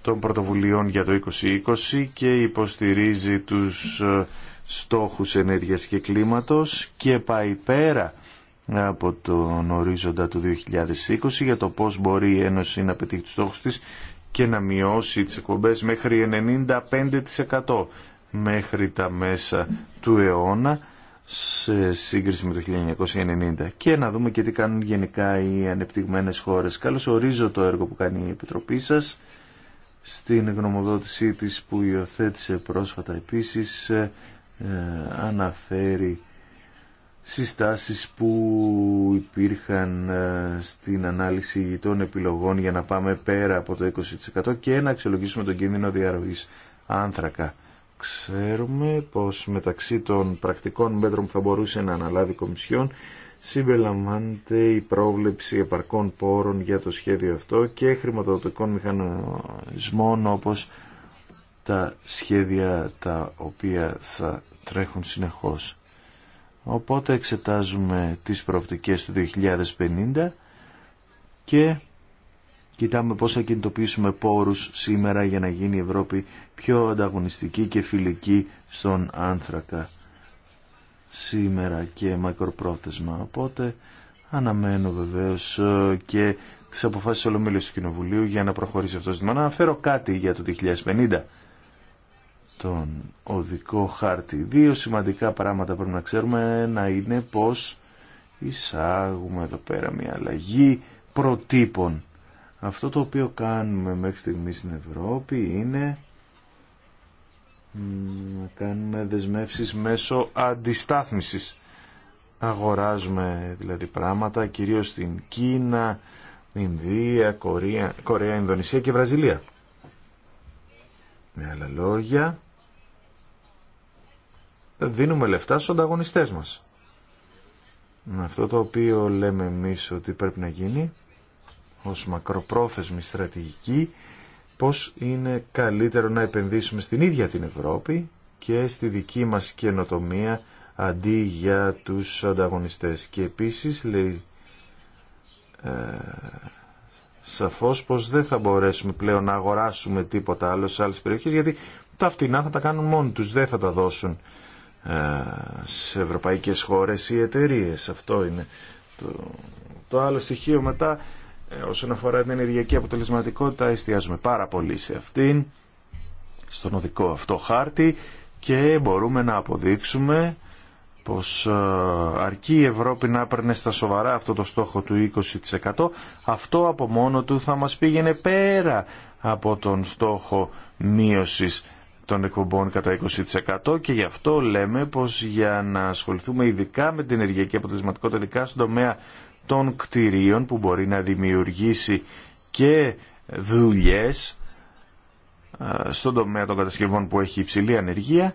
των πρωτοβουλειών για το 2020 και υποστηρίζει τους ε, στόχους ενέργειας και κλίματος και πάει πέρα ε, από τον ορίζοντα του 2020 για το πώς μπορεί η Ένωση να πετύχει τους στόχους της και να μειώσει τις εκπομπές μέχρι 95% μέχρι τα μέσα του αιώνα σε σύγκριση με το 1990 και να δούμε και τι κάνουν γενικά οι ανεπτυγμένες χώρες. Καλώς ορίζω το έργο που κάνει η Επιτροπή σας στην γνωμοδότησή της που υιοθέτησε πρόσφατα επίσης ε, αναφέρει συστάσεις που υπήρχαν ε, στην ανάλυση των επιλογών για να πάμε πέρα από το 20% και να αξιολογήσουμε τον κίνδυνο διαρροής άνθρακα. Ξέρουμε πως μεταξύ των πρακτικών μέτρων που θα μπορούσε να αναλάβει η Κομισιόν συμπεριλαμβάνεται η πρόβλεψη επαρκών πόρων για το σχέδιο αυτό και χρηματοδοτικών μηχανισμών όπως τα σχέδια τα οποία θα τρέχουν συνεχώς. Οπότε εξετάζουμε τις προοπτικές του 2050 και κοιτάμε πώς θα κινητοποιήσουμε πόρους σήμερα για να γίνει η Ευρώπη πιο ανταγωνιστική και φιλική στον άνθρακα σήμερα και μακροπρόθεσμα. Οπότε αναμένω βεβαίως ε, και τις αποφάσεις ολομέλειας του Κοινοβουλίου για να προχωρήσει αυτό το ζήτημα. Να αναφέρω κάτι για το 2050 τον οδικό χάρτη. Δύο σημαντικά πράγματα πρέπει να ξέρουμε. να είναι πως εισάγουμε εδώ πέρα μια αλλαγή προτύπων αυτό το οποίο κάνουμε μέχρι στιγμή στην Ευρώπη είναι να κάνουμε δεσμεύσεις μέσω αντιστάθμισης. Αγοράζουμε δηλαδή πράγματα κυρίως στην Κίνα, Ινδία, Κορία, Κορέα, Ινδονησία και Βραζιλία. Με άλλα λόγια, δίνουμε λεφτά στους ανταγωνιστές μας. Αυτό το οποίο λέμε εμείς ότι πρέπει να γίνει ως μακροπρόθεσμη στρατηγική πώς είναι καλύτερο να επενδύσουμε στην ίδια την Ευρώπη και στη δική μας καινοτομία αντί για τους ανταγωνιστές. Και επίσης λέει ε, σαφώς πως δεν θα μπορέσουμε πλέον να αγοράσουμε τίποτα άλλο σε άλλες περιοχές γιατί τα φτηνά θα τα κάνουν μόνοι τους, δεν θα τα δώσουν ε, σε ευρωπαϊκές χώρες οι εταιρείε. Αυτό είναι το, το άλλο στοιχείο μετά ε, όσον αφορά την ενεργειακή αποτελεσματικότητα εστιάζουμε πάρα πολύ σε αυτήν, στον οδικό αυτό χάρτη και μπορούμε να αποδείξουμε πως ε, αρκεί η Ευρώπη να έπαιρνε στα σοβαρά αυτό το στόχο του 20% αυτό από μόνο του θα μας πήγαινε πέρα από τον στόχο μείωσης των εκπομπών κατά 20% και γι' αυτό λέμε πως για να ασχοληθούμε ειδικά με την ενεργειακή αποτελεσματικότητα ειδικά στον τομέα των κτηρίων που μπορεί να δημιουργήσει και δουλειές ε, στον τομέα των κατασκευών που έχει υψηλή ανεργία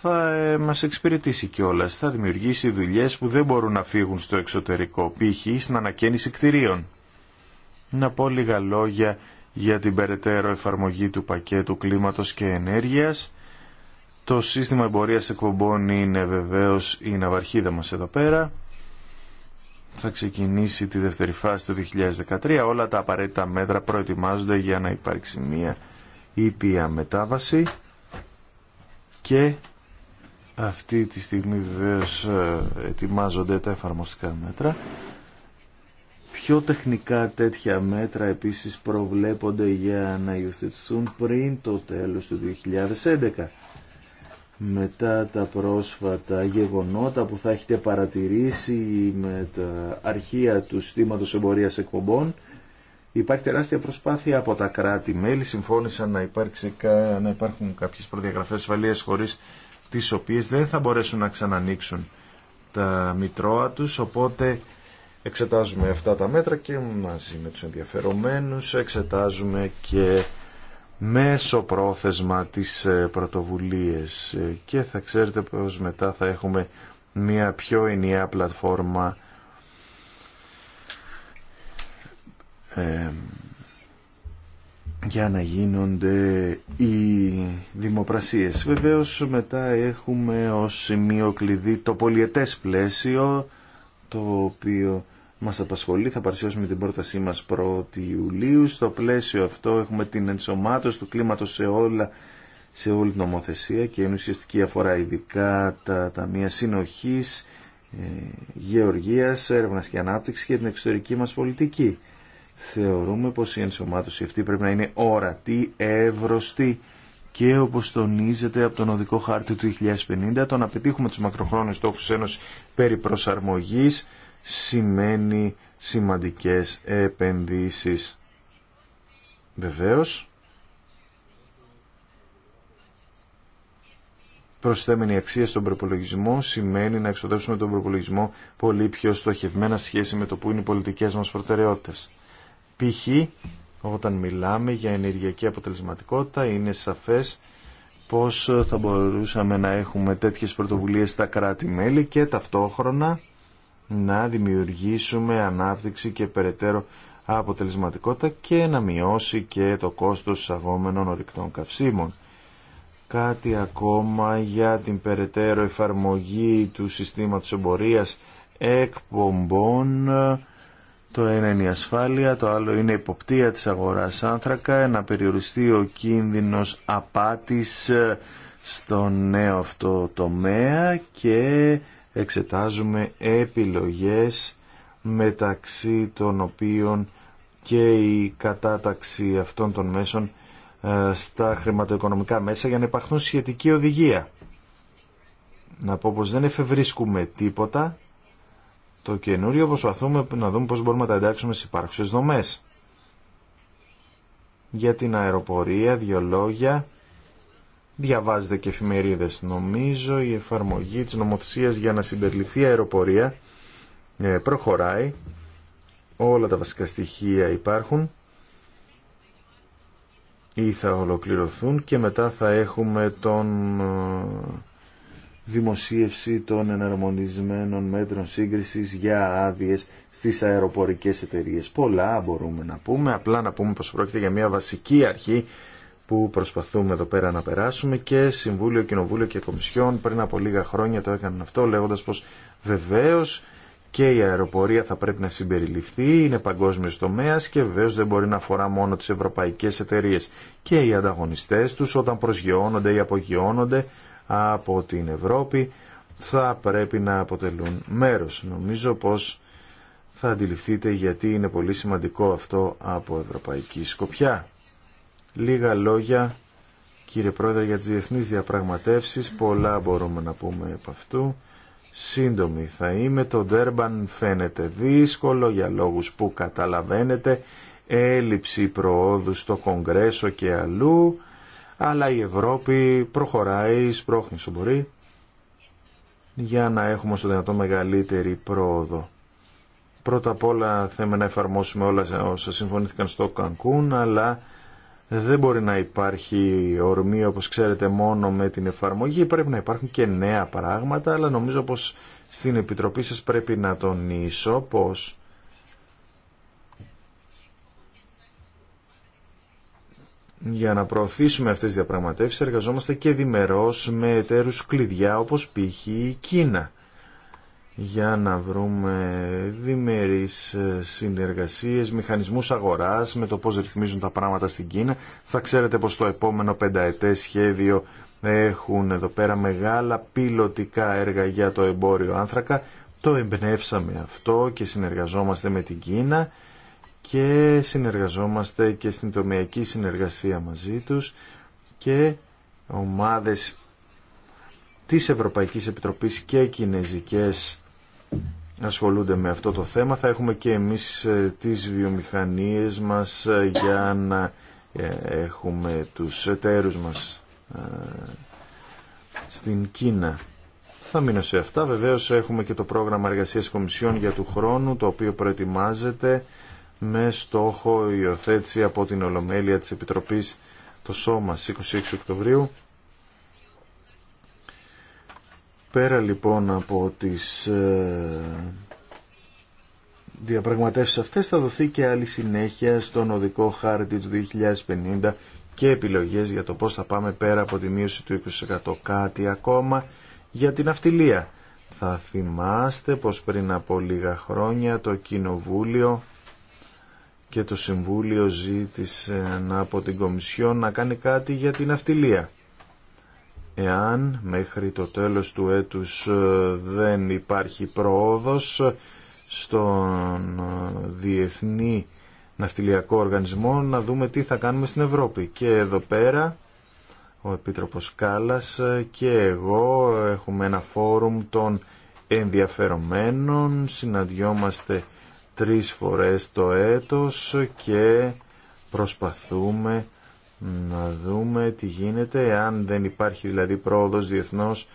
θα ε, μας εξυπηρετήσει κιόλας. Θα δημιουργήσει δουλειές που δεν μπορούν να φύγουν στο εξωτερικό, π.χ. στην ανακαίνιση κτηρίων. Να πω λίγα λόγια για την περαιτέρω εφαρμογή του πακέτου κλίματος και ενέργειας. Το σύστημα εμπορίας εκπομπών είναι βεβαίως η ναυαρχίδα μας εδώ πέρα θα ξεκινήσει τη δεύτερη φάση του 2013. Όλα τα απαραίτητα μέτρα προετοιμάζονται για να υπάρξει μια ήπια μετάβαση και αυτή τη στιγμή βεβαίω ε, ετοιμάζονται τα εφαρμοστικά μέτρα. Πιο τεχνικά τέτοια μέτρα επίσης προβλέπονται για να υιοθετηθούν πριν το τέλος του 2011 μετά τα πρόσφατα γεγονότα που θα έχετε παρατηρήσει με τα αρχεία του συστήματος εμπορίας εκπομπών υπάρχει τεράστια προσπάθεια από τα κράτη-μέλη συμφώνησαν να, υπάρξει, να υπάρχουν κάποιες προδιαγραφές ασφαλείας χωρίς τις οποίες δεν θα μπορέσουν να ξανανοίξουν τα μητρώα τους οπότε εξετάζουμε αυτά τα μέτρα και μαζί με τους ενδιαφερομένους εξετάζουμε και μέσο πρόθεσμα της ε, πρωτοβουλίες και θα ξέρετε πως μετά θα έχουμε μια πιο ενιαία πλατφόρμα ε, για να γίνονται οι δημοπρασίες. Βεβαίως μετά έχουμε ως σημείο κλειδί το πολιετές πλαίσιο το οποίο Μα απασχολεί. Θα παρουσιάσουμε την πρότασή μα 1η Ιουλίου. Στο πλαίσιο αυτό έχουμε την ενσωμάτωση του κλίματο σε σε όλη την νομοθεσία και είναι ουσιαστική αφορά ειδικά τα ταμεία συνοχής, ε, γεωργίας, έρευνας και ανάπτυξης και την εξωτερική μας πολιτική. Θεωρούμε πως η ενσωμάτωση αυτή πρέπει να είναι ορατή, ευρωστή και όπως τονίζεται από τον οδικό χάρτη του 2050 το να πετύχουμε τους μακροχρόνους στόχους Ένωση περί προσαρμογής σημαίνει σημαντικές επενδύσεις. Βεβαίως, προσθέμενη αξία στον προπολογισμό σημαίνει να εξοδεύσουμε τον προπολογισμό πολύ πιο στοχευμένα σχέση με το που είναι οι πολιτικές μας προτεραιότητες. Π.χ. όταν μιλάμε για ενεργειακή αποτελεσματικότητα είναι σαφές πως θα μπορούσαμε να έχουμε τέτοιες πρωτοβουλίες στα κράτη-μέλη και ταυτόχρονα να δημιουργήσουμε ανάπτυξη και περαιτέρω αποτελεσματικότητα και να μειώσει και το κόστος εισαγόμενων ορικτών καυσίμων. Κάτι ακόμα για την περαιτέρω εφαρμογή του συστήματος εμπορίας εκπομπών. Το ένα είναι η ασφάλεια, το άλλο είναι η υποπτία της αγοράς άνθρακα, να περιοριστεί ο κίνδυνος απάτης στο νέο αυτό τομέα και εξετάζουμε επιλογές μεταξύ των οποίων και η κατάταξη αυτών των μέσων ε, στα χρηματοοικονομικά μέσα για να υπαρχούν σχετική οδηγία. Να πω πως δεν εφευρίσκουμε τίποτα το καινούριο προσπαθούμε να δούμε πώς μπορούμε να τα εντάξουμε σε υπάρχουσες δομές. Για την αεροπορία, δύο διαβάζετε και εφημερίδε. Νομίζω η εφαρμογή της νομοθεσίας για να συμπεριληφθεί η αεροπορία ε, προχωράει. Όλα τα βασικά στοιχεία υπάρχουν ή θα ολοκληρωθούν και μετά θα έχουμε τον ε, δημοσίευση των εναρμονισμένων μέτρων σύγκρισης για άδειες στις αεροπορικές εταιρείες. Πολλά μπορούμε να πούμε, απλά να πούμε πως πρόκειται για μια βασική αρχή που προσπαθούμε εδώ πέρα να περάσουμε και Συμβούλιο, Κοινοβούλιο και Κομισιόν πριν από λίγα χρόνια το έκαναν αυτό λέγοντας πως βεβαίως και η αεροπορία θα πρέπει να συμπεριληφθεί, είναι παγκόσμιο τομέα και βεβαίω δεν μπορεί να αφορά μόνο τι ευρωπαϊκέ εταιρείε. Και οι ανταγωνιστέ του, όταν προσγειώνονται ή απογειώνονται από την Ευρώπη, θα πρέπει να αποτελούν μέρο. Νομίζω πω θα αντιληφθείτε γιατί είναι πολύ σημαντικό αυτό από ευρωπαϊκή σκοπιά. Λίγα λόγια, κύριε Πρόεδρε, για τις διεθνείς διαπραγματεύσεις. Πολλά μπορούμε να πούμε από αυτού. Σύντομη θα είμαι. Το Ντέρμπαν φαίνεται δύσκολο για λόγους που καταλαβαίνετε. Έλλειψη προόδου στο Κογκρέσο και αλλού. Αλλά η Ευρώπη προχωράει, σπρώχνει σου μπορεί, για να έχουμε στο δυνατό μεγαλύτερη πρόοδο. Πρώτα απ' όλα θέλουμε να εφαρμόσουμε όλα όσα συμφωνήθηκαν στο Κανκούν, αλλά δεν μπορεί να υπάρχει ορμή όπως ξέρετε μόνο με την εφαρμογή πρέπει να υπάρχουν και νέα πράγματα αλλά νομίζω πως στην Επιτροπή σας πρέπει να τονίσω πως για να προωθήσουμε αυτές τις διαπραγματεύσεις εργαζόμαστε και διμερώς με εταίρους κλειδιά όπως π.χ. η Κίνα για να βρούμε διμερείς ε, συνεργασίες, μηχανισμούς αγοράς με το πώς ρυθμίζουν τα πράγματα στην Κίνα. Θα ξέρετε πως το επόμενο πενταετέ σχέδιο έχουν εδώ πέρα μεγάλα πιλωτικά έργα για το εμπόριο άνθρακα. Το εμπνεύσαμε αυτό και συνεργαζόμαστε με την Κίνα και συνεργαζόμαστε και στην τομιακή συνεργασία μαζί τους και ομάδες της Ευρωπαϊκής Επιτροπής και κινέζικες ασχολούνται με αυτό το θέμα. Θα έχουμε και εμείς ε, τις βιομηχανίες μας ε, για να ε, έχουμε τους εταίρους μας στην Κίνα. Θα μείνω σε αυτά. Βεβαίως έχουμε και το πρόγραμμα εργασίας κομισιών για του χρόνου, το οποίο προετοιμάζεται με στόχο υιοθέτηση από την Ολομέλεια της Επιτροπής το σώμα στις 26 Οκτωβρίου πέρα λοιπόν από τις ε, διαπραγματεύσεις αυτές θα δοθεί και άλλη συνέχεια στον οδικό χάρτη του 2050 και επιλογές για το πώς θα πάμε πέρα από τη μείωση του 20% κάτι ακόμα για την αυτιλία. Θα θυμάστε πως πριν από λίγα χρόνια το Κοινοβούλιο και το Συμβούλιο ζήτησαν από την Κομισιόν να κάνει κάτι για την αυτιλία. Εάν μέχρι το τέλος του έτους ε, δεν υπάρχει προόδος στον ε, Διεθνή Ναυτιλιακό Οργανισμό να δούμε τι θα κάνουμε στην Ευρώπη. Και εδώ πέρα ο Επίτροπος Κάλλας ε, και εγώ έχουμε ένα φόρουμ των ενδιαφερομένων, συναντιόμαστε τρεις φορές το έτος και προσπαθούμε να δούμε τι γίνεται, αν δεν υπάρχει δηλαδή πρόοδος διεθνώς,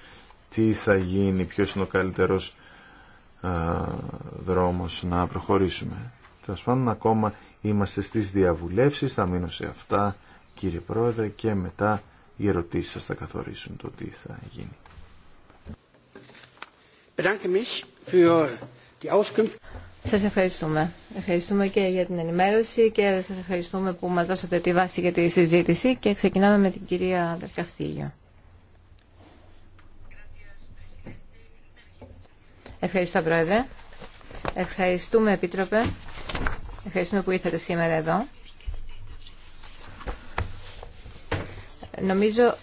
τι θα γίνει, ποιος είναι ο καλύτερος α, δρόμος να προχωρήσουμε. Θα πάντων ακόμα είμαστε στις διαβουλεύσεις, θα μείνω σε αυτά κύριε Πρόεδρε και μετά οι ερωτήσεις σας θα καθορίσουν το τι θα γίνει. Σας ευχαριστούμε. Ευχαριστούμε και για την ενημέρωση και σας ευχαριστούμε που μας δώσατε τη βάση για τη συζήτηση και ξεκινάμε με την κυρία Δερκαστήλιο. Ευχαριστώ Πρόεδρε. Ευχαριστούμε Επίτροπε. Ευχαριστούμε που ήρθατε σήμερα εδώ. Νομίζω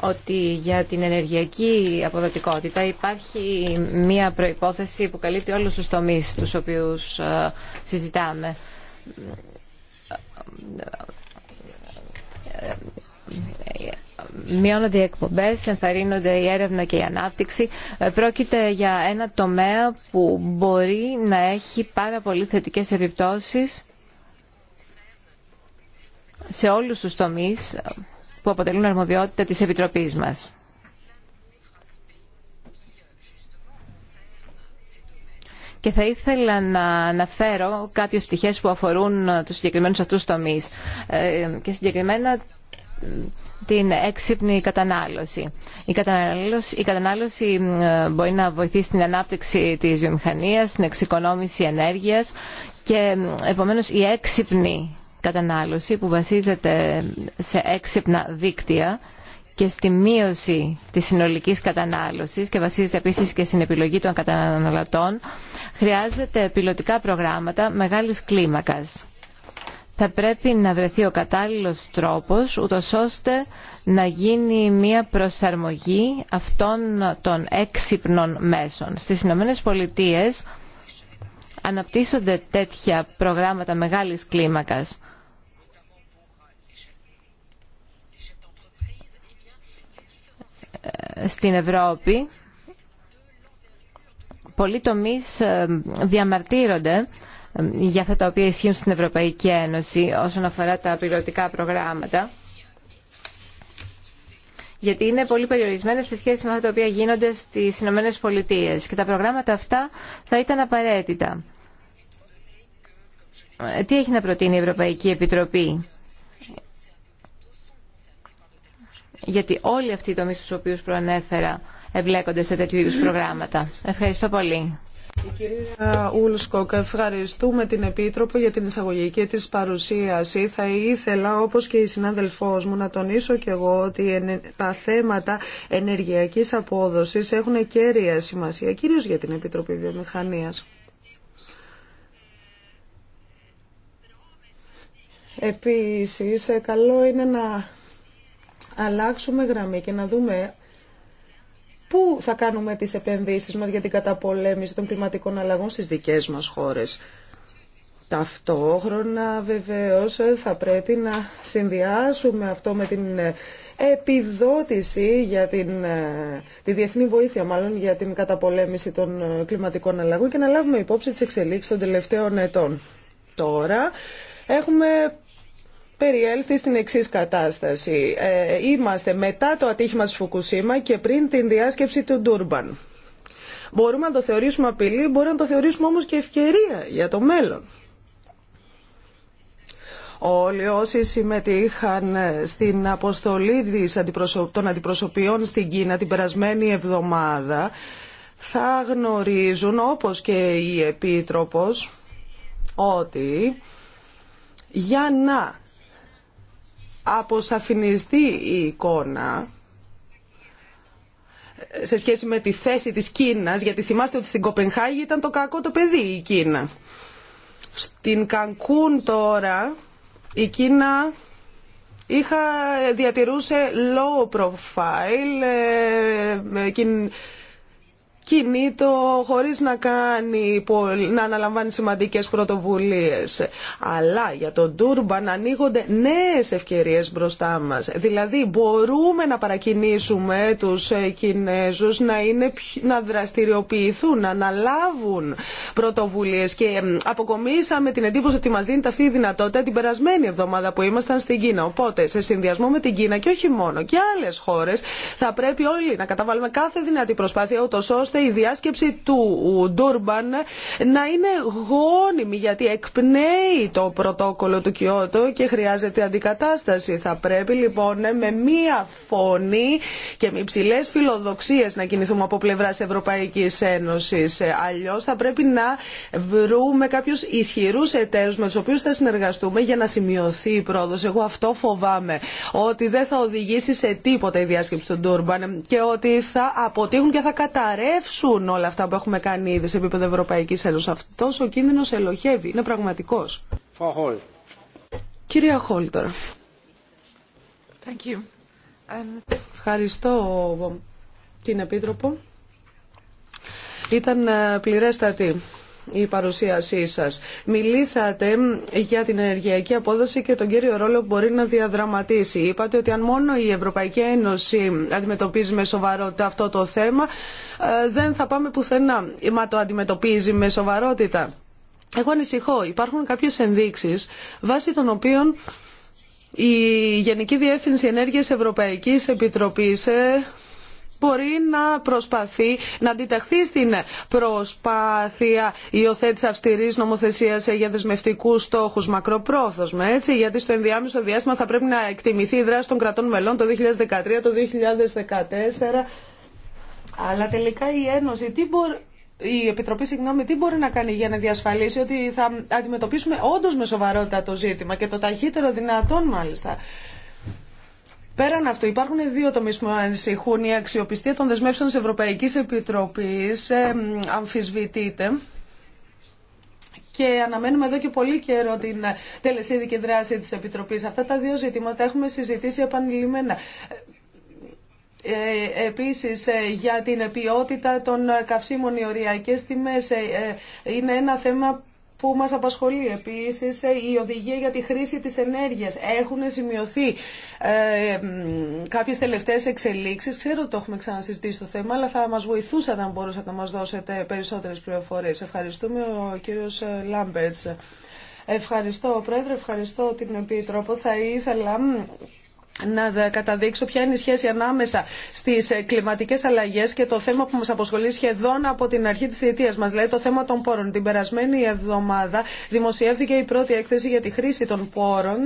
ότι για την ενεργειακή αποδοτικότητα υπάρχει μία προϋπόθεση που καλύπτει όλους τους τομείς τους οποίους ε, συζητάμε. Μειώνονται οι εκπομπές, ενθαρρύνονται η έρευνα και η ανάπτυξη. Ε, πρόκειται για ένα τομέα που μπορεί να έχει πάρα πολύ θετικές επιπτώσεις σε όλους τους τομείς που αποτελούν αρμοδιότητα της Επιτροπής μας. και θα ήθελα να αναφέρω κάποιες πτυχές που αφορούν τους συγκεκριμένους αυτούς τομείς ε, και συγκεκριμένα την έξυπνη κατανάλωση. Η κατανάλωση, η κατανάλωση ε, μπορεί να βοηθήσει την ανάπτυξη της βιομηχανίας, την εξοικονόμηση ενέργειας και ε, επομένως η έξυπνη κατανάλωση που βασίζεται σε έξυπνα δίκτυα και στη μείωση της συνολικής κατανάλωσης και βασίζεται επίσης και στην επιλογή των καταναλωτών, χρειάζεται πιλωτικά προγράμματα μεγάλης κλίμακας. Θα πρέπει να βρεθεί ο κατάλληλος τρόπος, ούτως ώστε να γίνει μια προσαρμογή αυτών των έξυπνων μέσων. Στις Ηνωμένες Πολιτείες αναπτύσσονται τέτοια προγράμματα μεγάλης κλίμακας στην Ευρώπη πολλοί τομείς ε, διαμαρτύρονται ε, για αυτά τα οποία ισχύουν στην Ευρωπαϊκή Ένωση όσον αφορά τα πιλωτικά προγράμματα γιατί είναι πολύ περιορισμένες σε σχέση με αυτά τα οποία γίνονται στις Ηνωμένε Πολιτείε και τα προγράμματα αυτά θα ήταν απαραίτητα. Ε, τι έχει να προτείνει η Ευρωπαϊκή Επιτροπή γιατί όλοι αυτοί οι τομείς στους οποίους προανέφερα εμπλέκονται σε τέτοιου είδου προγράμματα. Ευχαριστώ πολύ. Η κυρία Ούλσκοκ, ευχαριστούμε την Επίτροπο για την εισαγωγική της παρουσίαση. Θα ήθελα, όπως και η συνάδελφός μου, να τονίσω και εγώ ότι τα θέματα ενεργειακής απόδοσης έχουν κέρια σημασία, κυρίως για την Επιτροπή Βιομηχανίας. Επίσης, καλό είναι να αλλάξουμε γραμμή και να δούμε πού θα κάνουμε τις επενδύσεις μας για την καταπολέμηση των κλιματικών αλλαγών στις δικές μας χώρες. Ταυτόχρονα βεβαίως θα πρέπει να συνδυάσουμε αυτό με την επιδότηση για την, ε, τη διεθνή βοήθεια μάλλον για την καταπολέμηση των ε, κλιματικών αλλαγών και να λάβουμε υπόψη τις εξελίξεις των τελευταίων ετών. Τώρα έχουμε περιέλθει στην εξή κατάσταση. Ε, είμαστε μετά το ατύχημα τη Φουκουσίμα και πριν την διάσκεψη του Ντούρμπαν. Μπορούμε να το θεωρήσουμε απειλή, μπορεί να το θεωρήσουμε όμως και ευκαιρία για το μέλλον. Όλοι όσοι συμμετείχαν ε, στην αποστολή των αντιπροσωπιών στην Κίνα την περασμένη εβδομάδα θα γνωρίζουν, όπως και η Επίτροπος, ότι για να αποσαφινιστεί η εικόνα σε σχέση με τη θέση της Κίνας, γιατί θυμάστε ότι στην Κοπενχάγη ήταν το κακό το παιδί η Κίνα. Στην Κανκούν τώρα η Κίνα είχα, διατηρούσε low profile, ε, ε, ε, κινείται χωρίς να, κάνει, να αναλαμβάνει σημαντικές πρωτοβουλίες. Αλλά για τον Τούρμπαν ανοίγονται νέες ευκαιρίες μπροστά μας. Δηλαδή μπορούμε να παρακινήσουμε τους ε, Κινέζους να, να δραστηριοποιηθούν, να αναλάβουν πρωτοβουλίες και αποκομίσαμε την εντύπωση ότι μας δίνεται αυτή η δυνατότητα την περασμένη εβδομάδα που ήμασταν στην Κίνα. Οπότε σε συνδυασμό με την Κίνα και όχι μόνο και άλλες χώρες θα πρέπει όλοι να καταβάλουμε κάθε δυνατή προσπάθεια η διάσκεψη του Ντούρμπαν να είναι γόνιμη γιατί εκπνέει το πρωτόκολλο του Κιώτο και χρειάζεται αντικατάσταση. Θα πρέπει λοιπόν με μία φωνή και με υψηλέ φιλοδοξίε να κινηθούμε από πλευρά Ευρωπαϊκή Ένωση. Αλλιώ θα πρέπει να βρούμε κάποιου ισχυρού εταίρου με του οποίου θα συνεργαστούμε για να σημειωθεί η πρόοδο. Εγώ αυτό φοβάμαι. Ότι δεν θα οδηγήσει σε τίποτα η διάσκεψη του Ντούρμπαν και ότι θα αποτύχουν και θα καταρρεύσουν απογοητεύσουν όλα αυτά που έχουμε κάνει ήδη σε επίπεδο Ευρωπαϊκή Ένωση. Αυτό ο κίνδυνο ελοχεύει. Είναι πραγματικό. Κυρία Χόλ τώρα. Thank you. Um... Ευχαριστώ την Επίτροπο. Ήταν ε, πληρέστατη η παρουσίασή σας. Μιλήσατε για την ενεργειακή απόδοση και τον κύριο ρόλο που μπορεί να διαδραματίσει. Είπατε ότι αν μόνο η Ευρωπαϊκή Ένωση αντιμετωπίζει με σοβαρότητα αυτό το θέμα, ε, δεν θα πάμε πουθενά. Μα το αντιμετωπίζει με σοβαρότητα. Εγώ ανησυχώ. Υπάρχουν κάποιες ενδείξεις βάσει των οποίων η Γενική Διεύθυνση Ενέργειας Ευρωπαϊκής Επιτροπής ε, μπορεί να προσπαθεί να αντιταχθεί στην προσπάθεια υιοθέτηση αυστηρή νομοθεσία για δεσμευτικού στόχου μακροπρόθεσμα. Έτσι, γιατί στο ενδιάμεσο διάστημα θα πρέπει να εκτιμηθεί η δράση των κρατών μελών το 2013, το 2014. Αλλά τελικά η Ένωση τι μπορεί, η Επιτροπή, συγγνώμη, τι μπορεί να κάνει για να διασφαλίσει ότι θα αντιμετωπίσουμε όντω με σοβαρότητα το ζήτημα και το ταχύτερο δυνατόν μάλιστα. Πέραν αυτό υπάρχουν δύο τομεί που ανησυχούν. Η αξιοπιστία των δεσμεύσεων τη Ευρωπαϊκή Επιτροπή αμφισβητείται και αναμένουμε εδώ και πολύ καιρό την τελεσίδικη δράση της Επιτροπής. Αυτά τα δύο ζητήματα έχουμε συζητήσει επανειλημμένα. Ε, επίσης ε, για την ποιότητα των καυσίμων οι οριακές τιμές ε, ε, είναι ένα θέμα που μας απασχολεί επίσης ε, η οδηγία για τη χρήση της ενέργειας. Έχουν σημειωθεί ε, κάποιες τελευταίες εξελίξεις. Ξέρω ότι το έχουμε ξανασυζητήσει το θέμα, αλλά θα μας βοηθούσε αν μπορούσατε να μας δώσετε περισσότερες πληροφορίες. Ευχαριστούμε ο κύριος ε, Λάμπερτς. Ευχαριστώ, Πρόεδρε, ευχαριστώ την Επίτροπο. Θα ήθελα να καταδείξω ποια είναι η σχέση ανάμεσα στις ε, κλιματικές αλλαγές και το θέμα που μας απασχολεί σχεδόν από την αρχή της θητεία μας, δηλαδή το θέμα των πόρων. Την περασμένη εβδομάδα δημοσιεύθηκε η πρώτη έκθεση για τη χρήση των πόρων,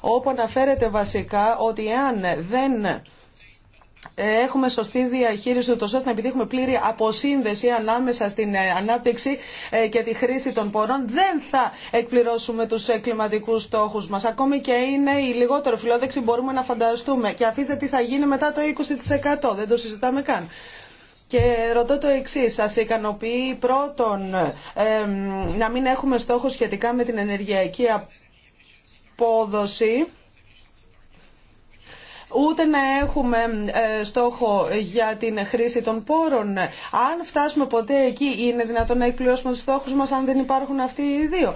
όπου αναφέρεται βασικά ότι αν δεν έχουμε σωστή διαχείριση ούτως ώστε να επιτύχουμε πλήρη αποσύνδεση ανάμεσα στην ε, ανάπτυξη ε, και τη χρήση των πόρων δεν θα εκπληρώσουμε τους ε, κλιματικούς στόχους μας. Ακόμη και είναι η λιγότερο φιλόδεξη μπορούμε να φανταστούμε. Και αφήστε τι θα γίνει μετά το 20%. Δεν το συζητάμε καν. Και ρωτώ το εξή, σα ικανοποιεί πρώτον να μην έχουμε στόχο σχετικά με την ενεργειακή απόδοση ούτε να έχουμε ε, στόχο για την χρήση των πόρων. Αν φτάσουμε ποτέ εκεί, είναι δυνατόν να εκπληρώσουμε τους στόχους μας αν δεν υπάρχουν αυτοί οι δύο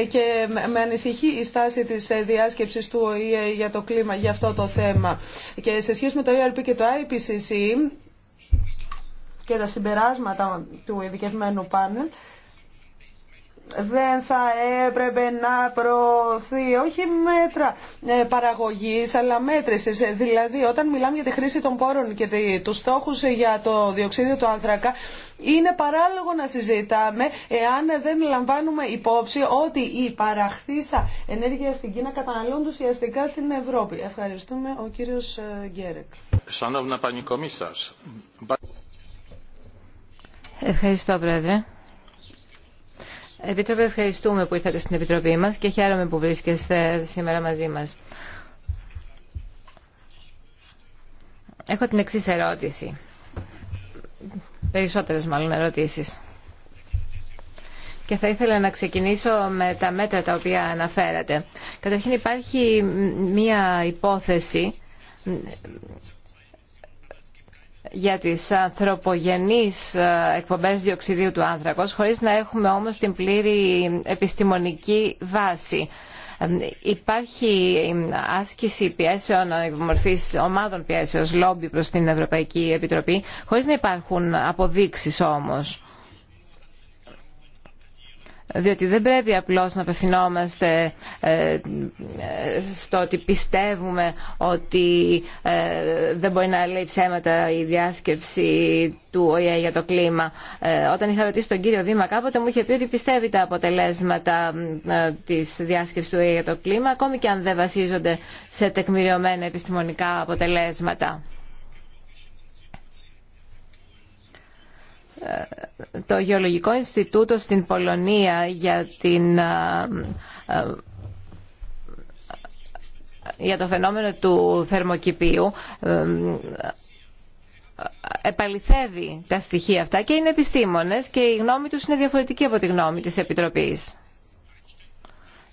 ε, και με ανησυχεί η στάση της ε, διάσκεψης του ΟΗΕ για το κλίμα για αυτό το θέμα. Και σε σχέση με το ERP και το IPCC και τα συμπεράσματα του ειδικευμένου πάνελ, δεν θα έπρεπε να προωθεί όχι μέτρα ε, παραγωγής αλλά μέτρησης. Ε, δηλαδή όταν μιλάμε για τη χρήση των πόρων και τους στόχους για το διοξίδιο του άνθρακα είναι παράλογο να συζητάμε εάν δεν λαμβάνουμε υπόψη ότι η παραχθήσα ενέργεια στην Κίνα καταναλώνται ουσιαστικά στην Ευρώπη. Ευχαριστούμε ο κύριος ε, Γκέρεκ. Ευχαριστώ πρόεδρε. Επίτροπε, ευχαριστούμε που ήρθατε στην Επιτροπή μας και χαίρομαι που βρίσκεστε σήμερα μαζί μας. Έχω την εξής ερώτηση. Περισσότερες μάλλον ερωτήσεις. Και θα ήθελα να ξεκινήσω με τα μέτρα τα οποία αναφέρατε. Καταρχήν υπάρχει μία υπόθεση για τις ανθρωπογενείς ε, εκπομπές διοξιδίου του άνθρακος, χωρίς να έχουμε όμως την πλήρη επιστημονική βάση. Ε, υπάρχει άσκηση πιέσεων, ε, μορφής ομάδων πιέσεως, λόμπι προς την Ευρωπαϊκή Επιτροπή, χωρίς να υπάρχουν αποδείξεις όμως διότι δεν πρέπει απλώς να απευθυνόμαστε ε, στο ότι πιστεύουμε ότι ε, δεν μπορεί να λέει ψέματα η διάσκεψη του ΟΗΕ για το κλίμα. Ε, όταν είχα ρωτήσει τον κύριο Δήμα κάποτε μου είχε πει ότι πιστεύει τα αποτελέσματα της διάσκεψης του ΟΗΕ για το κλίμα ακόμη και αν δεν βασίζονται σε τεκμηριωμένα επιστημονικά αποτελέσματα. το Γεωλογικό Ινστιτούτο στην Πολωνία για την ε, ε, για το φαινόμενο του θερμοκηπίου ε, επαληθεύει τα στοιχεία αυτά και είναι επιστήμονες και η γνώμη τους είναι διαφορετική από τη γνώμη της Επιτροπής.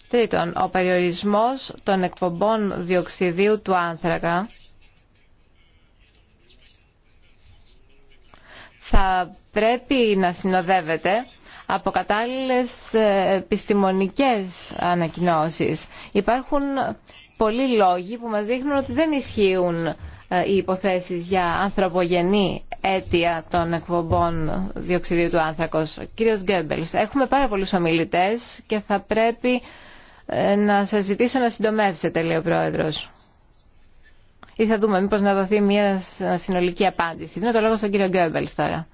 Τρίτον, ο περιορισμός των εκπομπών διοξιδίου του άνθρακα θα πρέπει να συνοδεύεται από κατάλληλες ε, επιστημονικές ανακοινώσεις. Υπάρχουν πολλοί λόγοι που μας δείχνουν ότι δεν ισχύουν ε, οι υποθέσεις για ανθρωπογενή αίτια των εκπομπών διοξιδίου του άνθρακος. κύριος Γκέμπελς, έχουμε πάρα πολλούς ομιλητές και θα πρέπει ε, να σας ζητήσω να συντομεύσετε, λέει ο Πρόεδρος ή θα δούμε μήπως να δοθεί μια συνολική απάντηση. Δίνω το λόγο στον κύριο Γκέμπελς τώρα.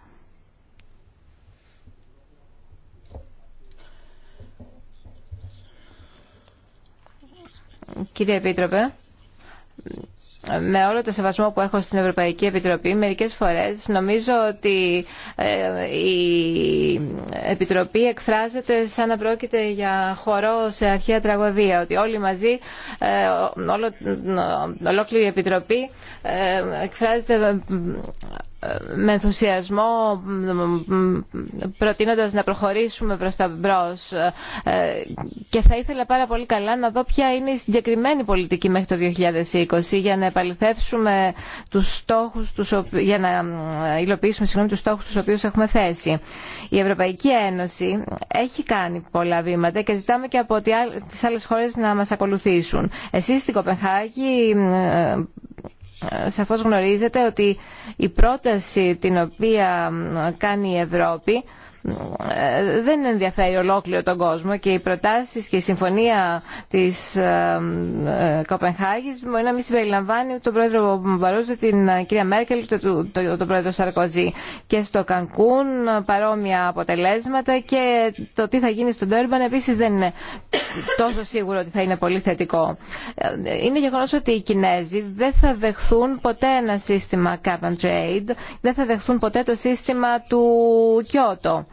Κύριε Επίτροπε, με όλο το σεβασμό που έχω στην Ευρωπαϊκή Επιτροπή, μερικές φορές νομίζω ότι ε, η Επιτροπή εκφράζεται σαν να πρόκειται για χορό σε αρχαία τραγωδία, ότι όλοι μαζί, ε, ε, ολόκληρη η Επιτροπή εκφράζεται με ενθουσιασμό προτείνοντας να προχωρήσουμε προς τα μπρος ε, και θα ήθελα πάρα πολύ καλά να δω ποια είναι η συγκεκριμένη πολιτική μέχρι το 2020 για να επαληθεύσουμε τους στόχους τους, για να ε, υλοποιήσουμε συγγνώμη, τους στόχους τους οποίους έχουμε θέσει. Η Ευρωπαϊκή Ένωση έχει κάνει πολλά βήματα και ζητάμε και από τις άλλες χώρες να μας ακολουθήσουν. Εσείς στην Κοπενχάγη ε, σαφώς γνωρίζετε ότι η πρόταση την οποία κάνει η Ευρώπη ε, δεν ενδιαφέρει ολόκληρο τον κόσμο και οι προτάσεις και η συμφωνία της ε, ε, Κοπενχάγης μπορεί να μην συμπεριλαμβάνει τον πρόεδρο Μπαρόζο, την κυρία Μέρκελ και τον πρόεδρο Σαρκοζή. Και στο Κανκούν παρόμοια αποτελέσματα και το τι θα γίνει στον Τέρμπαν επίσης δεν είναι τόσο σίγουρο ότι θα είναι πολύ θετικό. Είναι γεγονός ότι οι Κινέζοι δεν θα δεχθούν ποτέ ένα σύστημα cap and trade, δεν θα δεχθούν ποτέ το σύστημα του Κιώτο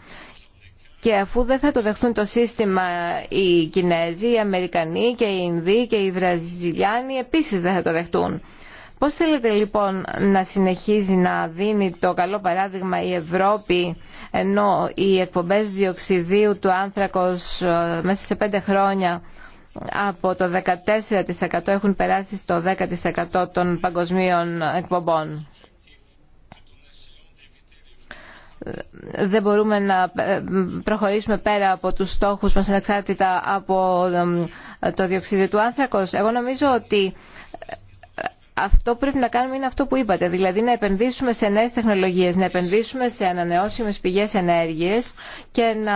και αφού δεν θα το δεχθούν το σύστημα οι Κινέζοι, οι Αμερικανοί και οι Ινδοί και οι Βραζιλιάνοι επίσης δεν θα το δεχτούν. Πώς θέλετε λοιπόν να συνεχίζει να δίνει το καλό παράδειγμα η Ευρώπη ενώ οι εκπομπές διοξιδίου του άνθρακος ε, μέσα σε πέντε χρόνια από το 14% έχουν περάσει στο 10% των παγκοσμίων εκπομπών δεν μπορούμε να ε, προχωρήσουμε πέρα από τους στόχους μας ανεξάρτητα από ε, το διοξίδιο του άνθρακος. Εγώ νομίζω ότι ε, αυτό που πρέπει να κάνουμε είναι αυτό που είπατε, δηλαδή να επενδύσουμε σε νέες τεχνολογίες, να επενδύσουμε σε ανανεώσιμες πηγές ενέργειας και να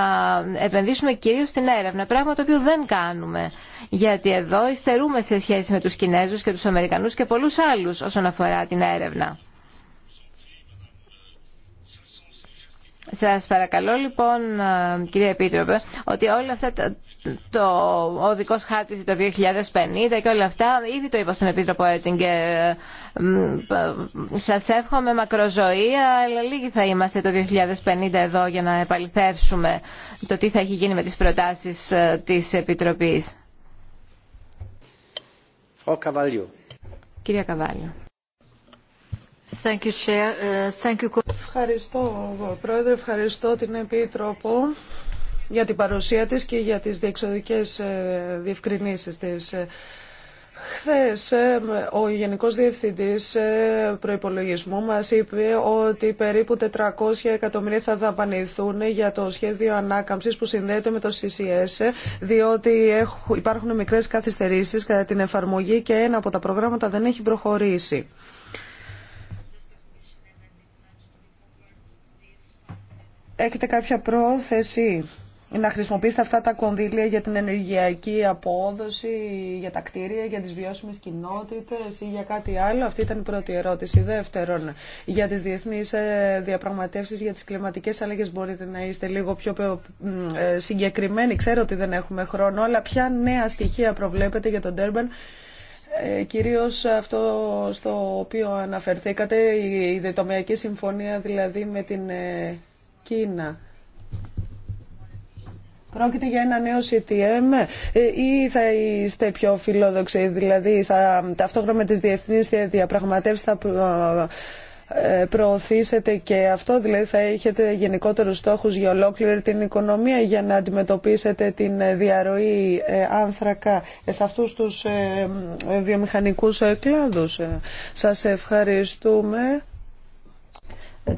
επενδύσουμε κυρίως στην έρευνα, πράγμα το οποίο δεν κάνουμε. Γιατί εδώ υστερούμε σε σχέση με τους Κινέζους και τους Αμερικανούς και πολλούς άλλους όσον αφορά την έρευνα. Σα παρακαλώ λοιπόν ε, κύριε Επίτροπε ότι όλα αυτά το οδικό χάρτη το 2050 και όλα αυτά. Ήδη το είπα στον Επίτροπο Έτσιγκερ. Σα εύχομαι μακροζωία, αλλά λίγοι θα είμαστε το 2050 εδώ για να επαληθεύσουμε το τι θα έχει γίνει με τι προτάσει ε, τη Επιτροπή. Κυρία Καβάλιο. Uh, Ευχαριστώ, Πρόεδρε. Ευχαριστώ την Επίτροπο για την παρουσία της και για τις διεξοδικές ε, διευκρινήσεις της. Χθες ε, ο Γενικός Διευθυντής ε, Προϋπολογισμού μας είπε ότι περίπου 400 εκατομμύρια θα δαπανηθούν για το σχέδιο ανάκαμψης που συνδέεται με το CCS διότι υπάρχουν μικρές καθυστερήσεις κατά την εφαρμογή και ένα από τα προγράμματα δεν έχει προχωρήσει. έχετε κάποια πρόθεση να χρησιμοποιήσετε αυτά τα κονδύλια για την ενεργειακή απόδοση, για τα κτίρια, για τις βιώσιμες κοινότητες ή για κάτι άλλο. Αυτή ήταν η πρώτη ερώτηση. Δεύτερον, για τις διεθνείς ε, διαπραγματεύσεις για τις κλιματικές αλλαγές μπορείτε να είστε λίγο πιο ε, συγκεκριμένοι. Ξέρω ότι δεν έχουμε χρόνο, αλλά ποια νέα στοιχεία προβλέπετε για τον Τέρμπαν ε, κυρίως αυτό στο οποίο αναφερθήκατε, η διετομιακή συμφωνία δηλαδή με την Κίνα. Πρόκειται για ένα νέο CTM ε, ή θα είστε πιο φιλόδοξοι, δηλαδή στα, ταυτόχρονα με τις διεθνείς διαπραγματεύσεις θα ε, προωθήσετε και αυτό, δηλαδή θα έχετε γενικότερους στόχους για ολόκληρη την οικονομία για να αντιμετωπίσετε την διαρροή ε, άνθρακα σε αυτούς τους βιομηχανικούς κλάδους. Σας ευχαριστούμε.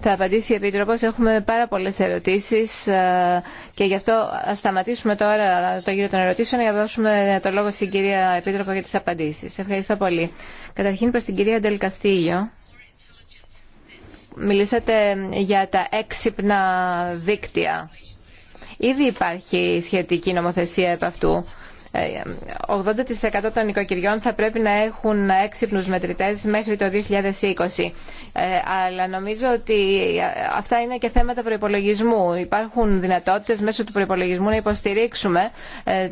Θα απαντήσει η επίτροπο, Έχουμε πάρα πολλέ ερωτήσεις ε, και γι' αυτό α σταματήσουμε τώρα το γύρο των ερωτήσεων για να δώσουμε το λόγο στην κυρία Επίτροπο για τι απαντήσει. Ευχαριστώ πολύ. Καταρχήν προς την κυρία Ντελκαστήλιο. Μιλήσατε για τα έξυπνα δίκτυα. Ήδη υπάρχει σχετική νομοθεσία επ' αυτού. 80% ε, ε, ε, των οικοκυριών θα πρέπει να έχουν έξυπνους μετρητές μέχρι το 2020. Αλλά νομίζω ότι αυτά είναι και θέματα προϋπολογισμού. Υπάρχουν δυνατότητες μέσω του προϋπολογισμού να υποστηρίξουμε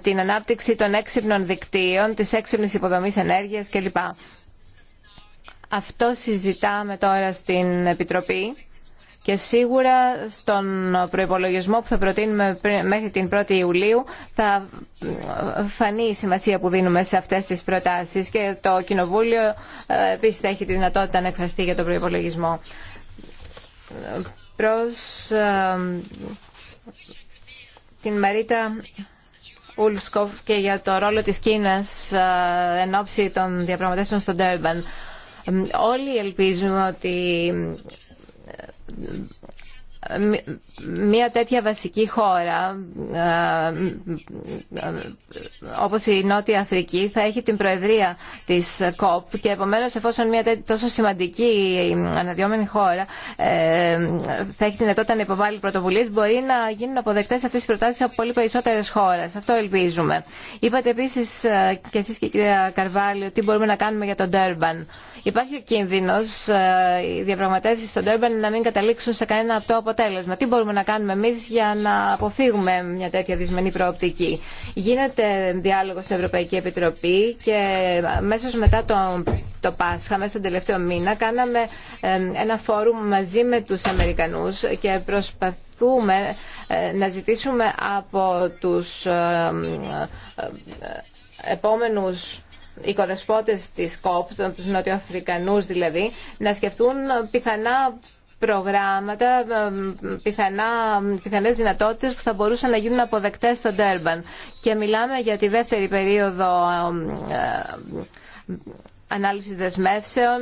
την ανάπτυξη των έξυπνων δικτύων, της έξυπνης υποδομής ενέργειας κλπ. Αυτό συζητάμε τώρα στην Επιτροπή και σίγουρα στον προπολογισμό που θα προτείνουμε μέχρι την 1η Ιουλίου θα φανεί η σημασία που δίνουμε σε αυτές τις προτάσεις και το Κοινοβούλιο ε, επίσης θα έχει τη δυνατότητα να εκφραστεί για τον προπολογισμό. Προς ε, την Μαρίτα Ουλσκοφ και για το ρόλο της Κίνας ε, εν ώψη των διαπραγματεύσεων στον Τέρμπαν. Όλοι ελπίζουμε ότι είναι μια τέτοια βασική χώρα ε, ε, όπως η Νότια Αφρική θα έχει την προεδρία της ΚΟΠ και επομένως εφόσον μια τόσο σημαντική αναδιόμενη χώρα ε, θα έχει την δυνατότητα να υποβάλει πρωτοβουλίες μπορεί να γίνουν αποδεκτές αυτές οι προτάσεις από πολύ περισσότερες χώρες. Αυτό ελπίζουμε. Είπατε επίσης και εσείς και η κυρία Καρβάλη τι μπορούμε να κάνουμε για τον Τέρμπαν. Υπάρχει ο κίνδυνος οι διαπραγματεύσεις στον Τέρμπαν να μην καταλήξουν σε κανένα από αποτέλεσμα. Τι μπορούμε να κάνουμε εμεί για να αποφύγουμε μια τέτοια δυσμενή προοπτική. Γίνεται διάλογο στην Ευρωπαϊκή Επιτροπή και μέσα μετά το, το Πάσχα, μέσα στον τελευταίο μήνα, κάναμε ένα φόρουμ μαζί με τους Αμερικανούς και προσπαθούμε ε, να ζητήσουμε από τους ε, επόμενους οικοδεσπότες της ΚΟΠ, τους νοτιοαφρικανούς δηλαδή, να σκεφτούν πιθανά προγράμματα, ε, πιθανά, πιθανές δυνατότητες που θα μπορούσαν να γίνουν αποδεκτές στο Τέρμπαν. Και μιλάμε για τη δεύτερη περίοδο ε, ε, ανάλυσης δεσμεύσεων,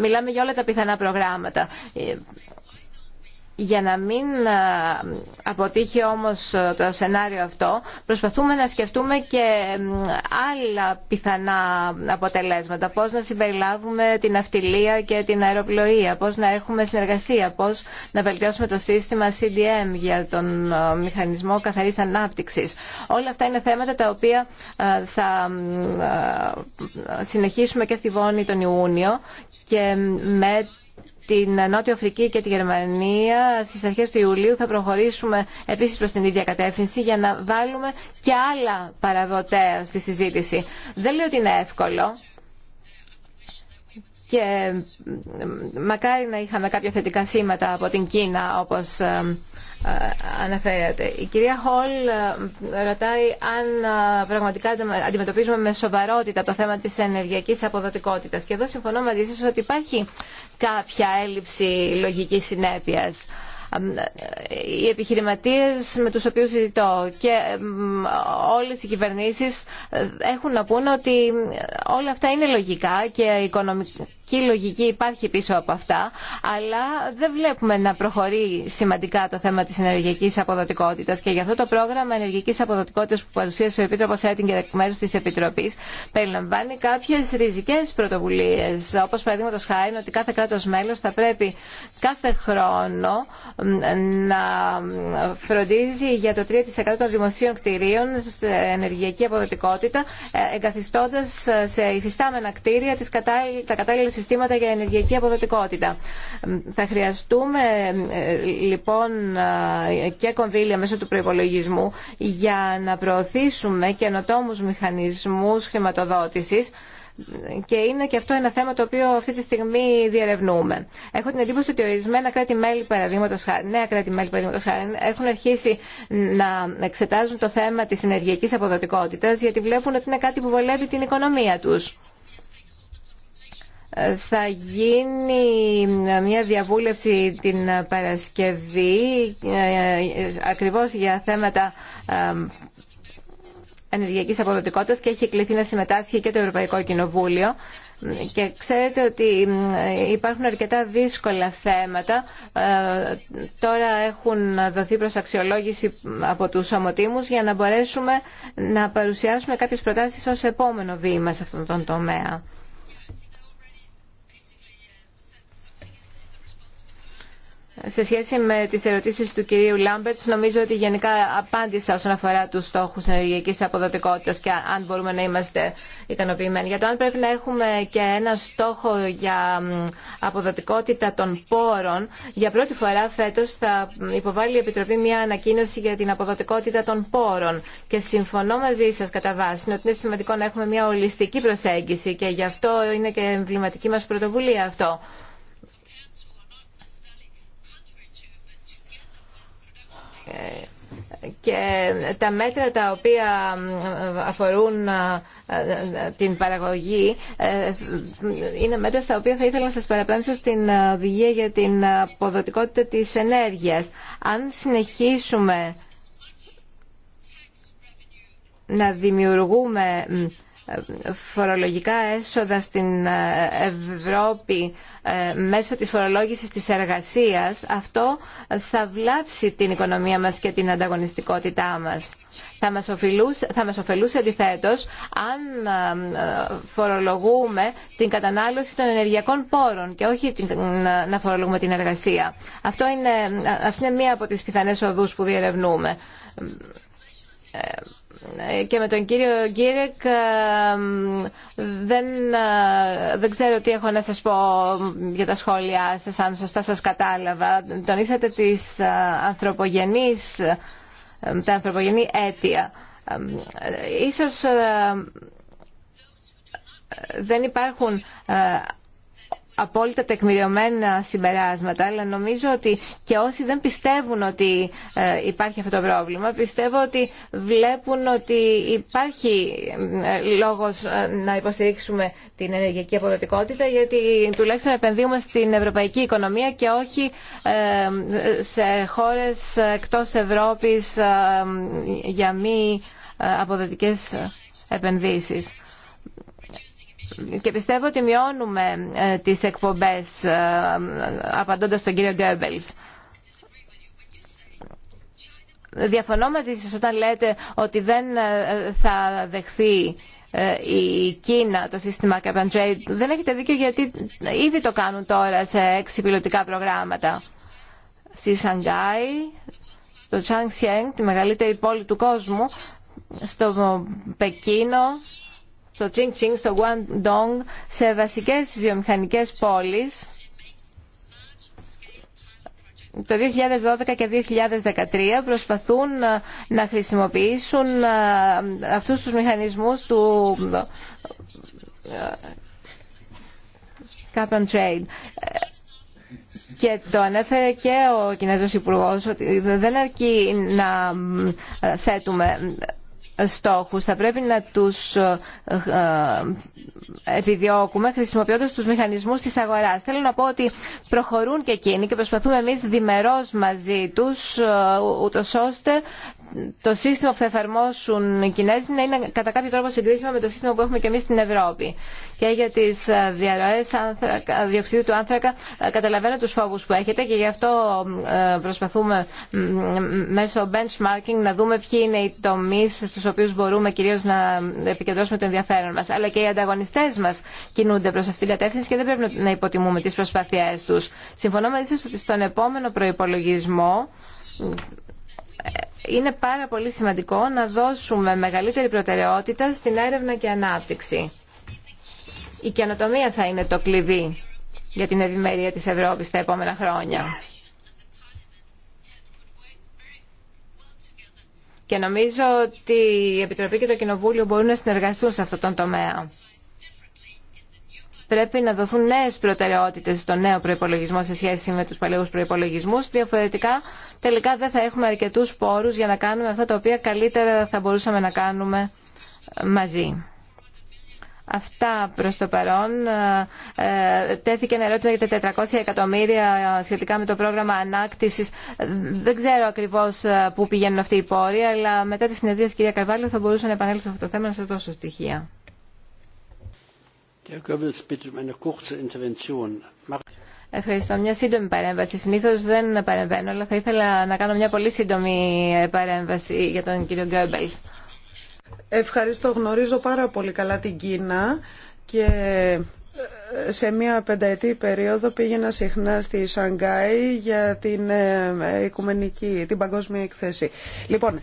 μιλάμε για όλα τα πιθανά προγράμματα. Για να μην αποτύχει όμως το σενάριο αυτό, προσπαθούμε να σκεφτούμε και άλλα πιθανά αποτελέσματα. Πώς να συμπεριλάβουμε την αυτιλία και την αεροπλοεία, πώς να έχουμε συνεργασία, πώς να βελτιώσουμε το σύστημα CDM για τον μηχανισμό καθαρής ανάπτυξης. Όλα αυτά είναι θέματα τα οποία θα συνεχίσουμε και στη Βόνη τον Ιούνιο και με την Νότια Αφρική και τη Γερμανία στις αρχές του Ιουλίου θα προχωρήσουμε επίση προς την ίδια κατεύθυνση για να βάλουμε και άλλα παραδοτέα στη συζήτηση. Δεν λέω ότι είναι εύκολο και μακάρι να είχαμε κάποια θετικά σήματα από την Κίνα όπως ε, αναφέρατε. Η κυρία Χολ ε, ρωτάει αν ε, πραγματικά αντιμετωπίζουμε με σοβαρότητα το θέμα της ενεργειακής αποδοτικότητας. Και εδώ συμφωνώ μαζί σας ότι υπάρχει κάποια έλλειψη λογικής συνέπειας. Ε, οι επιχειρηματίες με τους οποίους συζητώ και όλες οι κυβερνήσεις ε, έχουν να πούνε ότι ε, όλα αυτά είναι λογικά και η οικονομική λογική υπάρχει πίσω από αυτά, αλλά δεν βλέπουμε να προχωρεί σημαντικά το θέμα της ενεργειακής αποδοτικότητας και γι' αυτό το πρόγραμμα ενεργειακής αποδοτικότητας που παρουσίασε ο Επίτροπος Έτιγκερ και μέρους της Επιτροπής περιλαμβάνει κάποιες ριζικές πρωτοβουλίες, όπως παραδείγματος χάρη ότι κάθε κράτος μέλος θα πρέπει κάθε χρόνο να φροντίζει για το 3% των δημοσίων κτηρίων σε ενεργειακή αποδοτικότητα, ε, εγκαθιστώντα σε υφιστάμενα κτίρια τα κατάλληλα συστήματα για ενεργειακή αποδοτικότητα. Θα χρειαστούμε ε, λοιπόν ε, και κονδύλια μέσω του προπολογισμού για να προωθήσουμε καινοτόμου μηχανισμού χρηματοδότηση και είναι και αυτό ένα θέμα το οποίο αυτή τη στιγμή διερευνούμε. Έχω την εντύπωση ότι ορισμένα κράτη-μέλη, παραδείγματο χάρη, νέα κράτη-μέλη, παραδείγματο χάρη, έχουν αρχίσει να εξετάζουν το θέμα τη ενεργειακή αποδοτικότητα, γιατί βλέπουν ότι είναι κάτι που βολεύει την οικονομία του θα γίνει μια διαβούλευση την Παρασκευή ε, ε, ακριβώς για θέματα ε, ενεργειακής αποδοτικότητας και έχει κληθεί να συμμετάσχει και το Ευρωπαϊκό Κοινοβούλιο. Και ξέρετε ότι υπάρχουν αρκετά δύσκολα θέματα. Ε, τώρα έχουν δοθεί προς αξιολόγηση από τους ομοτήμους για να μπορέσουμε να παρουσιάσουμε κάποιες προτάσεις ως επόμενο βήμα σε αυτόν τον τομέα. Σε σχέση με τι ερωτήσει του κυρίου Λάμπερτ, νομίζω ότι γενικά απάντησα όσον αφορά του στόχου ενεργειακή αποδοτικότητα, και αν μπορούμε να είμαστε ικανοποιημένοι. Για το αν πρέπει να έχουμε και ένα στόχο για αποδοτικότητα των πόρων, για πρώτη φορά φέτο θα υποβάλει η Επιτροπή μια ανακοίνωση για την αποδοτικότητα των πόρων. Και συμφωνώ μαζί σα, κατά βάση ότι είναι σημαντικό να έχουμε μια ολιστική προσέγγιση και γι' αυτό είναι και εμβληματική μα πρωτοβουλία αυτό. και τα μέτρα τα οποία αφορούν ε, την παραγωγή ε, είναι μέτρα στα οποία θα ήθελα να σας παραπέμψω στην οδηγία για την αποδοτικότητα της ενέργειας. Αν συνεχίσουμε να δημιουργούμε φορολογικά έσοδα στην ε, Ευρώπη ε, μέσω της φορολόγησης της εργασίας, αυτό θα βλάψει την οικονομία μας και την ανταγωνιστικότητά μας. Θα μας, ωφελούσε, θα μας αν ε, φορολογούμε την κατανάλωση των ενεργειακών πόρων και όχι την, να φορολογούμε την εργασία. Αυτό είναι, αυτή είναι μία από τις πιθανές οδούς που διερευνούμε και με τον κύριο Γκίρεκ ε, δεν, ε, δεν ξέρω τι έχω να σας πω για τα σχόλιά σας, αν σωστά σας κατάλαβα. Τονίσατε τις ε, ανθρωπογενείς, τα ανθρωπογενή αίτια. Ίσως δεν υπάρχουν απόλυτα τεκμηριωμένα συμπεράσματα, αλλά νομίζω ότι και όσοι δεν πιστεύουν ότι ε, υπάρχει αυτό το πρόβλημα, πιστεύω ότι βλέπουν ότι υπάρχει ε, λόγος ε, να υποστηρίξουμε την ενεργειακή αποδοτικότητα, γιατί τουλάχιστον επενδύουμε στην ευρωπαϊκή οικονομία και όχι σε χώρες εκτός Ευρώπης για μη αποδοτικές επενδύσεις και πιστεύω ότι μειώνουμε ε, τις εκπομπές ε, απαντώντας τον κύριο Γκέμπελς. Διαφωνώ μαζί σας όταν λέτε ότι δεν ε, θα δεχθεί η Κίνα το σύστημα Cap and Trade. Δεν έχετε δίκιο γιατί ήδη το κάνουν τώρα σε έξι πιλωτικά προγράμματα. Στη Σανγκάη, το Τσάνγκ τη μεγαλύτερη πόλη του κόσμου, στο Πεκίνο, στο Τσίνγκ στο Γουαντόγκ, σε βασικές βιομηχανικές πόλεις το 2012 και 2013 προσπαθούν ε, να χρησιμοποιήσουν ε, αυτούς τους μηχανισμούς του ε, cap and trade. Και το ανέφερε και ο Κινέζος Υπουργός ότι δεν αρκεί να θέτουμε στόχους. Θα πρέπει να τους ε, ε, επιδιώκουμε χρησιμοποιώντας τους μηχανισμούς της αγοράς. Θέλω να πω ότι προχωρούν και εκείνοι και προσπαθούμε εμείς διμερώς μαζί τους ε, ούτως ώστε το σύστημα που θα εφαρμόσουν οι Κινέζοι να είναι κατά κάποιο τρόπο συγκρίσιμο με το σύστημα που έχουμε και εμεί στην Ευρώπη. Και για τι ε, διαρροέ διοξιδίου του άνθρακα ε, καταλαβαίνω του φόβου που έχετε και γι' αυτό ε, προσπαθούμε μέσω benchmarking να δούμε ποιοι είναι οι τομεί στου οποίου μπορούμε κυρίω να επικεντρώσουμε το ενδιαφέρον μα. Αλλά και οι ανταγωνιστέ μα κινούνται προ αυτήν την κατεύθυνση και δεν πρέπει να υποτιμούμε τι προσπάθειές του. Συμφωνώ μαζί σα ότι στον επόμενο προπολογισμό είναι πάρα πολύ σημαντικό να δώσουμε μεγαλύτερη προτεραιότητα στην έρευνα και ανάπτυξη. Η καινοτομία θα είναι το κλειδί για την ευημερία της Ευρώπης τα επόμενα χρόνια. Και νομίζω ότι η Επιτροπή και το Κοινοβούλιο μπορούν να συνεργαστούν σε αυτόν τον τομέα. Πρέπει να δοθούν νέε προτεραιότητε στο νέο προπολογισμό σε σχέση με του παλαιού προπολογισμού. Διαφορετικά, τελικά δεν θα έχουμε αρκετού πόρου για να κάνουμε αυτά τα οποία καλύτερα θα μπορούσαμε να κάνουμε ε, μαζί. Αυτά προ το παρόν. Ε, τέθηκε ένα ερώτημα για τα 400 εκατομμύρια σχετικά με το πρόγραμμα ανάκτηση. Δεν ξέρω ακριβώ ε, πού πηγαίνουν αυτοί οι πόροι, αλλά μετά τη συνεδρία, κυρία Καρβάλιο, θα μπορούσα να επανέλθω σε αυτό το θέμα να σα δώσω στοιχεία. Um Ευχαριστώ. Μια σύντομη παρέμβαση. Συνήθω δεν παρεμβαίνω, αλλά θα ήθελα να κάνω μια πολύ σύντομη ε, παρέμβαση για τον κύριο Γκέμπελ. Ευχαριστώ. Γνωρίζω πάρα πολύ καλά την Κίνα και ε, σε μια πενταετή περίοδο πήγαινα συχνά στη Σανγκάη για ε, την, παγκόσμια εκθέση. Λοιπόν,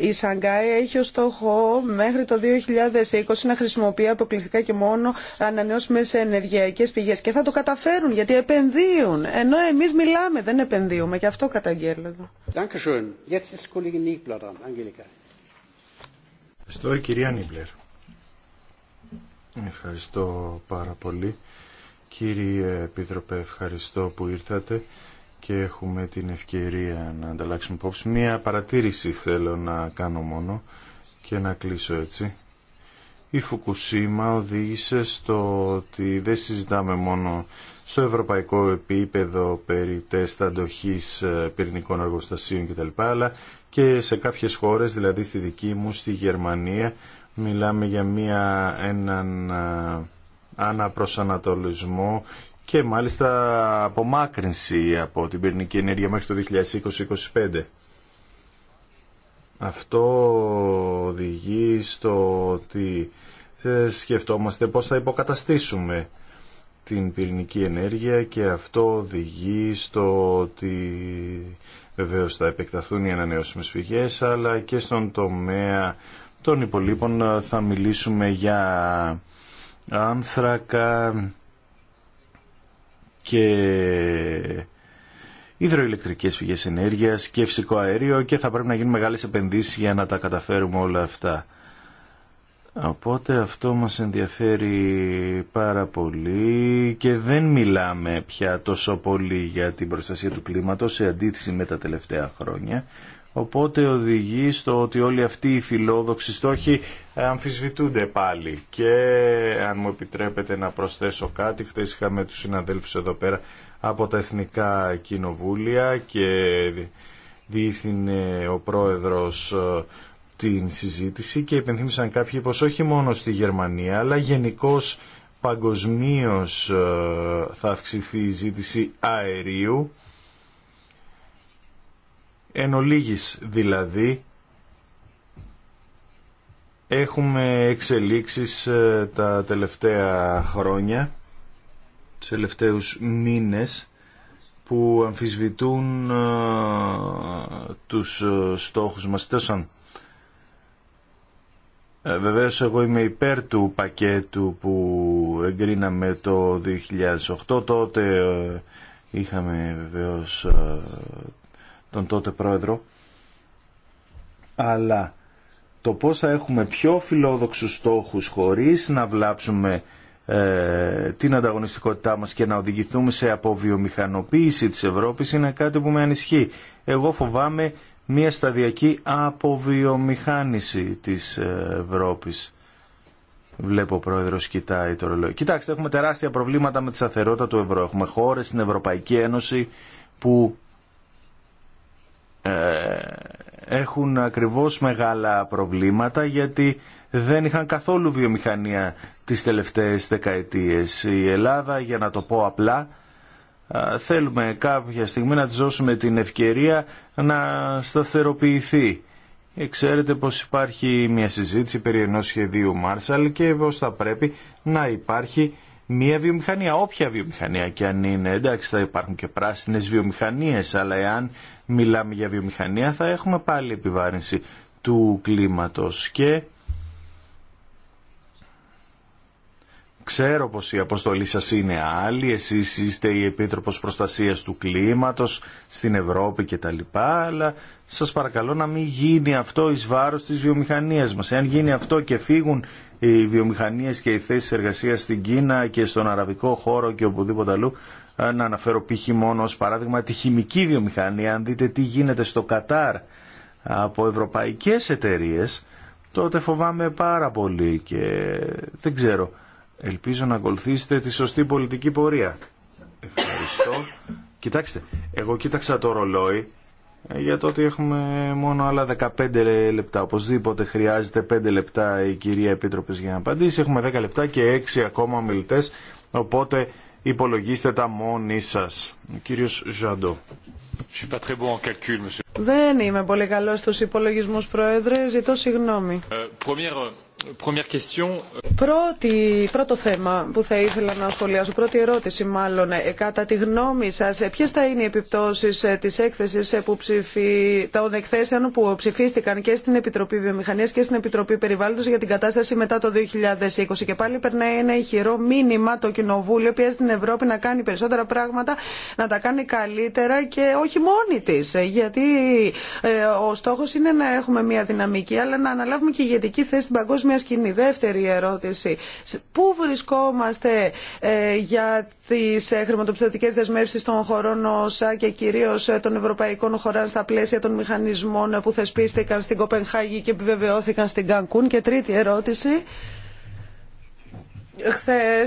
η Σανγκάη έχει ως στόχο μέχρι το 2020 να χρησιμοποιεί αποκλειστικά και μόνο ανανεώσιμες ενεργειακές πηγές. Και θα το καταφέρουν γιατί επενδύουν. Ενώ εμείς μιλάμε, δεν επενδύουμε. Και αυτό καταγγέλλω εδώ. Ευχαριστώ κυρία Νίμπλερ. Ευχαριστώ πάρα πολύ. Κύριε Επίτροπε, ευχαριστώ που ήρθατε και έχουμε την ευκαιρία να ανταλλάξουμε υπόψη. Μία παρατήρηση θέλω να κάνω μόνο και να κλείσω έτσι. Η Φουκουσίμα οδήγησε στο ότι δεν συζητάμε μόνο στο ευρωπαϊκό επίπεδο περί τεστ αντοχής ε, πυρηνικών εργοστασίων κτλ. αλλά και σε κάποιες χώρες, δηλαδή στη δική μου, στη Γερμανία, μιλάμε για μία, έναν ε, αναπροσανατολισμό και μάλιστα απομάκρυνση από την πυρηνική ενέργεια μέχρι το 2020-2025. Αυτό οδηγεί στο ότι ε, σκεφτόμαστε πώς θα υποκαταστήσουμε την πυρηνική ενέργεια και αυτό οδηγεί στο ότι βεβαίω θα επεκταθούν οι ανανεώσιμες πηγές αλλά και στον τομέα των υπολείπων θα μιλήσουμε για άνθρακα, και υδροηλεκτρικές πηγές ενέργειας και φυσικό αέριο και θα πρέπει να γίνουν μεγάλες επενδύσεις για να τα καταφέρουμε όλα αυτά. Οπότε αυτό μας ενδιαφέρει πάρα πολύ και δεν μιλάμε πια τόσο πολύ για την προστασία του κλίματος σε αντίθεση με τα τελευταία χρόνια Οπότε οδηγεί στο ότι όλοι αυτοί οι φιλόδοξοι στόχοι ε, αμφισβητούνται πάλι. Και αν μου επιτρέπετε να προσθέσω κάτι, χθε είχαμε τους συναδέλφους εδώ πέρα από τα Εθνικά Κοινοβούλια και διήθυνε ο πρόεδρος ε, την συζήτηση και υπενθύμησαν κάποιοι πως όχι μόνο στη Γερμανία αλλά γενικώ παγκοσμίω ε, θα αυξηθεί η ζήτηση αερίου Εν ολίγης δηλαδή έχουμε εξελίξεις ε, τα τελευταία χρόνια, τους τελευταίους μήνες που αμφισβητούν ε, τους ε, στόχους μας. ε, Βεβαίως εγώ είμαι υπέρ του πακέτου που εγκρίναμε το 2008 τότε είχαμε βεβαίως τον τότε πρόεδρο, αλλά το πώς θα έχουμε πιο φιλόδοξους στόχους χωρίς να βλάψουμε ε, την ανταγωνιστικότητά μας και να οδηγηθούμε σε αποβιομηχανοποίηση της Ευρώπης είναι κάτι που με ανισχύει. Εγώ φοβάμαι μια σταδιακή αποβιομηχάνηση της Ευρώπης. Βλέπω ο πρόεδρο κοιτάει το ρολόι. Κοιτάξτε, έχουμε τεράστια προβλήματα με τη σταθερότητα του ευρώ. Έχουμε χώρε στην Ευρωπαϊκή Ένωση που ε, έχουν ακριβώς μεγάλα προβλήματα γιατί δεν είχαν καθόλου βιομηχανία τις τελευταίες δεκαετίες. Η Ελλάδα, για να το πω απλά, ε, θέλουμε κάποια στιγμή να της δώσουμε την ευκαιρία να σταθεροποιηθεί. Ε, ξέρετε πως υπάρχει μια συζήτηση περί ενός σχεδίου Μάρσαλ και πως θα πρέπει να υπάρχει μια βιομηχανία, όποια βιομηχανία και αν είναι. Εντάξει θα υπάρχουν και πράσινες βιομηχανίες, αλλά εάν μιλάμε για βιομηχανία θα έχουμε πάλι επιβάρυνση του κλίματος και Ξέρω πως η αποστολή σας είναι άλλη, εσείς είστε η Επίτροπος Προστασίας του Κλίματος στην Ευρώπη και τα λοιπά, Αλλά σας παρακαλώ να μην γίνει αυτό εις βάρος της βιομηχανίας μας. Εάν γίνει αυτό και φύγουν οι βιομηχανίες και οι θέσεις εργασίας στην Κίνα και στον αραβικό χώρο και οπουδήποτε αλλού, ε, να αναφέρω π.χ. μόνο ως παράδειγμα τη χημική βιομηχανία, αν δείτε τι γίνεται στο Κατάρ από ευρωπαϊκές εταιρείες, τότε φοβάμαι πάρα πολύ και δεν ξέρω Ελπίζω να ακολουθήσετε τη σωστή πολιτική πορεία. Ευχαριστώ. Κοιτάξτε, εγώ κοίταξα το ρολόι ε, για το ότι έχουμε μόνο άλλα 15 λεπτά. Οπωσδήποτε χρειάζεται 5 λεπτά η κυρία Επίτροπης για να απαντήσει. Έχουμε 10 λεπτά και 6 ακόμα μιλητές, οπότε υπολογίστε τα μόνοι σας. Ο κύριος Ζαντό. Δεν είμαι πολύ καλός στους υπολογισμούς, Πρόεδρε. Ζητώ συγγνώμη. Ε, Euh, πρώτο θέμα που θα ήθελα να σχολιάσω, πρώτη ερώτηση μάλλον. Ε, κατά τη γνώμη σας, ε, ποιες θα είναι οι επιπτώσεις ε, της έκθεσης των εκθέσεων που ψηφίστηκαν και στην Επιτροπή Βιομηχανίας και στην Επιτροπή Περιβάλλοντος για την κατάσταση μετά το 2020. Και πάλι περνάει ένα ηχηρό μήνυμα το Κοινοβούλιο, πιέζει στην Ευρώπη να κάνει περισσότερα πράγματα, να τα κάνει καλύτερα και όχι μόνη της. Γιατί ο στόχος είναι να έχουμε μια δυναμική, αλλά να αναλάβουμε και ηγετική θέση στην παγκόσμια μια σκηνή. Δεύτερη ερώτηση. Πού βρισκόμαστε ε, για τις ε, χρηματοπιστωτικέ δεσμεύσεις των χωρών ΩΣΑ και κυρίως ε, των ευρωπαϊκών χωρών στα πλαίσια των μηχανισμών που θεσπίστηκαν στην Κοπενχάγη και επιβεβαιώθηκαν στην Κανκούν. Και τρίτη ερώτηση. Χθε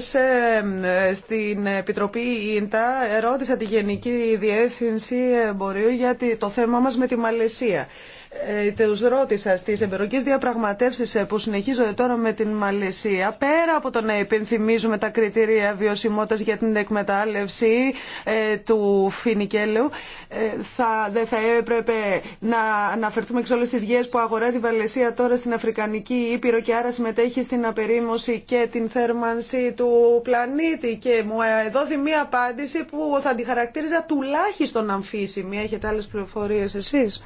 στην Επιτροπή Ίντα ερώτησα τη Γενική Διεύθυνση Εμπορίου για το θέμα μας με τη Μαλαισία τους ε, ρώτησα στις εμπεροκές διαπραγματεύσεις ε, που συνεχίζονται τώρα με την Μαλαισία πέρα από το να υπενθυμίζουμε τα κριτήρια βιωσιμότητας για την εκμετάλλευση ε, του φινικέλαιου θα, δεν θα έπρεπε να αναφερθούμε εξ σε όλες τις γης που αγοράζει η Μαλαισία τώρα στην Αφρικανική Ήπειρο και άρα συμμετέχει στην απερίμωση και την θέρμανση του πλανήτη και μου έδωθη μία απάντηση που θα τη χαρακτήριζα τουλάχιστον αμφίσιμη. Έχετε άλλες πληροφορίες εσείς.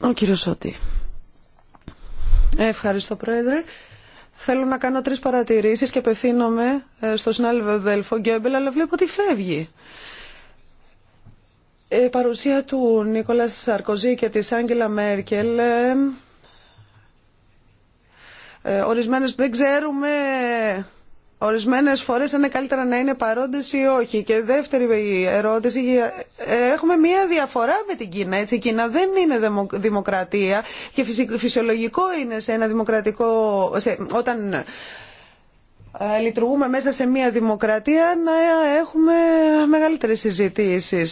Ο κύριος Σώτη. Ευχαριστώ Πρόεδρε. Θέλω να κάνω τρεις παρατηρήσεις και απευθύνομαι ε, στο συνάδελφο Δέλφο Γκέμπελ, αλλά βλέπω ότι φεύγει. Η παρουσία του Νίκολα Σαρκοζή και της Άγγελα Μέρκελ ε, ε, ορισμένες δεν ξέρουμε Ορισμένες φορές είναι καλύτερα να είναι παρόντε ή όχι. Και δεύτερη ερώτηση, ε, έχουμε μία διαφορά με την Κίνα. Η Κίνα δεν είναι δημοκρατία και φυσιολογικό είναι σε ένα δημοκρατικό... Σε, όταν ε, λειτουργούμε μέσα σε μία δημοκρατία να έχουμε μεγαλύτερες συζητήσει.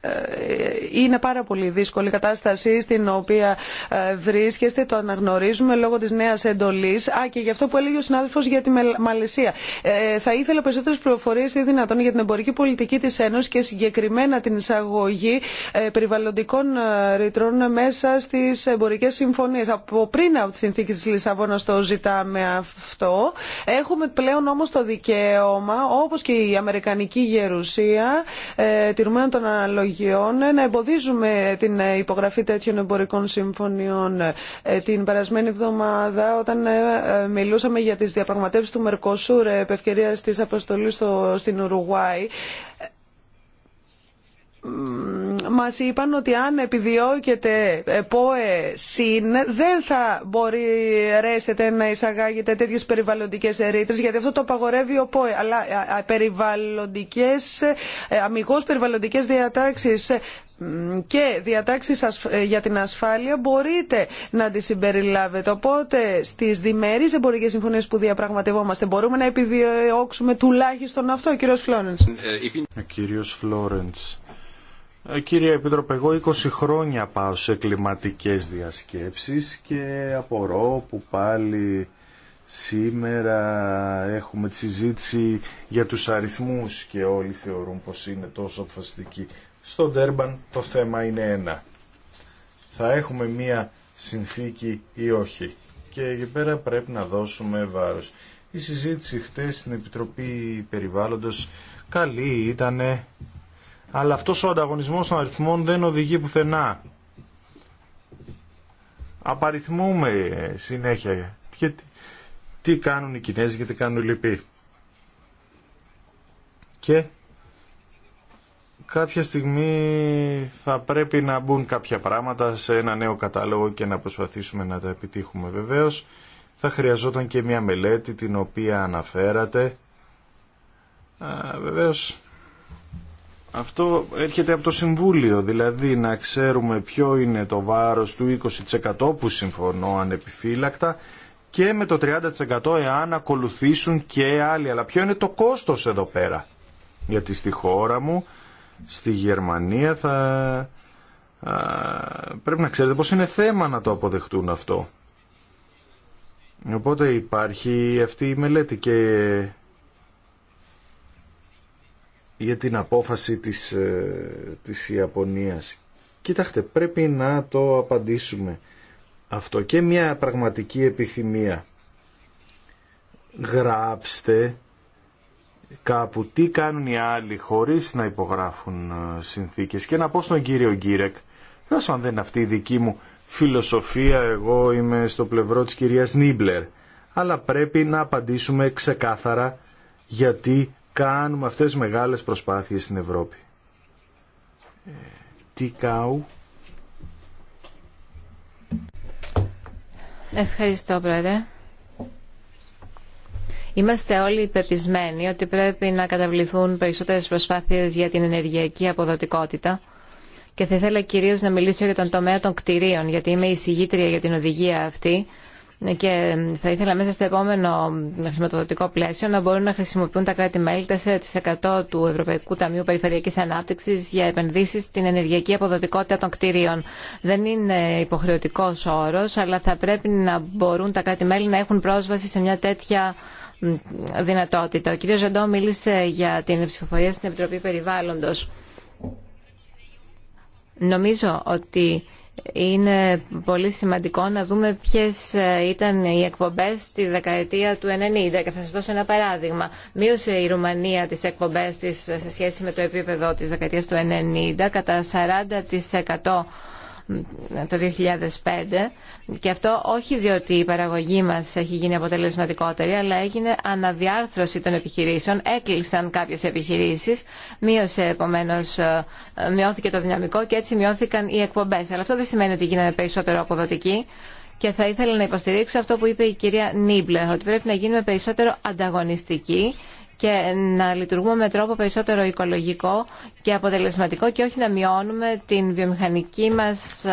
Ε, είναι πάρα πολύ δύσκολη η κατάσταση στην οποία ε, βρίσκεστε. Το αναγνωρίζουμε λόγω τη νέα εντολή. Α, και γι' αυτό που έλεγε ο συνάδελφο για τη Μαλαισία. Ε, θα ήθελα περισσότερε πληροφορίε ή δυνατόν για την εμπορική πολιτική τη Ένωση και συγκεκριμένα την εισαγωγή ε, περιβαλλοντικών ρητρών μέσα στι εμπορικέ συμφωνίε. Από πριν από τη συνθήκη τη Λισαβόνα το ζητάμε αυτό. Έχουμε πλέον όμω το δικαίωμα, όπω και η Αμερικανική Γερουσία, τηρουμένων των αναλογιών, να εμποδίζουμε την υπογραφή τέτοιων εμπορικών συμφωνιών. Ε, την περασμένη εβδομάδα όταν ε, ε, μιλούσαμε για τις διαπραγματεύσεις του Μερκοσούρ επ' της αποστολής στην Ουρουάη μας είπαν ότι αν επιδιώκεται ΠΟΕ ΣΥΝ δεν θα μπορεί να εισαγάγετε τέτοιε περιβαλλοντικές ρήτρε, γιατί αυτό το απαγορεύει ο ΠΟΕ αλλά περιβαλλοντικές, αμυγός περιβαλλοντικές και διατάξεις ε, για την ασφάλεια μπορείτε να τις συμπεριλάβετε. Οπότε στις διμερείς εμπορικές συμφωνίες που διαπραγματευόμαστε μπορούμε να επιδιώξουμε τουλάχιστον αυτό, κύριος Φλόρενς. Ε, κύριος Φλόρενς. Ε, κύριε Επίτροπε, εγώ 20 χρόνια πάω σε κλιματικές διασκέψεις και απορώ που πάλι σήμερα έχουμε τη συζήτηση για τους αριθμούς και όλοι θεωρούν πως είναι τόσο αποφασιστική στο Τέρμπαν το θέμα είναι ένα. Θα έχουμε μία συνθήκη ή όχι. Και εκεί πέρα πρέπει να δώσουμε βάρος. Η συζήτηση χτες στην Επιτροπή Περιβάλλοντος καλή ήτανε, αλλά αυτός ο ανταγωνισμός των αριθμών δεν οδηγεί πουθενά. Απαριθμούμε συνέχεια τι κάνουν οι Κινέζοι και τι κάνουν οι λοιποί. Και κάποια στιγμή θα πρέπει να μπουν κάποια πράγματα σε ένα νέο κατάλογο και να προσπαθήσουμε να τα επιτύχουμε βεβαίως. Θα χρειαζόταν και μια μελέτη την οποία αναφέρατε. Α, βεβαίως αυτό έρχεται από το Συμβούλιο, δηλαδή να ξέρουμε ποιο είναι το βάρος του 20% που συμφωνώ ανεπιφύλακτα και με το 30% εάν ακολουθήσουν και άλλοι. Αλλά ποιο είναι το κόστος εδώ πέρα. Γιατί στη χώρα μου στη Γερμανία θα πρέπει να ξέρετε πως είναι θέμα να το αποδεχτούν αυτό. Οπότε υπάρχει αυτή η μελέτη και για την απόφαση της, ε, της Ιαπωνίας. Κοιτάξτε, πρέπει να το απαντήσουμε αυτό και μια πραγματική επιθυμία. Γράψτε κάπου τι κάνουν οι άλλοι χωρίς να υπογράφουν ε, συνθήκες και να πω στον κύριο Γκίρεκ δώσω αν δεν είναι αυτή η δική μου φιλοσοφία εγώ είμαι στο πλευρό της κυρίας Νίμπλερ αλλά πρέπει να απαντήσουμε ξεκάθαρα γιατί κάνουμε αυτές τις μεγάλες προσπάθειες στην Ευρώπη. Ε, τι κάου. Ευχαριστώ, Πρόεδρε. Είμαστε όλοι υπεπισμένοι ότι πρέπει να καταβληθούν περισσότερες προσπάθειες για την ενεργειακή αποδοτικότητα και θα ήθελα κυρίως να μιλήσω για τον τομέα των κτηρίων, γιατί είμαι εισηγήτρια για την οδηγία αυτή και θα ήθελα μέσα στο επόμενο χρηματοδοτικό πλαίσιο να μπορούν να χρησιμοποιούν τα κράτη-μέλη 4% του Ευρωπαϊκού Ταμείου Περιφερειακής Ανάπτυξης για επενδύσεις στην ενεργειακή αποδοτικότητα των κτηρίων. Δεν είναι υποχρεωτικός όρος, αλλά θα πρέπει να μπορούν τα κράτη-μέλη να έχουν πρόσβαση σε μια τέτοια δυνατότητα. Ο κ. Ζαντό μίλησε για την ψηφοφορία στην Επιτροπή Περιβάλλοντος. Νομίζω ότι είναι πολύ σημαντικό να δούμε ποιες ε, ήταν οι εκπομπές τη δεκαετία του 90 και θα σας δώσω ένα παράδειγμα. Μείωσε η Ρουμανία τις εκπομπές της σε σχέση με το επίπεδο της δεκαετίας του 90 κατά 40% το 2005 και αυτό όχι διότι η παραγωγή μας έχει γίνει αποτελεσματικότερη αλλά έγινε αναδιάρθρωση των επιχειρήσεων, έκλεισαν κάποιες επιχειρήσεις, μείωσε επομένως, ε, μειώθηκε το δυναμικό και έτσι μειώθηκαν οι εκπομπές. Αλλά αυτό δεν σημαίνει ότι γίναμε περισσότερο αποδοτικοί και θα ήθελα να υποστηρίξω αυτό που είπε η κυρία Νίμπλε, ότι πρέπει να γίνουμε περισσότερο ανταγωνιστικοί και να λειτουργούμε με τρόπο περισσότερο οικολογικό και αποτελεσματικό και όχι να μειώνουμε την βιομηχανική μας ε,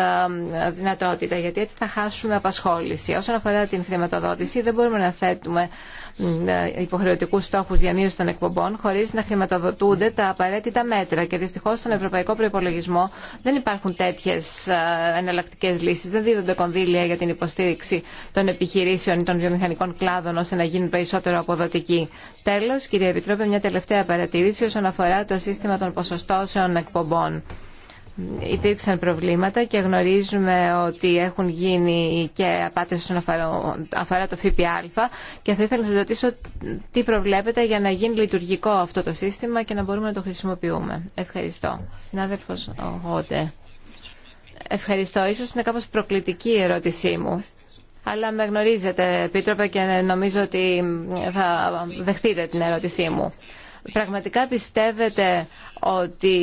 δυνατότητα γιατί έτσι θα χάσουμε απασχόληση. Όσον αφορά την χρηματοδότηση δεν μπορούμε να θέτουμε υποχρεωτικού στόχου για μείωση των εκπομπών χωρίς να χρηματοδοτούνται τα απαραίτητα μέτρα και δυστυχώ στον Ευρωπαϊκό προπολογισμό δεν υπάρχουν τέτοιες ε, εναλλακτικέ λύσεις, δεν δίδονται κονδύλια για την υποστήριξη των επιχειρήσεων ή των βιομηχανικών κλάδων ώστε να γίνουν περισσότερο αποδοτικοί. Τέλο, κύριε Επιτρόπε, μια τελευταία παρατηρήση όσον αφορά το σύστημα των ποσοστώσεων εκπομπών υπήρξαν προβλήματα και γνωρίζουμε ότι έχουν γίνει και απάτες όσον αφορά το ΦΠΑ και θα ήθελα να σας ρωτήσω τι προβλέπετε για να γίνει λειτουργικό αυτό το σύστημα και να μπορούμε να το χρησιμοποιούμε. Ευχαριστώ. Συνάδελφος Γόντε. Ευχαριστώ. Ίσως είναι κάπως προκλητική η ερώτησή μου. Αλλά με γνωρίζετε, Επίτροπε, και νομίζω ότι θα δεχτείτε την ερώτησή μου. Πραγματικά πιστεύετε ότι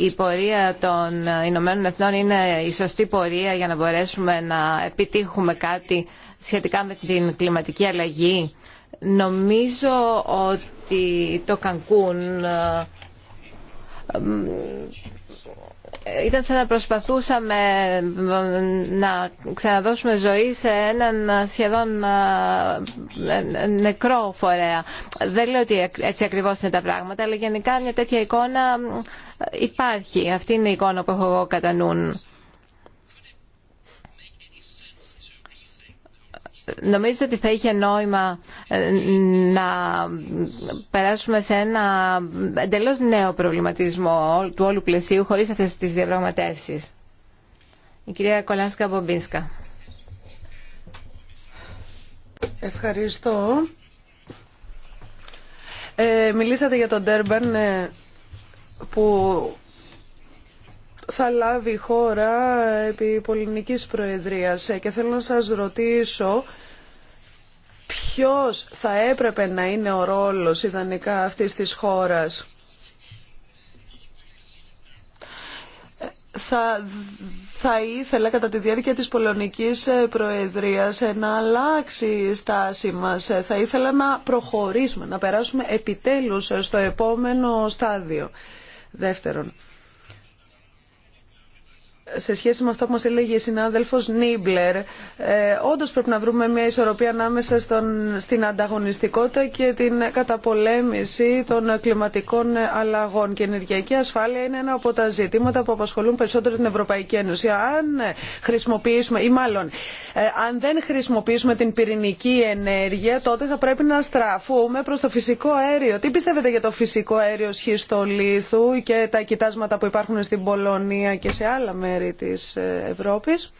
η πορεία των Ηνωμένων Εθνών είναι η σωστή πορεία για να μπορέσουμε να επιτύχουμε κάτι σχετικά με την κλιματική αλλαγή. Νομίζω ότι το Κανκούν ήταν σαν να προσπαθούσαμε να ξαναδώσουμε ζωή σε έναν σχεδόν νεκρό φορέα. Δεν λέω ότι έτσι ακριβώς είναι τα πράγματα, αλλά γενικά μια τέτοια εικόνα υπάρχει. Αυτή είναι η εικόνα που έχω εγώ κατά Νομίζω ότι θα είχε νόημα ε, να περάσουμε σε ένα εντελώς νέο προβληματισμό του όλου πλαισίου χωρίς αυτές τις διαπραγματεύσεις. Η κυρία Κολάσκα Μπομπίνσκα. Ευχαριστώ. Ε, μιλήσατε για τον Τέρμπαν ε, που θα λάβει η χώρα επί Πολυνικής Προεδρίας ε, και θέλω να σας ρωτήσω ποιος θα έπρεπε να είναι ο ρόλος ιδανικά αυτής της χώρας. Ε, θα, θα ήθελα κατά τη διάρκεια της Πολωνικής ε, Προεδρίας να αλλάξει η στάση μας. Θα ήθελα να προχωρήσουμε, να περάσουμε επιτέλους στο επόμενο στάδιο. Δεύτερον, σε σχέση με αυτό που μας έλεγε η συνάδελφος Νίμπλερ, ε, όντως πρέπει να βρούμε μια ισορροπία ανάμεσα στον, στην ανταγωνιστικότητα και την καταπολέμηση των κλιματικών αλλαγών. Και η ενεργειακή ασφάλεια είναι ένα από τα ζητήματα που απασχολούν περισσότερο την Ευρωπαϊκή Ένωση. Αν χρησιμοποιήσουμε, ή μάλλον, ε, αν δεν χρησιμοποιήσουμε την πυρηνική ενέργεια, τότε θα πρέπει να στραφούμε προς το φυσικό αέριο. Τι πιστεύετε για το φυσικό αέριο σχιστολίθου και τα κοιτάσματα που υπάρχουν στην Πολωνία και σε άλλα μέρη της ε, Ευρώπης.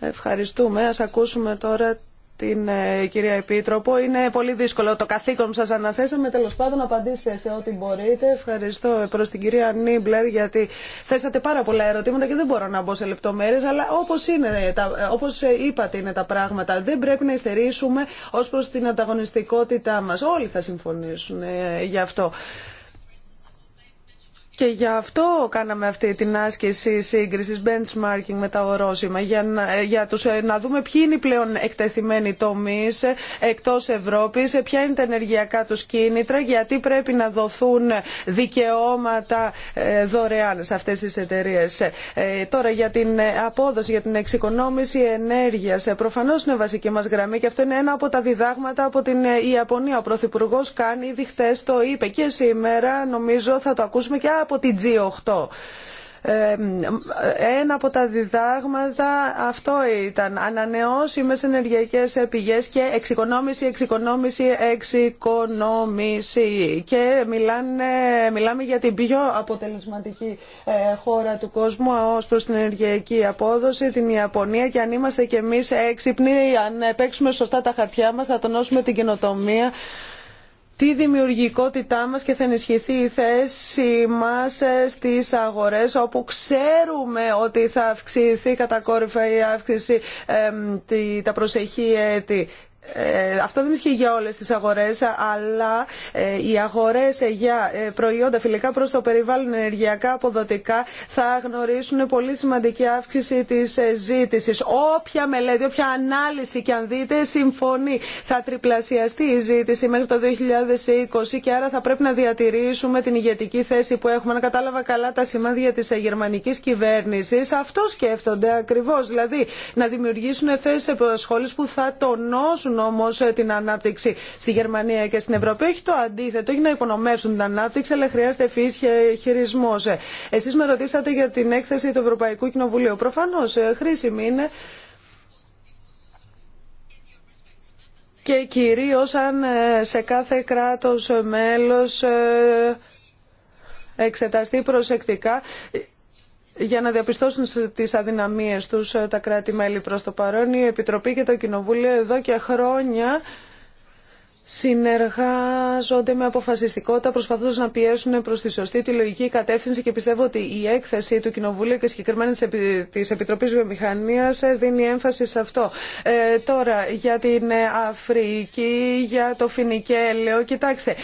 Ευχαριστούμε. Ας ακούσουμε τώρα την ε, κυρία Επίτροπο. Είναι πολύ δύσκολο το καθήκον που σας αναθέσαμε. Τέλος πάντων, απαντήστε σε ό,τι μπορείτε. Ευχαριστώ προς την κυρία Νίμπλερ γιατί θέσατε πάρα πολλά ερωτήματα και δεν μπορώ να μπω σε λεπτομέρειες, αλλά όπως, είναι, όπως ε, είπατε είναι τα πράγματα. Δεν πρέπει να υστερήσουμε ως προς την ανταγωνιστικότητά μας. Όλοι θα συμφωνήσουν γι' αυτό. Και γι' αυτό κάναμε αυτή την άσκηση σύγκρισης, benchmarking με τα ορόσημα, για, να, για τους, ε, να δούμε ποιοι είναι οι πλέον εκτεθειμένοι τομείς ε, εκτός Ευρώπης, ε, ποια είναι τα ενεργειακά τους κίνητρα, γιατί πρέπει να δοθούν δικαιώματα δωρεάν σε αυτές τις εταιρείες. Τώρα για την απόδοση, για την εξοικονόμηση ενέργειας, προφανώς είναι βασική μας γραμμή και αυτό είναι ένα από τα διδάγματα από την Ιαπωνία. Ο Πρωθυπουργός κάνει ήδη χτες το είπε και σήμερα νομίζω θα το ακούσουμε και από την G8. Ε, ένα από τα διδάγματα αυτό ήταν ανανεώσιμες ενεργειακές πηγές και εξοικονόμηση, εξοικονόμηση, εξοικονόμηση. Και μιλάνε, μιλάμε για την πιο αποτελεσματική ε, χώρα του κόσμου ως προς την ενεργειακή απόδοση, την Ιαπωνία και αν είμαστε κι εμείς έξυπνοι, αν παίξουμε σωστά τα χαρτιά μας θα τονώσουμε την καινοτομία τι δημιουργικότητά μας και θα ενισχυθεί η θέση μας ε, στις αγορές όπου ξέρουμε ότι θα αυξηθεί κατακόρυφα η αύξηση τα προσεχή έτη. Ε, αυτό δεν ισχύει για όλες τις αγορές, αλλά ε, οι αγορές ε, για προϊόντα φιλικά προς το περιβάλλον ενεργειακά αποδοτικά θα γνωρίσουν πολύ σημαντική αύξηση της ζήτησης. Όποια μελέτη, όποια ανάλυση και αν δείτε συμφωνεί. Θα τριπλασιαστεί η ζήτηση μέχρι το 2020 και άρα θα πρέπει να διατηρήσουμε την ηγετική θέση που έχουμε. Να κατάλαβα καλά τα σημάδια της γερμανικής κυβέρνησης, αυτό σκέφτονται ακριβώς. Δηλαδή να δημιουργήσουν θέσεις που θα τονώσουν υπονομεύσουν όμω ε, την ανάπτυξη στη Γερμανία και στην Ευρώπη. Όχι το αντίθετο, όχι να υπονομεύσουν την ανάπτυξη, αλλά χρειάζεται ευφυή χειρισμό. Ε, Εσεί με ρωτήσατε για την έκθεση του Ευρωπαϊκού Κοινοβουλίου. Προφανώ ε, χρήσιμη είναι. και κυρίως αν σε κάθε κράτος μέλος εξεταστεί προσεκτικά για να διαπιστώσουν τις αδυναμίες τους ε, τα κράτη-μέλη προς το παρόν. Η Επιτροπή και το Κοινοβούλιο εδώ και χρόνια συνεργάζονται με αποφασιστικότητα προσπαθώντας να πιέσουν προς τη σωστή τη λογική κατεύθυνση και πιστεύω ότι η έκθεση του Κοινοβουλίου και συγκεκριμένα της Επιτροπής Βιομηχανίας ε, δίνει έμφαση σε αυτό. Ε, τώρα για την Αφρική, για το Φινικέλαιο, κοιτάξτε...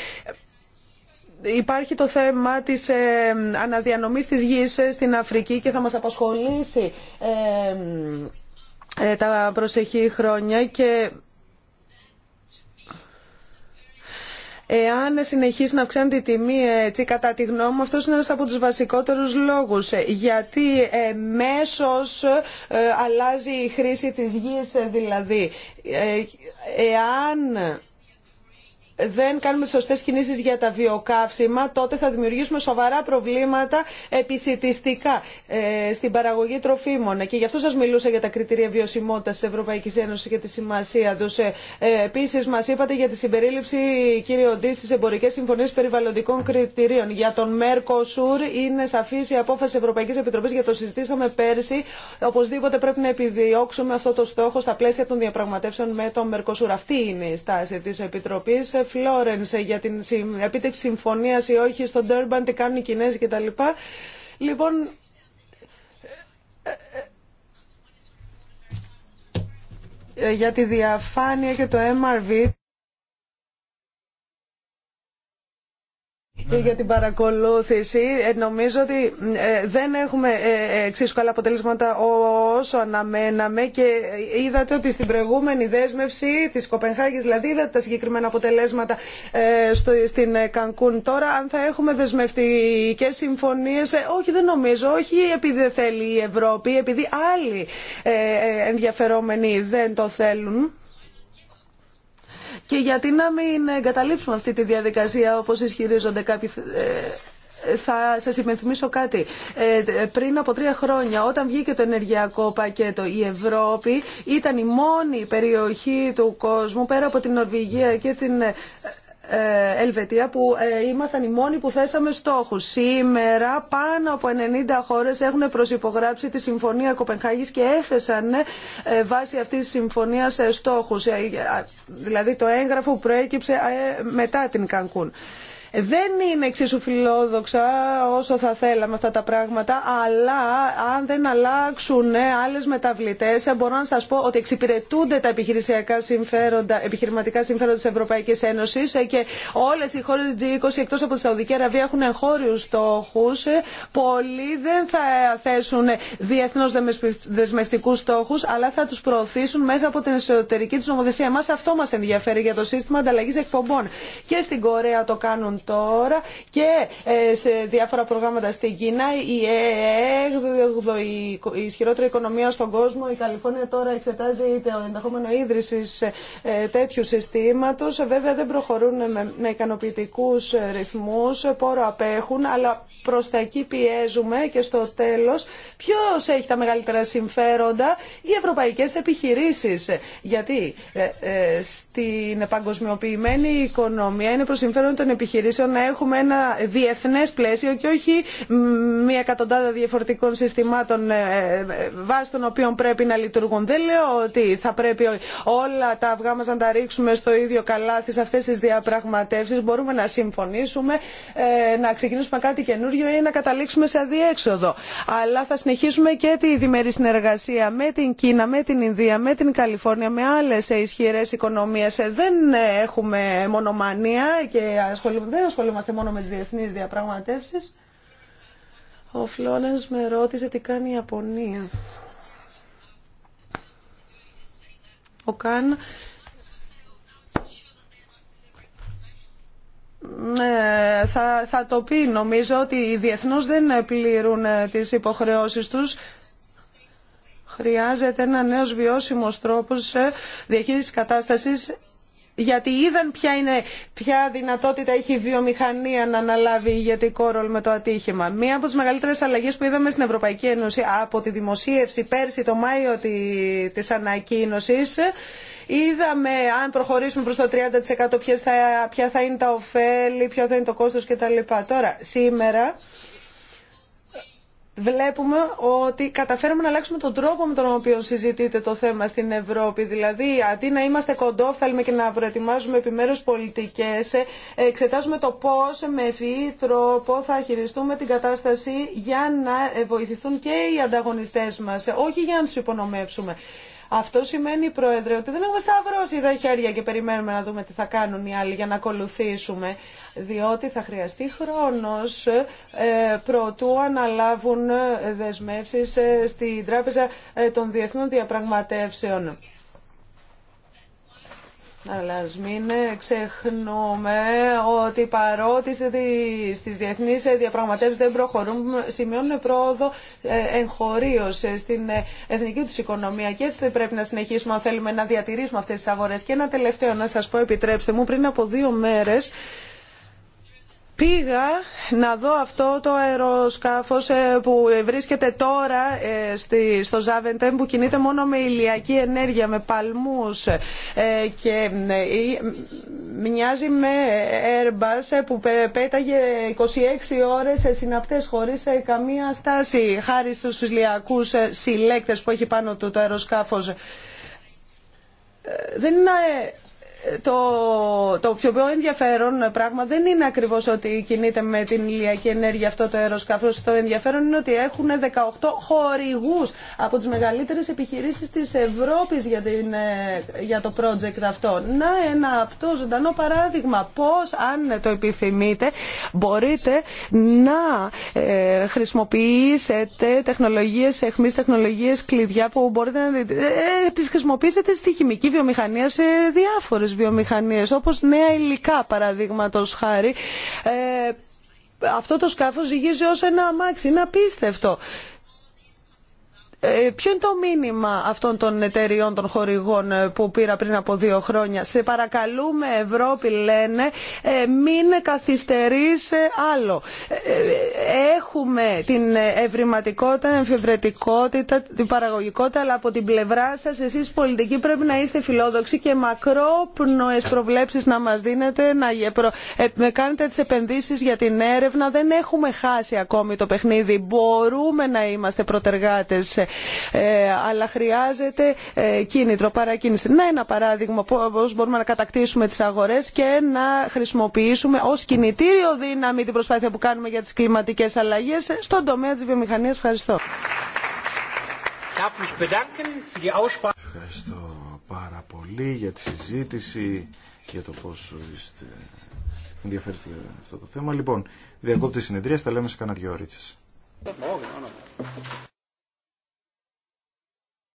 Υπάρχει το θέμα της ε, αναδιανομής της γης ε, στην Αφρική και θα μας απασχολήσει ε, τα προσεχή χρόνια και εάν συνεχίσει να αυξάνεται η τιμή κατά τη γνώμη μου αυτό είναι ένα από τους βασικότερους λόγους γιατί ε, μέσως αλλάζει η χρήση της γη, δηλαδή. εάν δεν κάνουμε σωστέ κινήσει για τα βιοκαύσιμα, τότε θα δημιουργήσουμε σοβαρά προβλήματα επισητιστικά ε, στην παραγωγή τροφίμων. Και γι' αυτό σα μιλούσα για τα κριτήρια βιωσιμότητα τη Ευρωπαϊκή Ένωση και τη σημασία του. Ε, ε, Επίση, μα είπατε για τη συμπερίληψη, κύριε Οντή, στι εμπορικέ συμφωνίε περιβαλλοντικών κριτηρίων. Για τον Μέρκοσουρ είναι σαφή η απόφαση Ευρωπαϊκή Επιτροπή, για το συζητήσαμε πέρσι. Οπωσδήποτε πρέπει να επιδιώξουμε αυτό το στόχο στα πλαίσια των διαπραγματεύσεων με τον Μέρκοσουρ. Αυτή είναι η στάση τη Επιτροπή. Φλόρενς για την επίτευξη συμφωνίας ή όχι στον Τέρμπαν, τι κάνουν οι Κινέζοι κτλ. Λοιπόν, για τη διαφάνεια και το MRV και για την παρακολούθηση. Ε, νομίζω ότι ε, δεν έχουμε ε, εξίσου καλά αποτελέσματα όσο αναμέναμε και είδατε ότι στην προηγούμενη δέσμευση της Κοπενχάγης, δηλαδή είδατε τα συγκεκριμένα αποτελέσματα στην Κανκούν. Τώρα αν θα έχουμε δεσμευτικές συμφωνίες, όχι δεν νομίζω, όχι επειδή θέλει η Ευρώπη, επειδή άλλοι ενδιαφερόμενοι δεν το θέλουν. Και γιατί να μην εγκαταλείψουμε αυτή τη διαδικασία όπως ισχυρίζονται κάποιοι ε, θα σας υπενθυμίσω κάτι. Ε, πριν από τρία χρόνια, όταν βγήκε το ενεργειακό πακέτο, η Ευρώπη ήταν η μόνη περιοχή του κόσμου, πέρα από την Νορβηγία και την ε, ε, Ελβετία που ε, ήμασταν οι μόνοι που θέσαμε στόχους. Σήμερα πάνω από 90 χώρες έχουν προσυπογράψει τη Συμφωνία Κοπενχάγης και έφεσαν ε, βάσει αυτής της συμφωνίας στόχους. Δηλαδή το έγγραφο που προέκυψε μετά την Κανκούν. Δεν είναι εξίσου φιλόδοξα όσο θα θέλαμε αυτά τα πράγματα, αλλά αν δεν αλλάξουν άλλες μεταβλητές, μπορώ να σας πω ότι εξυπηρετούνται τα επιχειρησιακά συμφέροντα, επιχειρηματικά συμφέροντα της Ευρωπαϊκής Ένωσης και όλες οι χώρες G20 εκτός από τη Σαουδική Αραβία έχουν εγχώριους στόχους. Πολλοί δεν θα θέσουν διεθνώς δεσμευτικούς στόχους, αλλά θα τους προωθήσουν μέσα από την εσωτερική τους νομοθεσία. Εμάς αυτό μας ενδιαφέρει για το σύστημα ανταλλαγή εκπομπών. Και στην Κορέα το κάνουν τώρα και ε, σε διάφορα προγράμματα στην Κίνα, η ΕΕ, η ισχυρότερη οικονομία στον κόσμο, η Καλιφόρνια τώρα εξετάζει το ενδεχόμενο ίδρυση ε, τέτοιου συστήματο. Βέβαια δεν προχωρούν με ικανοποιητικού ρυθμού, πόρο απέχουν, αλλά προ τα εκεί πιέζουμε και στο τέλο ποιο έχει τα μεγαλύτερα συμφέροντα, οι ευρωπαϊκέ επιχειρήσει. Γιατί ε, στην παγκοσμιοποιημένη οικονομία είναι προ συμφέρον των επιχειρήσεων επιχειρήσεων να έχουμε ένα διεθνέ πλαίσιο και όχι μία εκατοντάδα διαφορετικών συστημάτων ε, ε, βάσει των οποίων πρέπει να λειτουργούν. Δεν λέω ότι θα πρέπει όλα τα αυγά μα να τα ρίξουμε στο ίδιο καλάθι σε αυτέ τι διαπραγματεύσει. Μπορούμε να συμφωνήσουμε, ε, να ξεκινήσουμε κάτι καινούριο ή να καταλήξουμε σε αδιέξοδο. Αλλά θα συνεχίσουμε και τη διμερή συνεργασία με την Κίνα, με την Ινδία, με την Καλιφόρνια, με άλλε ισχυρέ οικονομίε. Δεν έχουμε μονομανία και ασχολούμαστε δεν ασχολούμαστε μόνο με τι διεθνεί διαπραγματεύσεις. Ο Φλόρεν με ρώτησε τι κάνει η Ιαπωνία. Ο Καν ναι, θα, θα το πει. Νομίζω ότι οι διεθνώς δεν πλήρουν ε, τις υποχρεώσεις τους. Χρειάζεται ένα νέος βιώσιμος τρόπος ε, διαχείρισης κατάστασης γιατί είδαν ποια, είναι, ποια δυνατότητα έχει η βιομηχανία να αναλάβει ηγετικό ρόλο με το ατύχημα. Μία από τι μεγαλύτερε αλλαγέ που είδαμε στην Ευρωπαϊκή Ένωση από τη δημοσίευση πέρσι το Μάιο τη ανακοίνωση είδαμε αν προχωρήσουμε προς το 30% ποια θα, θα είναι τα ωφέλη, ποιο θα είναι το κόστος κτλ. Τώρα, σήμερα βλέπουμε ότι καταφέρουμε να αλλάξουμε τον τρόπο με τον οποίο συζητείτε το θέμα στην Ευρώπη. Δηλαδή, αντί να είμαστε κοντόφθαλμοι και να προετοιμάζουμε επιμέρου πολιτικέ, ε, εξετάζουμε το πώ με ευφυή τρόπο θα χειριστούμε την κατάσταση για να ε, βοηθηθούν και οι ανταγωνιστέ μα, ε, όχι για να του υπονομεύσουμε. Αυτό σημαίνει, Πρόεδρε, ότι δεν έχουμε σταυρώσει τα χέρια και περιμένουμε να δούμε τι θα κάνουν οι άλλοι για να ακολουθήσουμε. Διότι θα χρειαστεί χρόνος ε, προτού αναλάβουν δεσμεύσεις ε, στην Τράπεζα ε, των Διεθνών Διαπραγματεύσεων. Αλλά ας μην ε, ξεχνούμε ότι παρότι στις διεθνείς ε, διαπραγματεύσεις δεν προχωρούν, σημειώνουν πρόοδο ε, εγχωρίως στην εθνική τους οικονομία και έτσι δεν πρέπει να συνεχίσουμε αν θέλουμε να διατηρήσουμε αυτές τις αγορές. Και ένα τελευταίο να σας πω, επιτρέψτε μου, πριν από δύο μέρες Πήγα να δω αυτό το αεροσκάφος ε, που ε, βρίσκεται τώρα ε, στο Ζάβεντεμ που κινείται μόνο με ηλιακή ενέργεια, με παλμούς και μοιάζει με Airbus που πέταγε 26 ώρες σε συναπτές χωρίς καμία στάση χάρη στους ηλιακούς συλλέκτες που έχει πάνω του το αεροσκάφος. Δεν είναι το, το πιο ενδιαφέρον πράγμα δεν είναι ακριβώς ότι κινείται με την ηλιακή ενέργεια αυτό το αεροσκάφος. Το ενδιαφέρον είναι ότι έχουν 18 χορηγούς από τις μεγαλύτερες επιχειρήσεις της Ευρώπης για, την, ε, για το project αυτό. Να ένα αυτό ζωντανό παράδειγμα πώς αν το επιθυμείτε μπορείτε να ε, χρησιμοποιήσετε τεχνολογίες, εχμής τεχνολογίες κλειδιά που μπορείτε να ε, τις χρησιμοποιήσετε στη χημική βιομηχανία σε διάφορε βιομηχανίε, βιομηχανίες, όπως νέα υλικά παραδείγματος χάρη. Ε, αυτό το σκάφος ζυγίζει ως ένα αμάξι, είναι απίστευτο. Ε, ποιο είναι το μήνυμα αυτών των εταιριών των χορηγών ε, που πήρα πριν από δύο χρόνια. Σε παρακαλούμε Ευρώπη λένε ε, μην καθυστερείς άλλο. Έχουμε την ευρηματικότητα, την την παραγωγικότητα αλλά από την πλευρά σας εσείς πολιτικοί πρέπει να είστε φιλόδοξοι και μακρόπνοες προβλέψεις να μας δίνετε, να κάνετε τις επενδύσεις για την έρευνα. Δεν έχουμε χάσει ακόμη το παιχνίδι. Μπορούμε να είμαστε σε, ε, αλλά χρειάζεται ε, κίνητρο, παρακίνηση. Να ένα παράδειγμα πώς μπορούμε να κατακτήσουμε τις αγορές και να χρησιμοποιήσουμε ω κινητήριο δύναμη την προσπάθεια που κάνουμε για τις κλιματικές αλλαγές στον τομέα της βιομηχανίας. Ευχαριστώ. Ευχαριστώ πάρα πολύ για τη συζήτηση και για το πόσο είστε ενδιαφέρεστε αυτό το θέμα. Λοιπόν, διακόπτη συνεδρία, τα λέμε σε κανένα δυο ώρες.